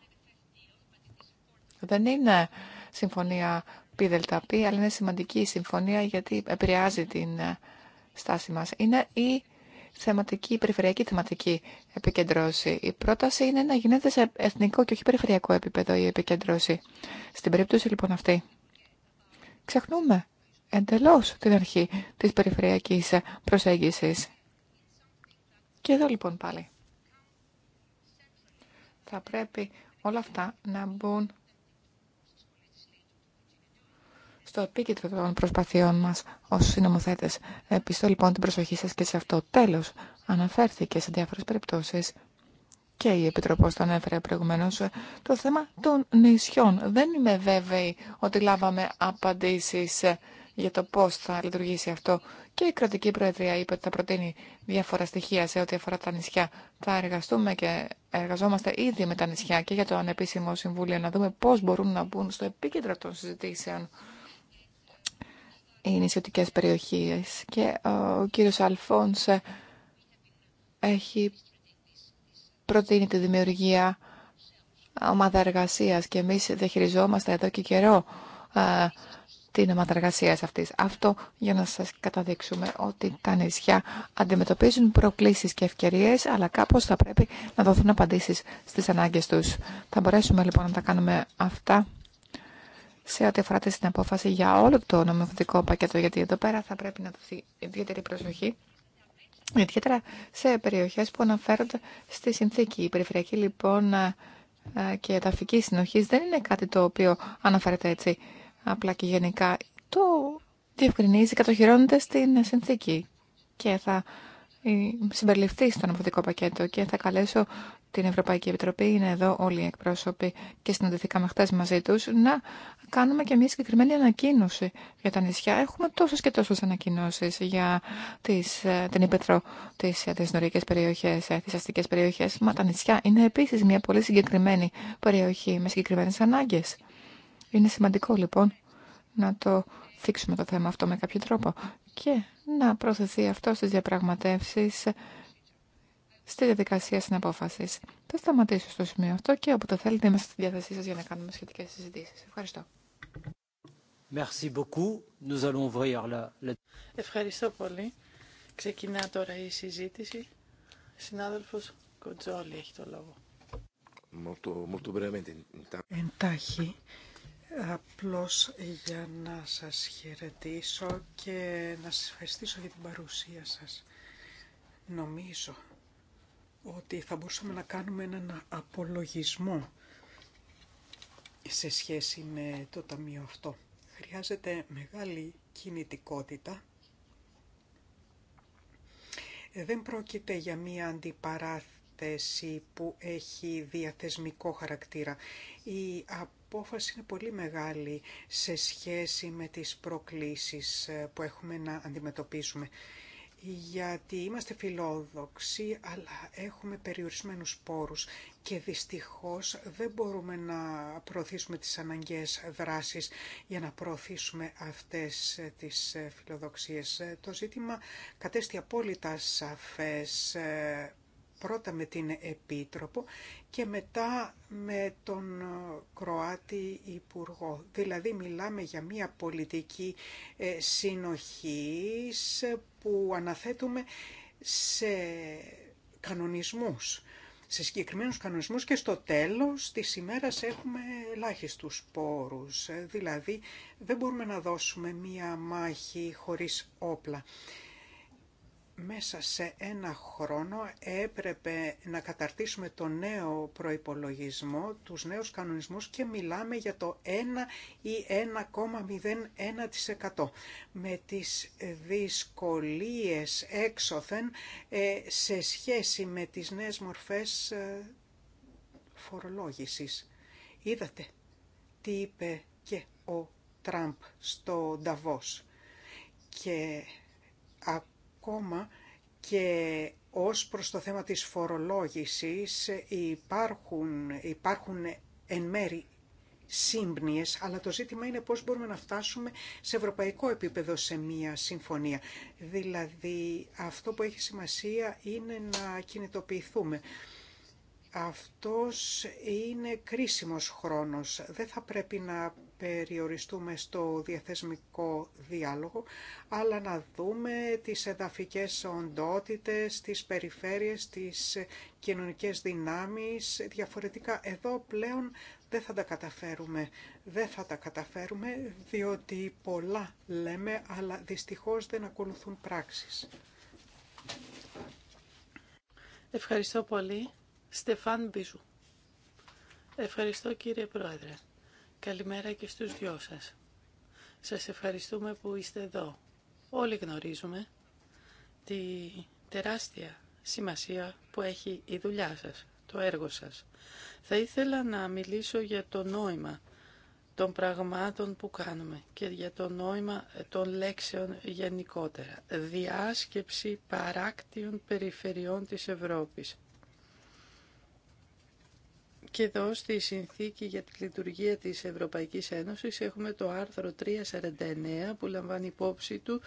Speaker 1: δεν είναι συμφωνία πι αλλά είναι σημαντική η συμφωνία γιατί επηρεάζει την ε, στάση μας. Είναι η θεματική, περιφερειακή θεματική επικεντρώση. Η πρόταση είναι να γίνεται σε εθνικό και όχι περιφερειακό επίπεδο η επικεντρώση. Στην περίπτωση λοιπόν αυτή, ξεχνούμε εντελώς την αρχή της περιφερειακής προσέγγισης. Και εδώ λοιπόν πάλι. Θα πρέπει όλα αυτά να μπουν στο επίκεντρο των προσπαθειών μα ω συνομοθέτε. Επιστώ λοιπόν την προσοχή σα και σε αυτό. Τέλο, αναφέρθηκε σε διάφορε περιπτώσει και η Επιτροπός το ανέφερε προηγουμένω. Ε, το θέμα των νησιών. Δεν είμαι βέβαιη ότι λάβαμε απαντήσει ε, για το πώ θα λειτουργήσει αυτό. Και η κρατική προεδρία είπε ότι θα προτείνει διάφορα στοιχεία σε ό,τι αφορά τα νησιά. Θα εργαστούμε και εργαζόμαστε ήδη με τα νησιά και για το ανεπίσημο συμβούλιο να δούμε πώς μπορούν να μπουν στο επίκεντρο των συζητήσεων οι νησιωτικές περιοχές και ε, ο κύριος Αλφόνσε έχει προτείνει τη δημιουργία ομάδα εργασίας και εμείς διαχειριζόμαστε εδώ και καιρό ε, την ομάδα εργασία αυτή. Αυτό για να σας καταδείξουμε ότι τα νησιά αντιμετωπίζουν προκλήσεις και ευκαιρίες, αλλά κάπως θα πρέπει να δοθούν απαντήσεις στις ανάγκες τους. Θα μπορέσουμε λοιπόν να τα κάνουμε αυτά σε ό,τι αφορά την απόφαση για όλο το νομοθετικό πακέτο, γιατί εδώ πέρα θα πρέπει να δοθεί ιδιαίτερη προσοχή, ιδιαίτερα σε περιοχές που αναφέρονται στη συνθήκη. Η περιφερειακή λοιπόν ε, ε, και η ταφική συνοχή δεν είναι κάτι το οποίο αναφέρεται έτσι απλά και γενικά. Το διευκρινίζει, κατοχυρώνεται στην συνθήκη και θα ε, συμπεριληφθεί στο νομοθετικό πακέτο και θα καλέσω την Ευρωπαϊκή Επιτροπή, είναι εδώ όλοι οι εκπρόσωποι και συναντηθήκαμε χτες μαζί τους, να κάνουμε και μια συγκεκριμένη ανακοίνωση για τα νησιά. Έχουμε τόσε και τόσε ανακοινώσει για τις, ε, την ύπεθρο, τι ε, νορικέ περιοχέ, ε, τι αστικέ περιοχέ. Μα τα νησιά είναι επίση μια πολύ συγκεκριμένη περιοχή με συγκεκριμένε ανάγκε. Είναι σημαντικό λοιπόν να το θίξουμε το θέμα αυτό με κάποιο τρόπο και να προσθεθεί αυτό στις διαπραγματεύσεις στη διαδικασία συναπόφαση. Θα σταματήσω στο σημείο αυτό και όποτε θέλετε είμαστε στη διάθεσή σα για να κάνουμε σχετικέ συζητήσει.
Speaker 2: Ευχαριστώ. Ευχαριστώ πολύ. Ξεκινά τώρα η συζήτηση. Συνάδελφο
Speaker 4: Κοντζόλη έχει το λόγο.
Speaker 3: Εντάχει,
Speaker 4: απλώ για να σας χαιρετήσω και να σα ευχαριστήσω για την παρουσία σας. Νομίζω ότι θα μπορούσαμε να κάνουμε έναν απολογισμό σε σχέση με το ταμείο αυτό. Χρειάζεται μεγάλη κινητικότητα. Ε, δεν πρόκειται για μία αντιπαράθεση που έχει διαθεσμικό χαρακτήρα. Η απόφαση είναι πολύ μεγάλη σε σχέση με τις προκλήσεις ε, που έχουμε να αντιμετωπίσουμε γιατί είμαστε φιλόδοξοι, αλλά έχουμε περιορισμένους πόρους και δυστυχώς δεν μπορούμε να προωθήσουμε τις αναγκαίες δράσεις για να προωθήσουμε αυτές τις φιλοδοξίες. Το ζήτημα κατέστη απόλυτα σαφές πρώτα με την Επίτροπο και μετά με τον Κροάτι Υπουργό. Δηλαδή μιλάμε για μια πολιτική ε, συνοχής που αναθέτουμε σε κανονισμούς σε συγκεκριμένους κανονισμούς και στο τέλος τη ημέρας έχουμε ελάχιστους πόρους. Ε, δηλαδή δεν μπορούμε να δώσουμε μία μάχη χωρίς όπλα. Μέσα σε ένα χρόνο έπρεπε να καταρτήσουμε το νέο προϋπολογισμό, τους νέους κανονισμούς και μιλάμε για το 1 ή 1,01%. Με τις δυσκολίες έξωθεν ε, σε σχέση με τις νέες μορφές ε, φορολόγησης. Είδατε τι είπε και ο Τραμπ στο Νταβός και ακόμα και ως προς το θέμα της φορολόγησης υπάρχουν, υπάρχουν εν μέρη σύμπνοιες, αλλά το ζήτημα είναι πώς μπορούμε να φτάσουμε σε ευρωπαϊκό επίπεδο σε μία συμφωνία. Δηλαδή αυτό που έχει σημασία είναι να κινητοποιηθούμε. Αυτός είναι κρίσιμος χρόνος. Δεν θα πρέπει να περιοριστούμε στο διαθεσμικό διάλογο, αλλά να δούμε τις εδαφικές οντότητες, τις περιφέρειες, τις κοινωνικές δυνάμεις. Διαφορετικά εδώ πλέον δεν θα τα καταφέρουμε. Δεν θα τα καταφέρουμε διότι πολλά λέμε, αλλά δυστυχώς δεν ακολουθούν πράξεις.
Speaker 2: Ευχαριστώ πολύ. Στεφάν Μπίζου. Ευχαριστώ κύριε Πρόεδρε. Καλημέρα και στους δυο σας. Σας ευχαριστούμε που είστε εδώ. Όλοι γνωρίζουμε τη τεράστια σημασία που έχει η δουλειά σας, το έργο σας. Θα ήθελα να μιλήσω για το νόημα των πραγμάτων που κάνουμε και για το νόημα των λέξεων γενικότερα. Διάσκεψη παράκτιων περιφερειών της Ευρώπης. Και εδώ στη Συνθήκη για τη Λειτουργία της Ευρωπαϊκής Ένωσης έχουμε το άρθρο 349 που λαμβάνει υπόψη του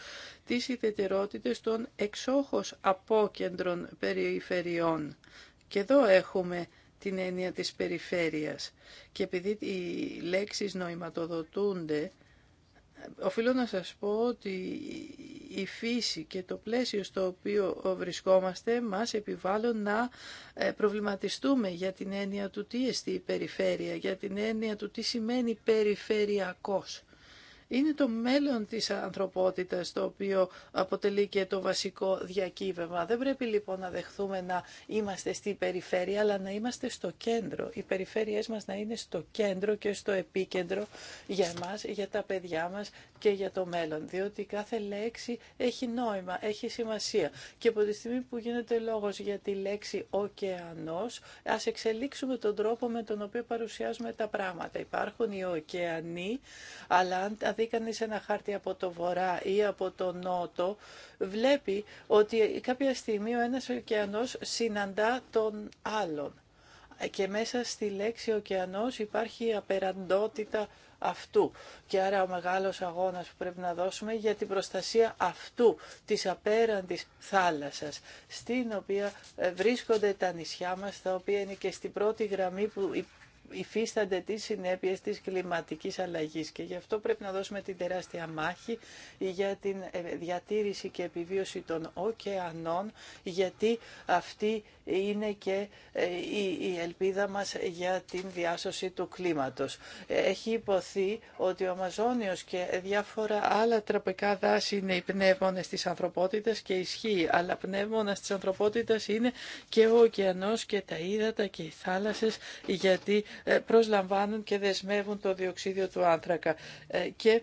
Speaker 2: τις ιδιαιτερότητες των εξόχως απόκεντρων περιφερειών. Και εδώ έχουμε την έννοια της περιφέρειας. Και επειδή οι λέξεις νοηματοδοτούνται, Οφείλω να σας πω ότι η φύση και το πλαίσιο στο οποίο βρισκόμαστε μας επιβάλλουν να ε, προβληματιστούμε για την έννοια του τι εστί η περιφέρεια, για την έννοια του τι σημαίνει περιφερειακός είναι το μέλλον της ανθρωπότητας το οποίο αποτελεί και το βασικό διακύβευμα. Δεν πρέπει λοιπόν να δεχθούμε να είμαστε στη περιφέρεια αλλά να είμαστε στο κέντρο. Οι περιφέρειές μας να είναι στο κέντρο και στο επίκεντρο για εμάς, για τα παιδιά μας και για το μέλλον. Διότι κάθε λέξη έχει νόημα, έχει σημασία. Και από τη στιγμή που γίνεται λόγος για τη λέξη ωκεανός, ας εξελίξουμε τον τρόπο με τον οποίο παρουσιάζουμε τα πράγματα. Υπάρχουν οι ωκεανοί, αλλά αν δει κανείς ένα χάρτη από το βορρά ή από το νότο, βλέπει ότι κάποια στιγμή ο ένας ωκεανός συναντά τον άλλον. Και μέσα στη λέξη ωκεανός υπάρχει η απεραντότητα αυτού. Και άρα ο μεγάλος αγώνας που πρέπει να δώσουμε για την προστασία αυτού, της απέραντης θάλασσας, στην οποία βρίσκονται τα νησιά μας, τα οποία είναι και στην πρώτη γραμμή που υφίστανται τις συνέπειες της κλιματικής αλλαγής και γι' αυτό πρέπει να δώσουμε την τεράστια μάχη για την ε, διατήρηση και επιβίωση των ωκεανών γιατί αυτή είναι και ε, η ελπίδα μας για την διάσωση του κλίματος. Έχει υποθεί ότι ο Αμαζόνιος και διάφορα άλλα τροπικά δάση είναι οι πνεύμονες της ανθρωπότητας και ισχύει, αλλά πνεύμονας της ανθρωπότητας είναι και ο ωκεανός και τα ύδατα και οι θάλασσες γιατί ε, προσλαμβάνουν και δεσμεύουν το διοξίδιο του άνθρακα ε, και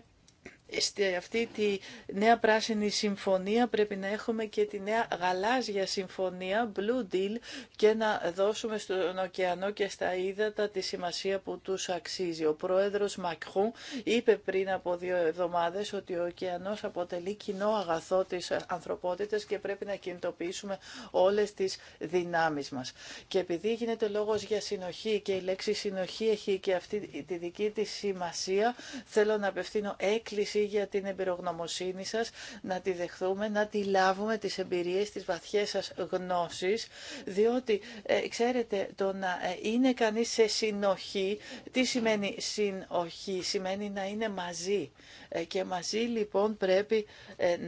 Speaker 2: σε αυτή τη νέα πράσινη συμφωνία πρέπει να έχουμε και τη νέα γαλάζια συμφωνία, Blue Deal, και να δώσουμε στον ωκεανό και στα ύδατα τη σημασία που τους αξίζει. Ο πρόεδρος Μακχούν είπε πριν από δύο εβδομάδες ότι ο ωκεανός αποτελεί κοινό αγαθό της ανθρωπότητας και πρέπει να κινητοποιήσουμε όλες τις δυνάμεις μας. Και επειδή γίνεται λόγος για συνοχή και η λέξη συνοχή έχει και αυτή τη δική της σημασία, θέλω να απευθύνω έκκληση για την εμπειρογνωμοσύνη σας, να τη δεχθούμε, να τη λάβουμε τις εμπειρίες, τις βαθιές σας γνώσεις, διότι ε, ξέρετε το να ε, είναι κανείς σε συνοχή, τι σημαίνει συνοχή, σημαίνει να είναι μαζί ε, και μαζί λοιπόν πρέπει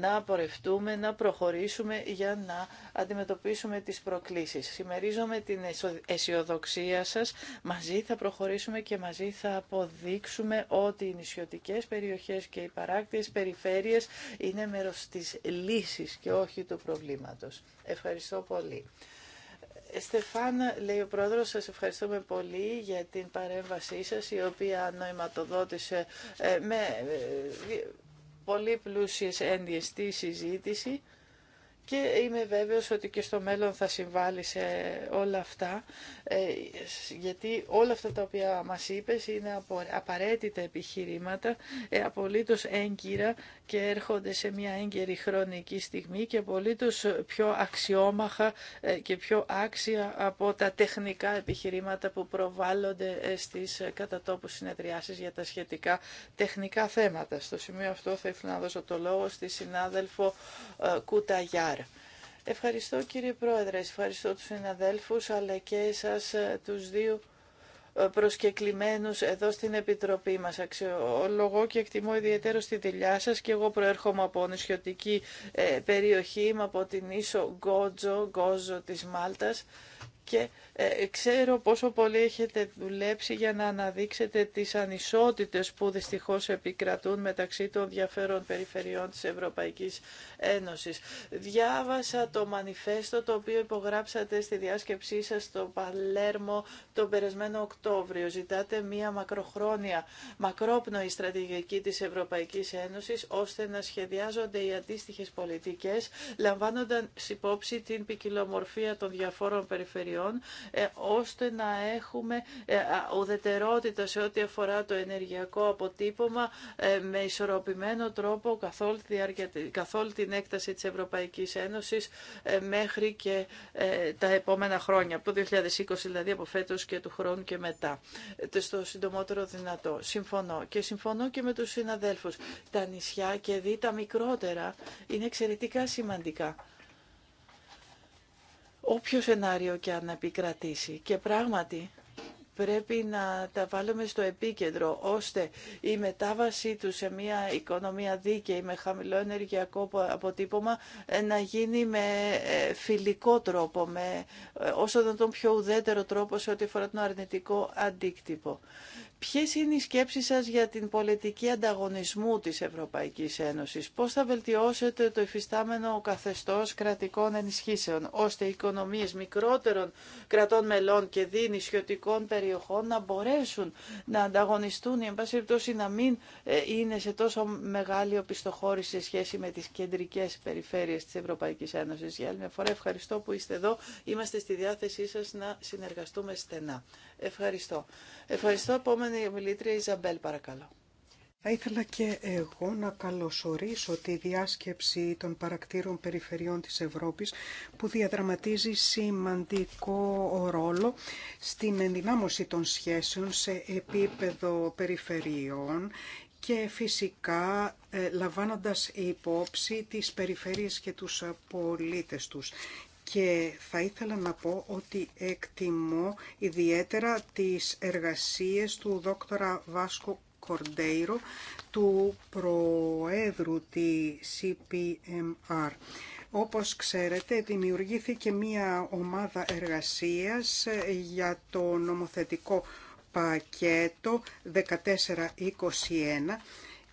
Speaker 2: να πορευτούμε, να προχωρήσουμε για να αντιμετωπίσουμε τις προκλήσεις. Σημερίζομαι την αισιοδοξία σας, μαζί θα προχωρήσουμε και μαζί θα αποδείξουμε ότι οι νησιωτικές περιοχές και οι παράκτιες περιφέρειες είναι μέρος της λύσης και όχι του προβλήματος. Ευχαριστώ πολύ. Ε, Στεφάν, λέει ο πρόεδρος, σας ευχαριστούμε πολύ για την παρέμβασή σας, η οποία νοηματοδότησε ε, με ε, πολύ πλούσιες ένδιες στη συζήτηση και είμαι βέβαιος ότι και στο μέλλον θα συμβάλλει σε όλα αυτά, ε, γιατί όλα αυτά τα οποία μας είπες είναι απαραίτητα επιχειρήματα, ε, απολύτως έγκυρα και έρχονται σε μια έγκαιρη χρονική στιγμή και πολύ τους πιο αξιόμαχα ε, και πιο άξια από τα τεχνικά επιχειρήματα που προβάλλονται ε, στις ε, κατατόπους συνεδριάσεις για τα σχετικά τεχνικά θέματα. Στο σημείο αυτό θα ήθελα να δώσω το λόγο στη συνάδελφο Κουταγιάρ. Ευχαριστώ κύριε Πρόεδρε, ευχαριστώ τους συναδέλφους αλλά και εσάς τους δύο προσκεκλημένους εδώ στην Επιτροπή μας. Αξιολογώ και εκτιμώ ιδιαίτερο στη δουλειά σας και εγώ προέρχομαι από νησιωτική ε, περιοχή, είμαι από την Ίσο Γκότζο, Γκόζο της Μάλτας και ε, ξέρω πόσο πολύ έχετε δουλέψει για να αναδείξετε τις ανισότητες που δυστυχώς επικρατούν μεταξύ των διαφέρων περιφερειών της Ευρωπαϊκής Ένωσης. Διάβασα το μανιφέστο το οποίο υπογράψατε στη διάσκεψή σας στο Παλέρμο τον περασμένο Οκτώβριο. Ζητάτε μία μακροχρόνια, μακρόπνοη στρατηγική της Ευρωπαϊκής Ένωσης ώστε να σχεδιάζονται οι αντίστοιχες πολιτικές λαμβάνοντας υπόψη την ποικιλομορφία των διαφόρων περιφερειών ε, ώστε να έχουμε ε, ουδετερότητα σε ό,τι αφορά το ενεργειακό αποτύπωμα ε, με ισορροπημένο τρόπο καθ' όλη την έκταση της Ευρωπαϊκής Ένωσης μέχρι και τα επόμενα χρόνια, από το 2020 δηλαδή από φέτος και του χρόνου και μετά, στο συντομότερο δυνατό. Συμφωνώ και συμφωνώ και με τους συναδέλφους. Τα νησιά και δεί τα μικρότερα είναι εξαιρετικά σημαντικά όποιο σενάριο και αν επικρατήσει. Και πράγματι πρέπει να τα βάλουμε στο επίκεντρο, ώστε η μετάβασή του σε μια οικονομία δίκαιη με χαμηλό ενεργειακό αποτύπωμα ε, να γίνει με ε, φιλικό τρόπο, με ε, όσο τον πιο ουδέτερο τρόπο σε ό,τι αφορά τον αρνητικό αντίκτυπο. Ποιες είναι οι σκέψεις σας για την πολιτική ανταγωνισμού της Ευρωπαϊκής Ένωσης. Πώς θα βελτιώσετε το υφιστάμενο καθεστώς κρατικών ενισχύσεων, ώστε οι οικονομίες μικρότερων κρατών μελών και δινησιωτικών περιοχών να μπορέσουν να ανταγωνιστούν ή, εν πάση περιπτώσει, να μην ε, είναι σε τόσο μεγάλη οπισθοχώρηση σε σχέση με τις κεντρικές περιφέρειες της Ευρωπαϊκής Ένωσης. Για άλλη μια φορά ευχαριστώ που είστε εδώ. Είμαστε στη διάθεσή σας να συνεργαστούμε στενά. Ευχαριστώ. Ευχαριστώ. Επόμενη ομιλήτρια Ιζαμπέλ, παρακαλώ.
Speaker 4: Θα ήθελα και εγώ να καλωσορίσω τη διάσκεψη των παρακτήρων περιφερειών της Ευρώπης που διαδραματίζει σημαντικό ρόλο στην ενδυνάμωση των σχέσεων σε επίπεδο περιφερειών και φυσικά ε, λαμβάνοντας υπόψη τις περιφέρειες και τους πολίτες τους και θα ήθελα να πω ότι εκτιμώ ιδιαίτερα τις εργασίες του δόκτωρα Βάσκο Κορντέιρο, του Προέδρου της CPMR. Όπως ξέρετε, δημιουργήθηκε μία ομάδα εργασίας για το νομοθετικό πακέτο 1421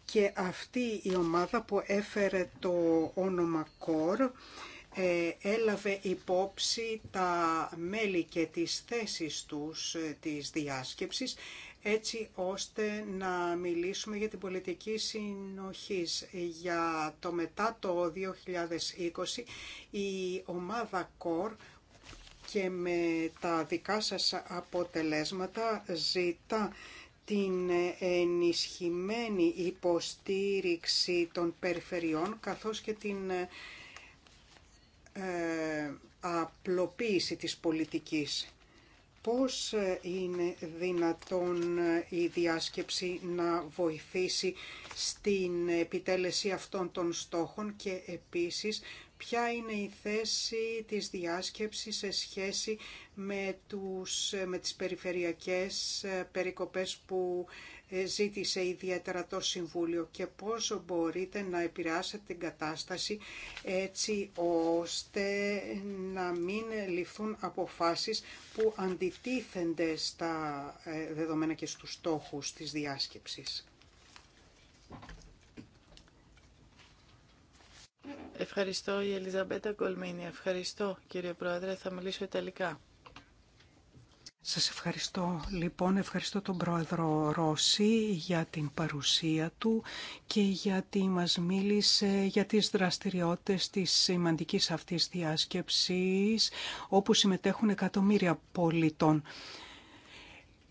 Speaker 4: και αυτή η ομάδα που έφερε το όνομα CORE ε, έλαβε υπόψη τα μέλη και τις θέσεις τους ε, της διάσκεψης έτσι ώστε να μιλήσουμε για την πολιτική συνοχής. Για το μετά το 2020 η ομάδα ΚΟΡ και με τα δικά σας αποτελέσματα ζητά την ενισχυμένη υποστήριξη των περιφερειών καθώς και την ε, απλοποίηση της πολιτικής. Πώς ε, είναι δυνατόν ε, η διάσκεψη να βοηθήσει στην επιτέλεση αυτών των στόχων και επίσης ποια είναι η θέση της διάσκεψης σε σχέση με, τους, με τις περιφερειακές περικοπές που ζήτησε ιδιαίτερα το Συμβούλιο και πώς μπορείτε να επηρεάσετε την κατάσταση έτσι ώστε να μην ληφθούν αποφάσεις που αντιτίθενται στα ε, δεδομένα και στους στόχους της διάσκεψης.
Speaker 2: Ευχαριστώ η Ελιζαμπέτα Κολμίνη. Ευχαριστώ κύριε Πρόεδρε. Θα μιλήσω Ιταλικά.
Speaker 4: Σας ευχαριστώ λοιπόν, ευχαριστώ τον πρόεδρο Ρώση για την παρουσία του και γιατί μας μίλησε για τις δραστηριότητες της σημαντικής αυτής διάσκεψης όπου συμμετέχουν εκατομμύρια πολιτών.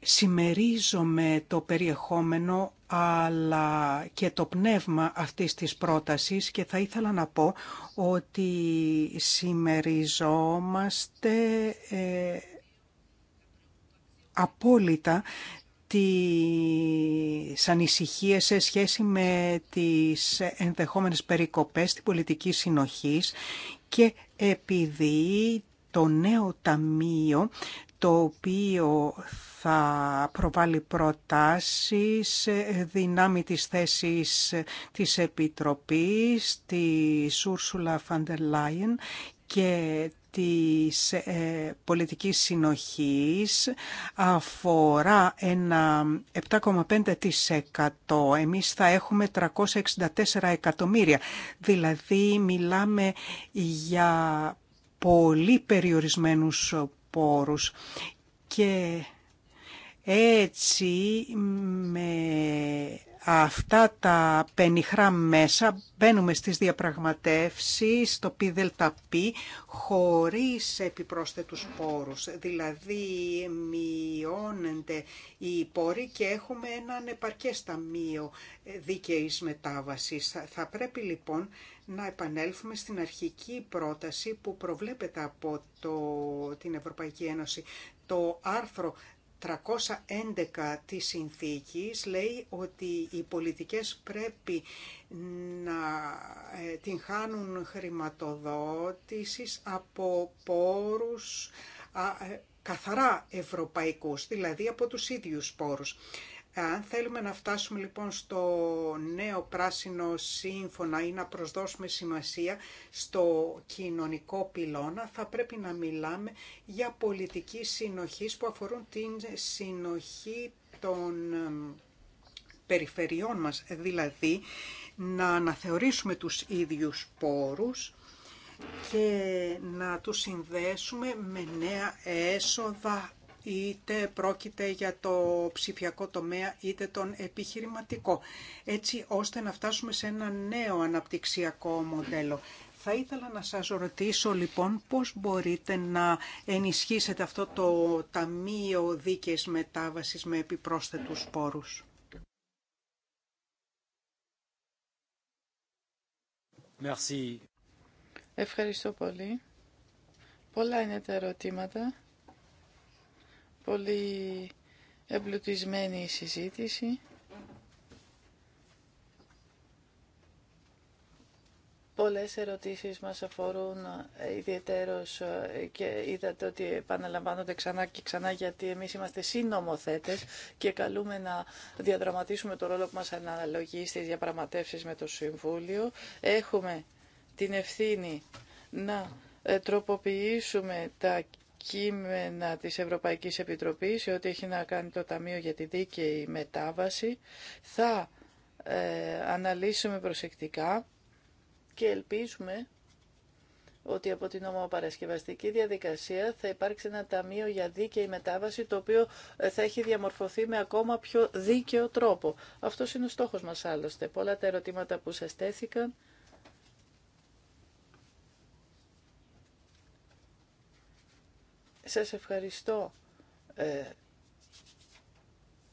Speaker 4: Σημερίζομαι το περιεχόμενο αλλά και το πνεύμα αυτής της πρότασης και θα ήθελα να πω ότι σημεριζόμαστε ε, απόλυτα τις ανησυχίες σε σχέση με τις ενδεχόμενες περικοπές στην πολιτική συνοχής και επειδή το νέο ταμείο το οποίο θα προβάλλει προτάσεις δυνάμει της θέσεις της Επιτροπής, της Ursula von και της ε, πολιτικής συνοχής αφορά ένα 7,5%. Εμείς θα έχουμε 364 εκατομμύρια. Δηλαδή μιλάμε για πολύ περιορισμένους πόρους και έτσι με αυτά τα πενιχρά μέσα μπαίνουμε στις διαπραγματεύσεις στο πι χωρίς επιπρόσθετους πόρους. Δηλαδή μειώνονται η πόροι και έχουμε έναν επαρκές ταμείο δίκαιης μετάβασης. Θα πρέπει λοιπόν να επανέλθουμε στην αρχική πρόταση που προβλέπεται από το, την Ευρωπαϊκή Ένωση. Το άρθρο 311 της συνθήκης λέει ότι οι πολιτικές πρέπει να ε, την χάνουν χρηματοδότησης από πόρους ε, καθαρά ευρωπαϊκούς, δηλαδή από τους ίδιους πόρους. Αν θέλουμε να φτάσουμε λοιπόν στο νέο πράσινο σύμφωνα ή να προσδώσουμε σημασία στο κοινωνικό πυλώνα, θα πρέπει να μιλάμε για πολιτική συνοχή που αφορούν την συνοχή των περιφερειών μας, δηλαδή να αναθεωρήσουμε τους ίδιους πόρους και να τους συνδέσουμε με νέα έσοδα είτε πρόκειται για το ψηφιακό τομέα είτε τον επιχειρηματικό, έτσι ώστε να φτάσουμε σε ένα νέο αναπτυξιακό μοντέλο. Θα ήθελα να σας ρωτήσω λοιπόν πώς μπορείτε να ενισχύσετε αυτό το Ταμείο Δίκαιης Μετάβασης με επιπρόσθετους πόρους.
Speaker 3: Merci.
Speaker 2: Ευχαριστώ πολύ. Πολλά είναι τα ερωτήματα. Πολύ εμπλουτισμένη η συζήτηση. Πολλές ερωτήσεις μας αφορούν ε, ιδιαίτερως ε, και είδατε ότι επαναλαμβάνονται ξανά και ξανά γιατί εμείς είμαστε συνομοθέτες και καλούμε να διαδραματίσουμε το ρόλο που μας αναλογεί στις διαπραγματεύσεις με το Συμβούλιο. Έχουμε την ευθύνη να ε, τροποποιήσουμε τα κείμενα της Ευρωπαϊκής Επιτροπής ό,τι έχει να κάνει το Ταμείο για τη Δίκαιη Μετάβαση. Θα ε, αναλύσουμε προσεκτικά και ελπίζουμε ότι από την ομοπαρασκευαστική διαδικασία θα υπάρξει ένα ταμείο για δίκαιη μετάβαση το οποίο ε, θα έχει διαμορφωθεί με ακόμα πιο δίκαιο τρόπο. Αυτός είναι ο στόχος μας άλλωστε. Πολλά τα ερωτήματα που σας τέθηκαν Σας ευχαριστώ ε,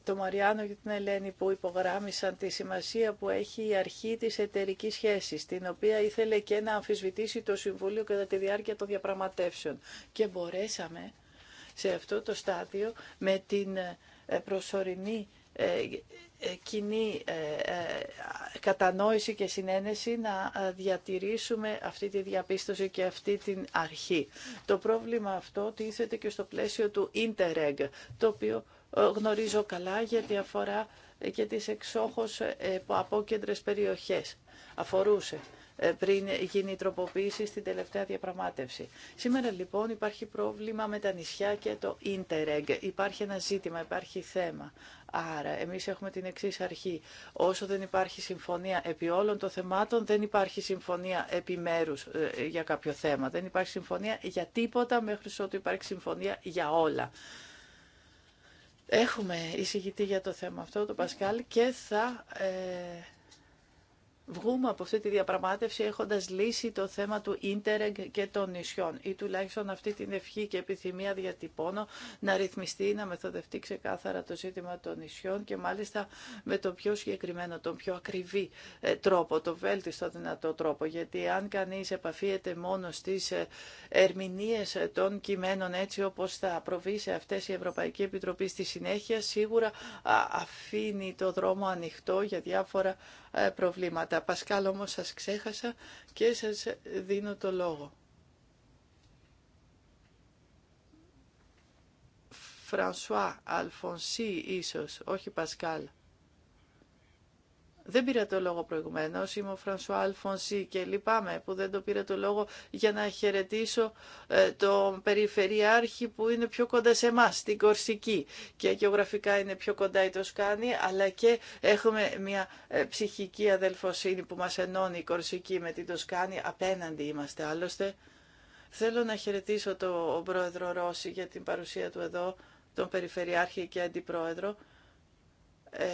Speaker 2: το Μαριάνο και την Ελένη που υπογράμμισαν τη σημασία που έχει η αρχή της εταιρικής σχέσης, την οποία ήθελε και να αμφισβητήσει το Συμβούλιο κατά τη διάρκεια των διαπραγματεύσεων. Και μπορέσαμε σε αυτό το στάδιο με την ε, προσωρινή ε, ε, κοινή ε, ε, κατανόηση και συνένεση να διατηρήσουμε αυτή τη διαπίστωση και αυτή την αρχή. Το πρόβλημα αυτό τίθεται και στο πλαίσιο του Interreg, το οποίο γνωρίζω καλά γιατί αφορά και τις εξόχως απόκεντρες περιοχές. Αφορούσε ε, πριν γίνει η τροποποίηση στην τελευταία διαπραγμάτευση. Σήμερα λοιπόν υπάρχει πρόβλημα με τα νησιά και το Interreg. Υπάρχει ένα ζήτημα, υπάρχει θέμα. Άρα εμείς έχουμε την εξής αρχή. Όσο δεν υπάρχει συμφωνία επί όλων των θεμάτων, δεν υπάρχει συμφωνία επιμέρους ε, για κάποιο θέμα. Δεν υπάρχει συμφωνία για τίποτα μέχρι ότου υπάρχει συμφωνία για όλα. Έχουμε εισηγητή για το θέμα αυτό, το Πασκάλ, και θα... Ε, βγούμε από αυτή τη διαπραγμάτευση έχοντας λύσει το θέμα του ίντερεγ και των νησιών ή τουλάχιστον αυτή την ευχή και επιθυμία διατυπώνω να ρυθμιστεί, να μεθοδευτεί ξεκάθαρα το ζήτημα των νησιών και μάλιστα με τον πιο συγκεκριμένο, τον πιο ακριβή ε, τρόπο, τον βέλτιστο δυνατό τρόπο γιατί αν κανείς επαφίεται μόνο στις ε, ερμηνείες ε, των κειμένων έτσι όπως θα προβεί σε αυτές η Ευρωπαϊκή Επιτροπή στη συνέχεια σίγουρα αφήνει το δρόμο ανοιχτό για διάφορα προβλήματα. Πασκάλ όμως σας ξέχασα και σας δίνω το λόγο. Φρανσουά, Αλφονσί ίσως, όχι Πασκάλ. Δεν πήρα το λόγο προηγουμένω. Είμαι ο Φρανσουά Αλφονσί και λυπάμαι που δεν το πήρα το λόγο για να χαιρετήσω ε, τον Περιφερειάρχη που είναι πιο κοντά σε εμά, στην Κορσική. Και γεωγραφικά είναι πιο κοντά η Τοσκάνη, αλλά και έχουμε μια ε, ψυχική αδελφοσύνη που μα ενώνει η Κορσική με την Τοσκάνη. Απέναντι είμαστε άλλωστε. Θέλω να χαιρετήσω τον πρόεδρο Ρώση για την παρουσία του εδώ, τον Περιφερειάρχη και Αντιπρόεδρο. Ε,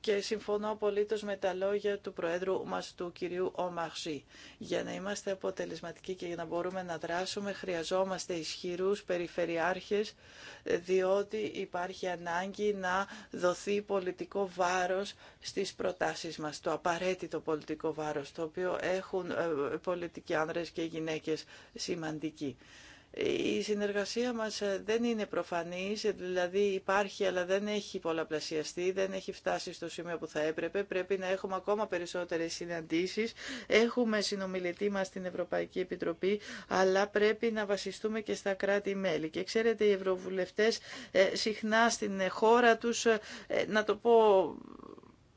Speaker 2: και συμφωνώ απολύτως με τα λόγια του Προέδρου μας, του κυρίου Ομαχζή. Για να είμαστε αποτελεσματικοί και για να μπορούμε να δράσουμε, χρειαζόμαστε ισχυρούς περιφερειάρχες, διότι υπάρχει ανάγκη να δοθεί πολιτικό βάρος στις προτάσεις μας, το απαραίτητο πολιτικό βάρος, το οποίο έχουν ε, πολιτικοί άνδρες και γυναίκες σημαντικοί. Η συνεργασία μας ε, δεν είναι προφανής, ε, δηλαδή υπάρχει αλλά δεν έχει πολλαπλασιαστεί, δεν έχει φτάσει στο σημείο που θα έπρεπε. Πρέπει να έχουμε ακόμα περισσότερες συναντήσεις. Έχουμε συνομιλητή μας στην Ευρωπαϊκή Επιτροπή, αλλά πρέπει να βασιστούμε και στα κράτη-μέλη. Και ξέρετε, οι ευρωβουλευτές ε, συχνά στην χώρα τους, να το πω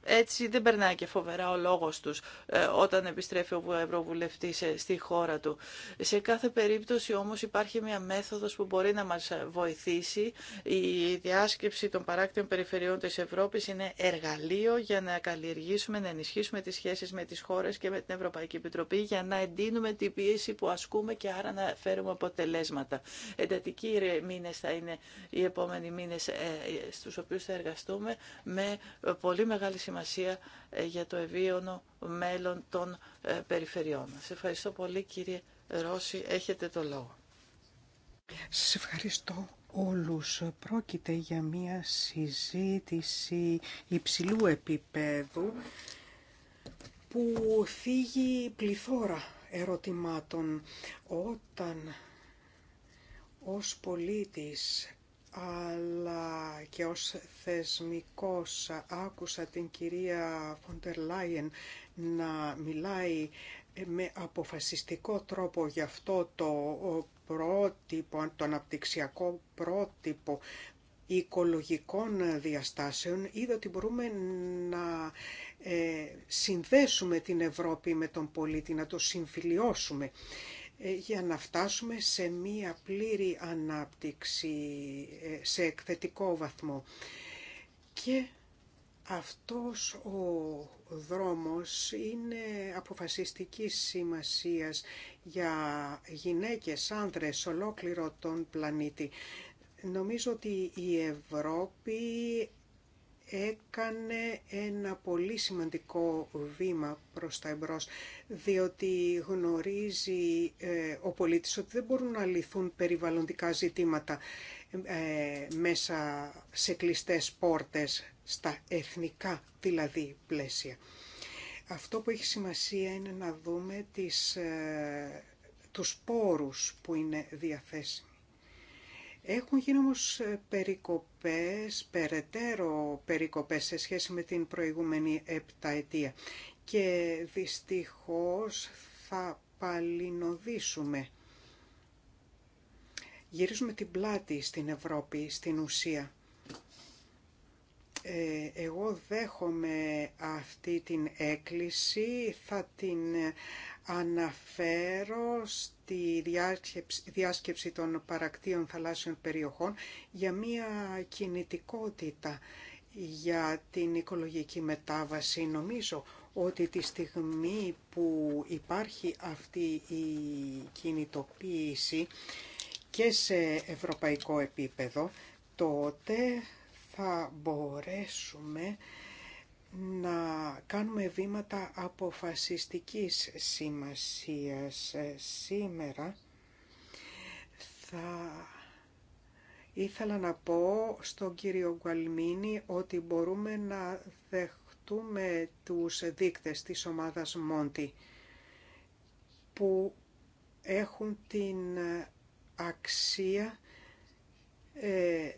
Speaker 2: έτσι δεν περνάει και φοβερά ο λόγος τους ε, όταν επιστρέφει ο Ευρωβουλευτής ε, στη χώρα του. Σε κάθε περίπτωση όμως υπάρχει μια μέθοδος που μπορεί να μας ε, βοηθήσει. Η διάσκεψη των παράκτων περιφερειών της Ευρώπης είναι εργαλείο για να καλλιεργήσουμε, να ενισχύσουμε τις σχέσεις με τις χώρες και με την Ευρωπαϊκή Επιτροπή για να εντείνουμε την πίεση που ασκούμε και άρα να φέρουμε αποτελέσματα. Εντατικοί μήνες θα είναι οι επόμενοι μήνες στους οποίους θα εργαστούμε με πολύ μεγάλη σημασία ε, για το ευίωνο μέλλον των ε, περιφερειών. Σε ευχαριστώ πολύ κύριε Ρώση. Έχετε το λόγο.
Speaker 4: Σας ευχαριστώ όλους. Πρόκειται για μια συζήτηση υψηλού επίπεδου που θίγει πληθώρα ερωτημάτων όταν ως πολίτης αλλά και ως θεσμικός άκουσα την κυρία Φοντερ Λάιεν να μιλάει με αποφασιστικό τρόπο για αυτό το πρότυπο, το αναπτυξιακό πρότυπο οικολογικών διαστάσεων, είδα ότι μπορούμε να ε, συνδέσουμε την Ευρώπη με τον πολίτη, να το συμφιλιώσουμε. Ε, για να φτάσουμε σε μία πλήρη ανάπτυξη ε, σε εκθετικό βαθμό. Και αυτός ο δρόμος είναι αποφασιστικής σημασίας για γυναίκες, άνδρες, ολόκληρο τον πλανήτη. Νομίζω ότι η Ευρώπη έκανε ένα πολύ σημαντικό βήμα προς τα εμπρός, διότι γνωρίζει ε, ο πολίτης ότι δεν μπορούν να λυθούν περιβαλλοντικά ζητήματα ε, μέσα σε κλειστές πόρτες, στα εθνικά δηλαδή πλαίσια. Αυτό που έχει σημασία είναι να δούμε τις, ε, τους πόρους που είναι διαθέσιμοι έχουν γίνει όμως ε, περικοπές, περαιτέρω περικοπές σε σχέση με την προηγούμενη επταετία και δυστυχώς θα παλινοδίσουμε. Γυρίζουμε την πλάτη στην Ευρώπη, στην ουσία. Ε, εγώ δέχομαι αυτή την έκκληση, θα την αναφέρω στη διάσκεψη των παρακτήων θαλάσσιων περιοχών για μια κινητικότητα για την οικολογική μετάβαση. Νομίζω ότι τη στιγμή που υπάρχει αυτή η κινητοποίηση και σε ευρωπαϊκό επίπεδο, τότε θα μπορέσουμε να κάνουμε βήματα αποφασιστικής σημασίας ε, σήμερα θα ήθελα να πω στον κύριο Γκουαλμίνη ότι μπορούμε να δεχτούμε τους δείκτες της ομάδας Μόντι που έχουν την αξία ε,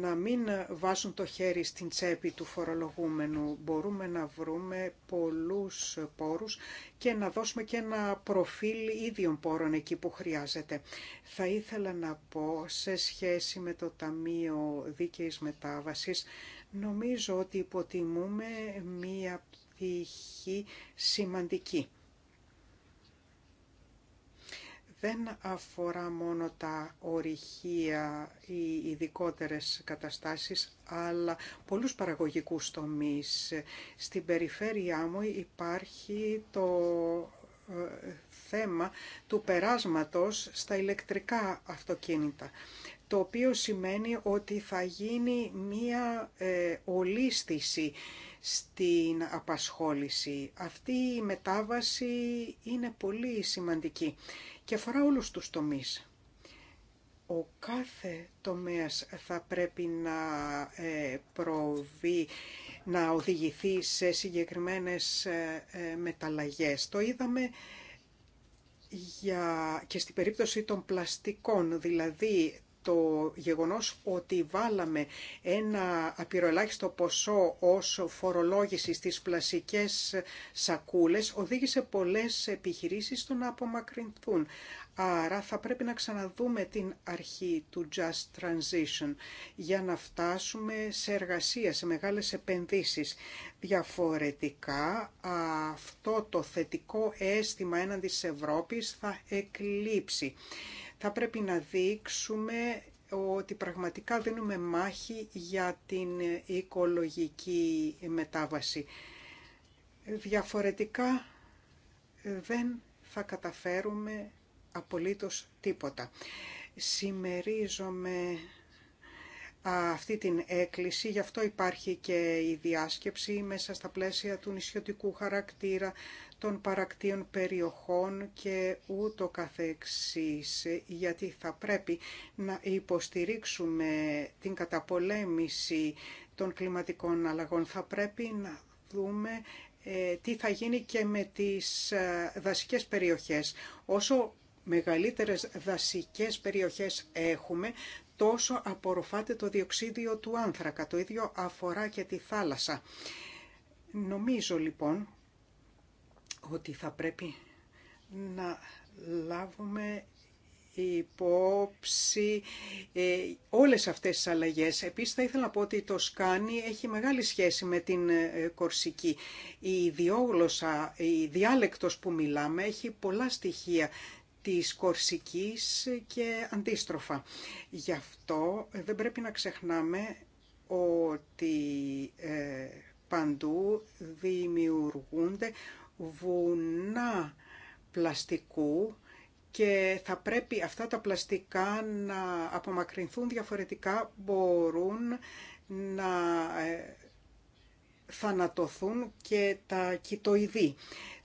Speaker 4: να μην βάζουν το χέρι στην τσέπη του φορολογούμενου. Μπορούμε να βρούμε πολλούς πόρους και να δώσουμε και ένα προφίλ ίδιων πόρων εκεί που χρειάζεται. Θα ήθελα να πω σε σχέση με το Ταμείο Δίκαιης Μετάβασης, νομίζω ότι υποτιμούμε μία πτυχή σημαντική δεν αφορά μόνο τα ορυχεία ή ειδικότερε καταστάσεις, αλλά πολλούς παραγωγικούς τομείς. Στην περιφέρειά μου υπάρχει το ε, θέμα του περάσματος στα ηλεκτρικά αυτοκίνητα, το οποίο σημαίνει ότι θα γίνει μία ε, ολίσθηση στην απασχόληση. Αυτή η μετάβαση είναι πολύ σημαντική και αφορά όλους τους τομείς. Ο κάθε τομέας θα πρέπει να ε, προβεί, να οδηγηθεί σε συγκεκριμένες ε, ε, μεταλλαγές. Το είδαμε για... και στην περίπτωση των πλαστικών, δηλαδή το γεγονός ότι βάλαμε ένα απειροελάχιστο ποσό ως φορολόγηση στις πλασικές σακούλες οδήγησε πολλές επιχειρήσεις στο να απομακρυνθούν. Άρα θα πρέπει να ξαναδούμε την αρχή του Just Transition για να φτάσουμε σε εργασία, σε μεγάλες επενδύσεις. Διαφορετικά αυτό το θετικό αίσθημα έναντι της Ευρώπης θα εκλείψει θα πρέπει να δείξουμε ότι πραγματικά δίνουμε μάχη για την οικολογική μετάβαση. Διαφορετικά δεν θα καταφέρουμε απολύτως τίποτα. Σημερίζομαι αυτή την έκκληση, γι' αυτό υπάρχει και η διάσκεψη μέσα στα πλαίσια του νησιωτικού χαρακτήρα, των παρακτήων περιοχών και ούτω καθεξής, γιατί θα πρέπει να υποστηρίξουμε την καταπολέμηση των κλιματικών αλλαγών. Θα πρέπει να δούμε ε, τι θα γίνει και με τις ε, δασικές περιοχές. Όσο μεγαλύτερες δασικές περιοχές έχουμε, τόσο απορροφάται το διοξίδιο του άνθρακα. Το ίδιο αφορά και τη θάλασσα. Νομίζω λοιπόν ότι θα πρέπει να λάβουμε υπόψη ε, όλες αυτές τις αλλαγές. Επίσης θα ήθελα να πω ότι το σκάνι έχει μεγάλη σχέση με την ε, κορσική. Η ιδιόγλωσσα, η διάλεκτος που μιλάμε έχει πολλά στοιχεία της κορσικής και αντίστροφα. Γι' αυτό ε, δεν πρέπει να ξεχνάμε ότι ε, παντού δημιουργούνται βουνά πλαστικού και θα πρέπει αυτά τα πλαστικά να απομακρυνθούν διαφορετικά μπορούν να ε, θανατωθούν και τα κητοειδή.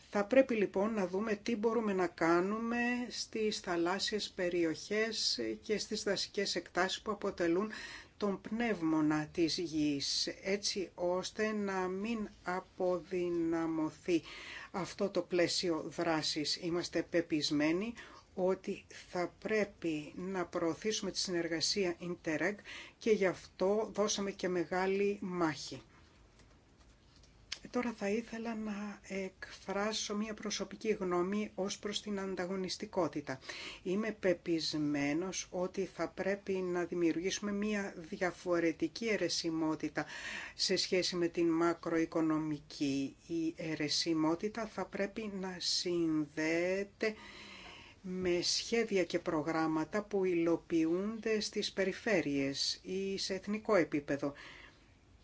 Speaker 4: Θα πρέπει λοιπόν να δούμε τι μπορούμε να κάνουμε στις θαλάσσιες περιοχές και στις δασικές εκτάσεις που αποτελούν τον πνεύμονα της γης, έτσι ώστε να μην αποδυναμωθεί αυτό το πλαίσιο δράσης. Είμαστε πεπισμένοι ότι θα πρέπει να προωθήσουμε τη συνεργασία Interreg και γι' αυτό δώσαμε και μεγάλη μάχη. Τώρα θα ήθελα να εκφράσω μια προσωπική γνώμη ως προς την ανταγωνιστικότητα. Είμαι πεπισμένος ότι θα πρέπει να δημιουργήσουμε μια διαφορετική αιρεσιμότητα σε σχέση με την μακροοικονομική. Η αιρεσιμότητα θα πρέπει να συνδέεται με σχέδια και προγράμματα που υλοποιούνται στις περιφέρειες ή σε εθνικό επίπεδο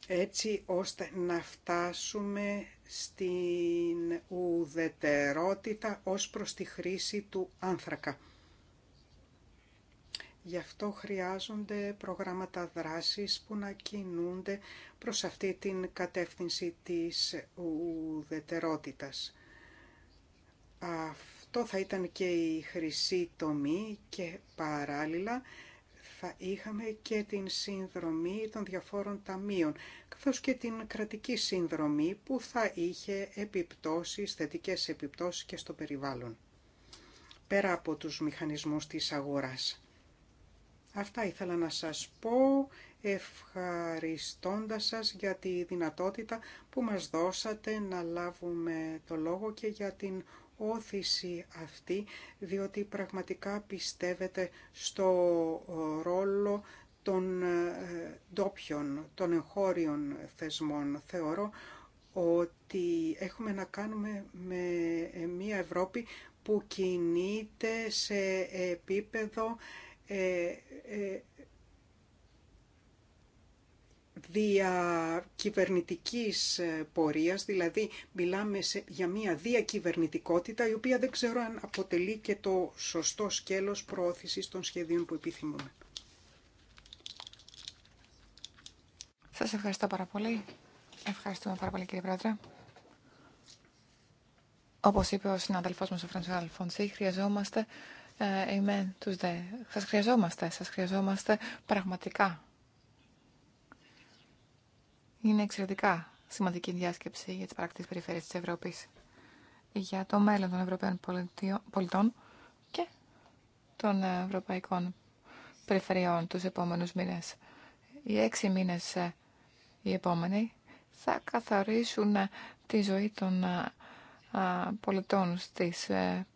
Speaker 4: έτσι ώστε να φτάσουμε στην ουδετερότητα ως προς τη χρήση του άνθρακα. Γι' αυτό χρειάζονται προγράμματα δράσης που να κινούνται προς αυτή την κατεύθυνση της ουδετερότητας. Αυτό θα ήταν και η χρυσή τομή και παράλληλα θα είχαμε και την συνδρομή των διαφόρων ταμείων, καθώς και την κρατική συνδρομή που θα είχε επιπτώσεις, θετικές επιπτώσεις και στο περιβάλλον, πέρα από τους μηχανισμούς της αγοράς. Αυτά ήθελα να σας πω ευχαριστώντας σας για τη δυνατότητα που μας δώσατε να λάβουμε το λόγο και για την όθηση αυτή, διότι πραγματικά πιστεύετε στο ε, ρόλο των ε, ντόπιων, των εγχώριων θεσμών. Θεωρώ ότι έχουμε να κάνουμε με ε, μια Ευρώπη που κινείται σε επίπεδο διακυβερνητικής ε, πορείας, δηλαδή μιλάμε για μια διακυβερνητικότητα η οποία δεν ξέρω αν αποτελεί και το σωστό σκέλος προώθησης των σχεδίων που επιθυμούμε.
Speaker 1: Σας ευχαριστώ πάρα πολύ. Ευχαριστούμε πάρα πολύ κύριε Πρόεδρε. Όπως είπε ο συναδελφός μας ο Φρανσουά Αλφονσί, χρειαζόμαστε ε, τους δε. χρειαζόμαστε, σας χρειαζόμαστε πραγματικά είναι εξαιρετικά σημαντική διάσκεψη για τις πρακτικές περιφέρειες της Ευρώπης για το μέλλον των Ευρωπαίων πολιτών και των Ευρωπαϊκών Περιφερειών τους επόμενους μήνες. Οι έξι μήνες ε, οι επόμενοι θα καθορίσουν ε, τη ζωή των ε, πολιτών στις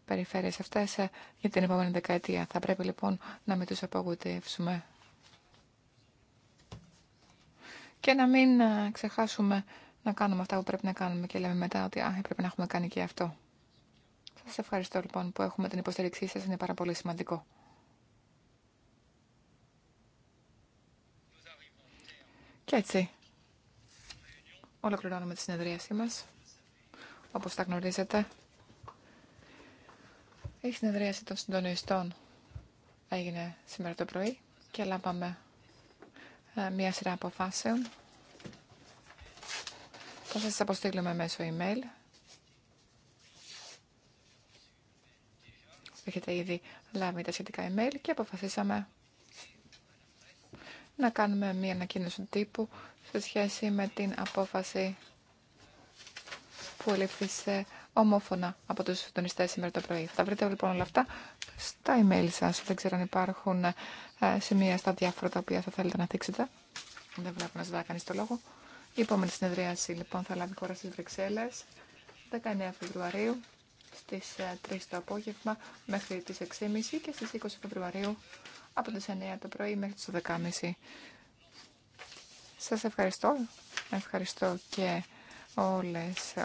Speaker 1: περιφέρειες αυτές για την επόμενη δεκαετία. Θα πρέπει λοιπόν να μην τους απογοητεύσουμε και να μην ε, ξεχάσουμε να κάνουμε αυτά που πρέπει να κάνουμε και λέμε μετά ότι α, πρέπει να έχουμε κάνει και αυτό. Σας ευχαριστώ λοιπόν που έχουμε την υποστήριξή σας, είναι πάρα πολύ σημαντικό. Και έτσι, ολοκληρώνουμε τη συνεδρίασή μας. Όπως τα γνωρίζετε, η συνεδρίαση των συντονιστών έγινε σήμερα το πρωί και λάβαμε ε, μία σειρά αποφάσεων. Θα σας αποστείλουμε μέσω email. Έχετε ήδη λάβει τα σχετικά email και αποφασίσαμε να κάνουμε μία ανακοίνωση τύπου σε σχέση με την απόφαση που ελήφθησε ομόφωνα από τους συντονιστές σήμερα το πρωί. Θα βρείτε λοιπόν όλα αυτά στα email σας. Δεν ξέρω αν υπάρχουν ε, σημεία στα διάφορα τα οποία θα θέλετε να δείξετε. Δεν βλέπω να ζητά κανείς το λόγο. Η επόμενη συνεδρίαση λοιπόν θα λάβει χώρα στις Βρυξέλλες 19 Φεβρουαρίου στις 3 ε, το απόγευμα μέχρι τις 6.30 και στις 20 Φεβρουαρίου από τις 9 το πρωί μέχρι τις 12.30.
Speaker 4: Σας ευχαριστώ. Ευχαριστώ και όλες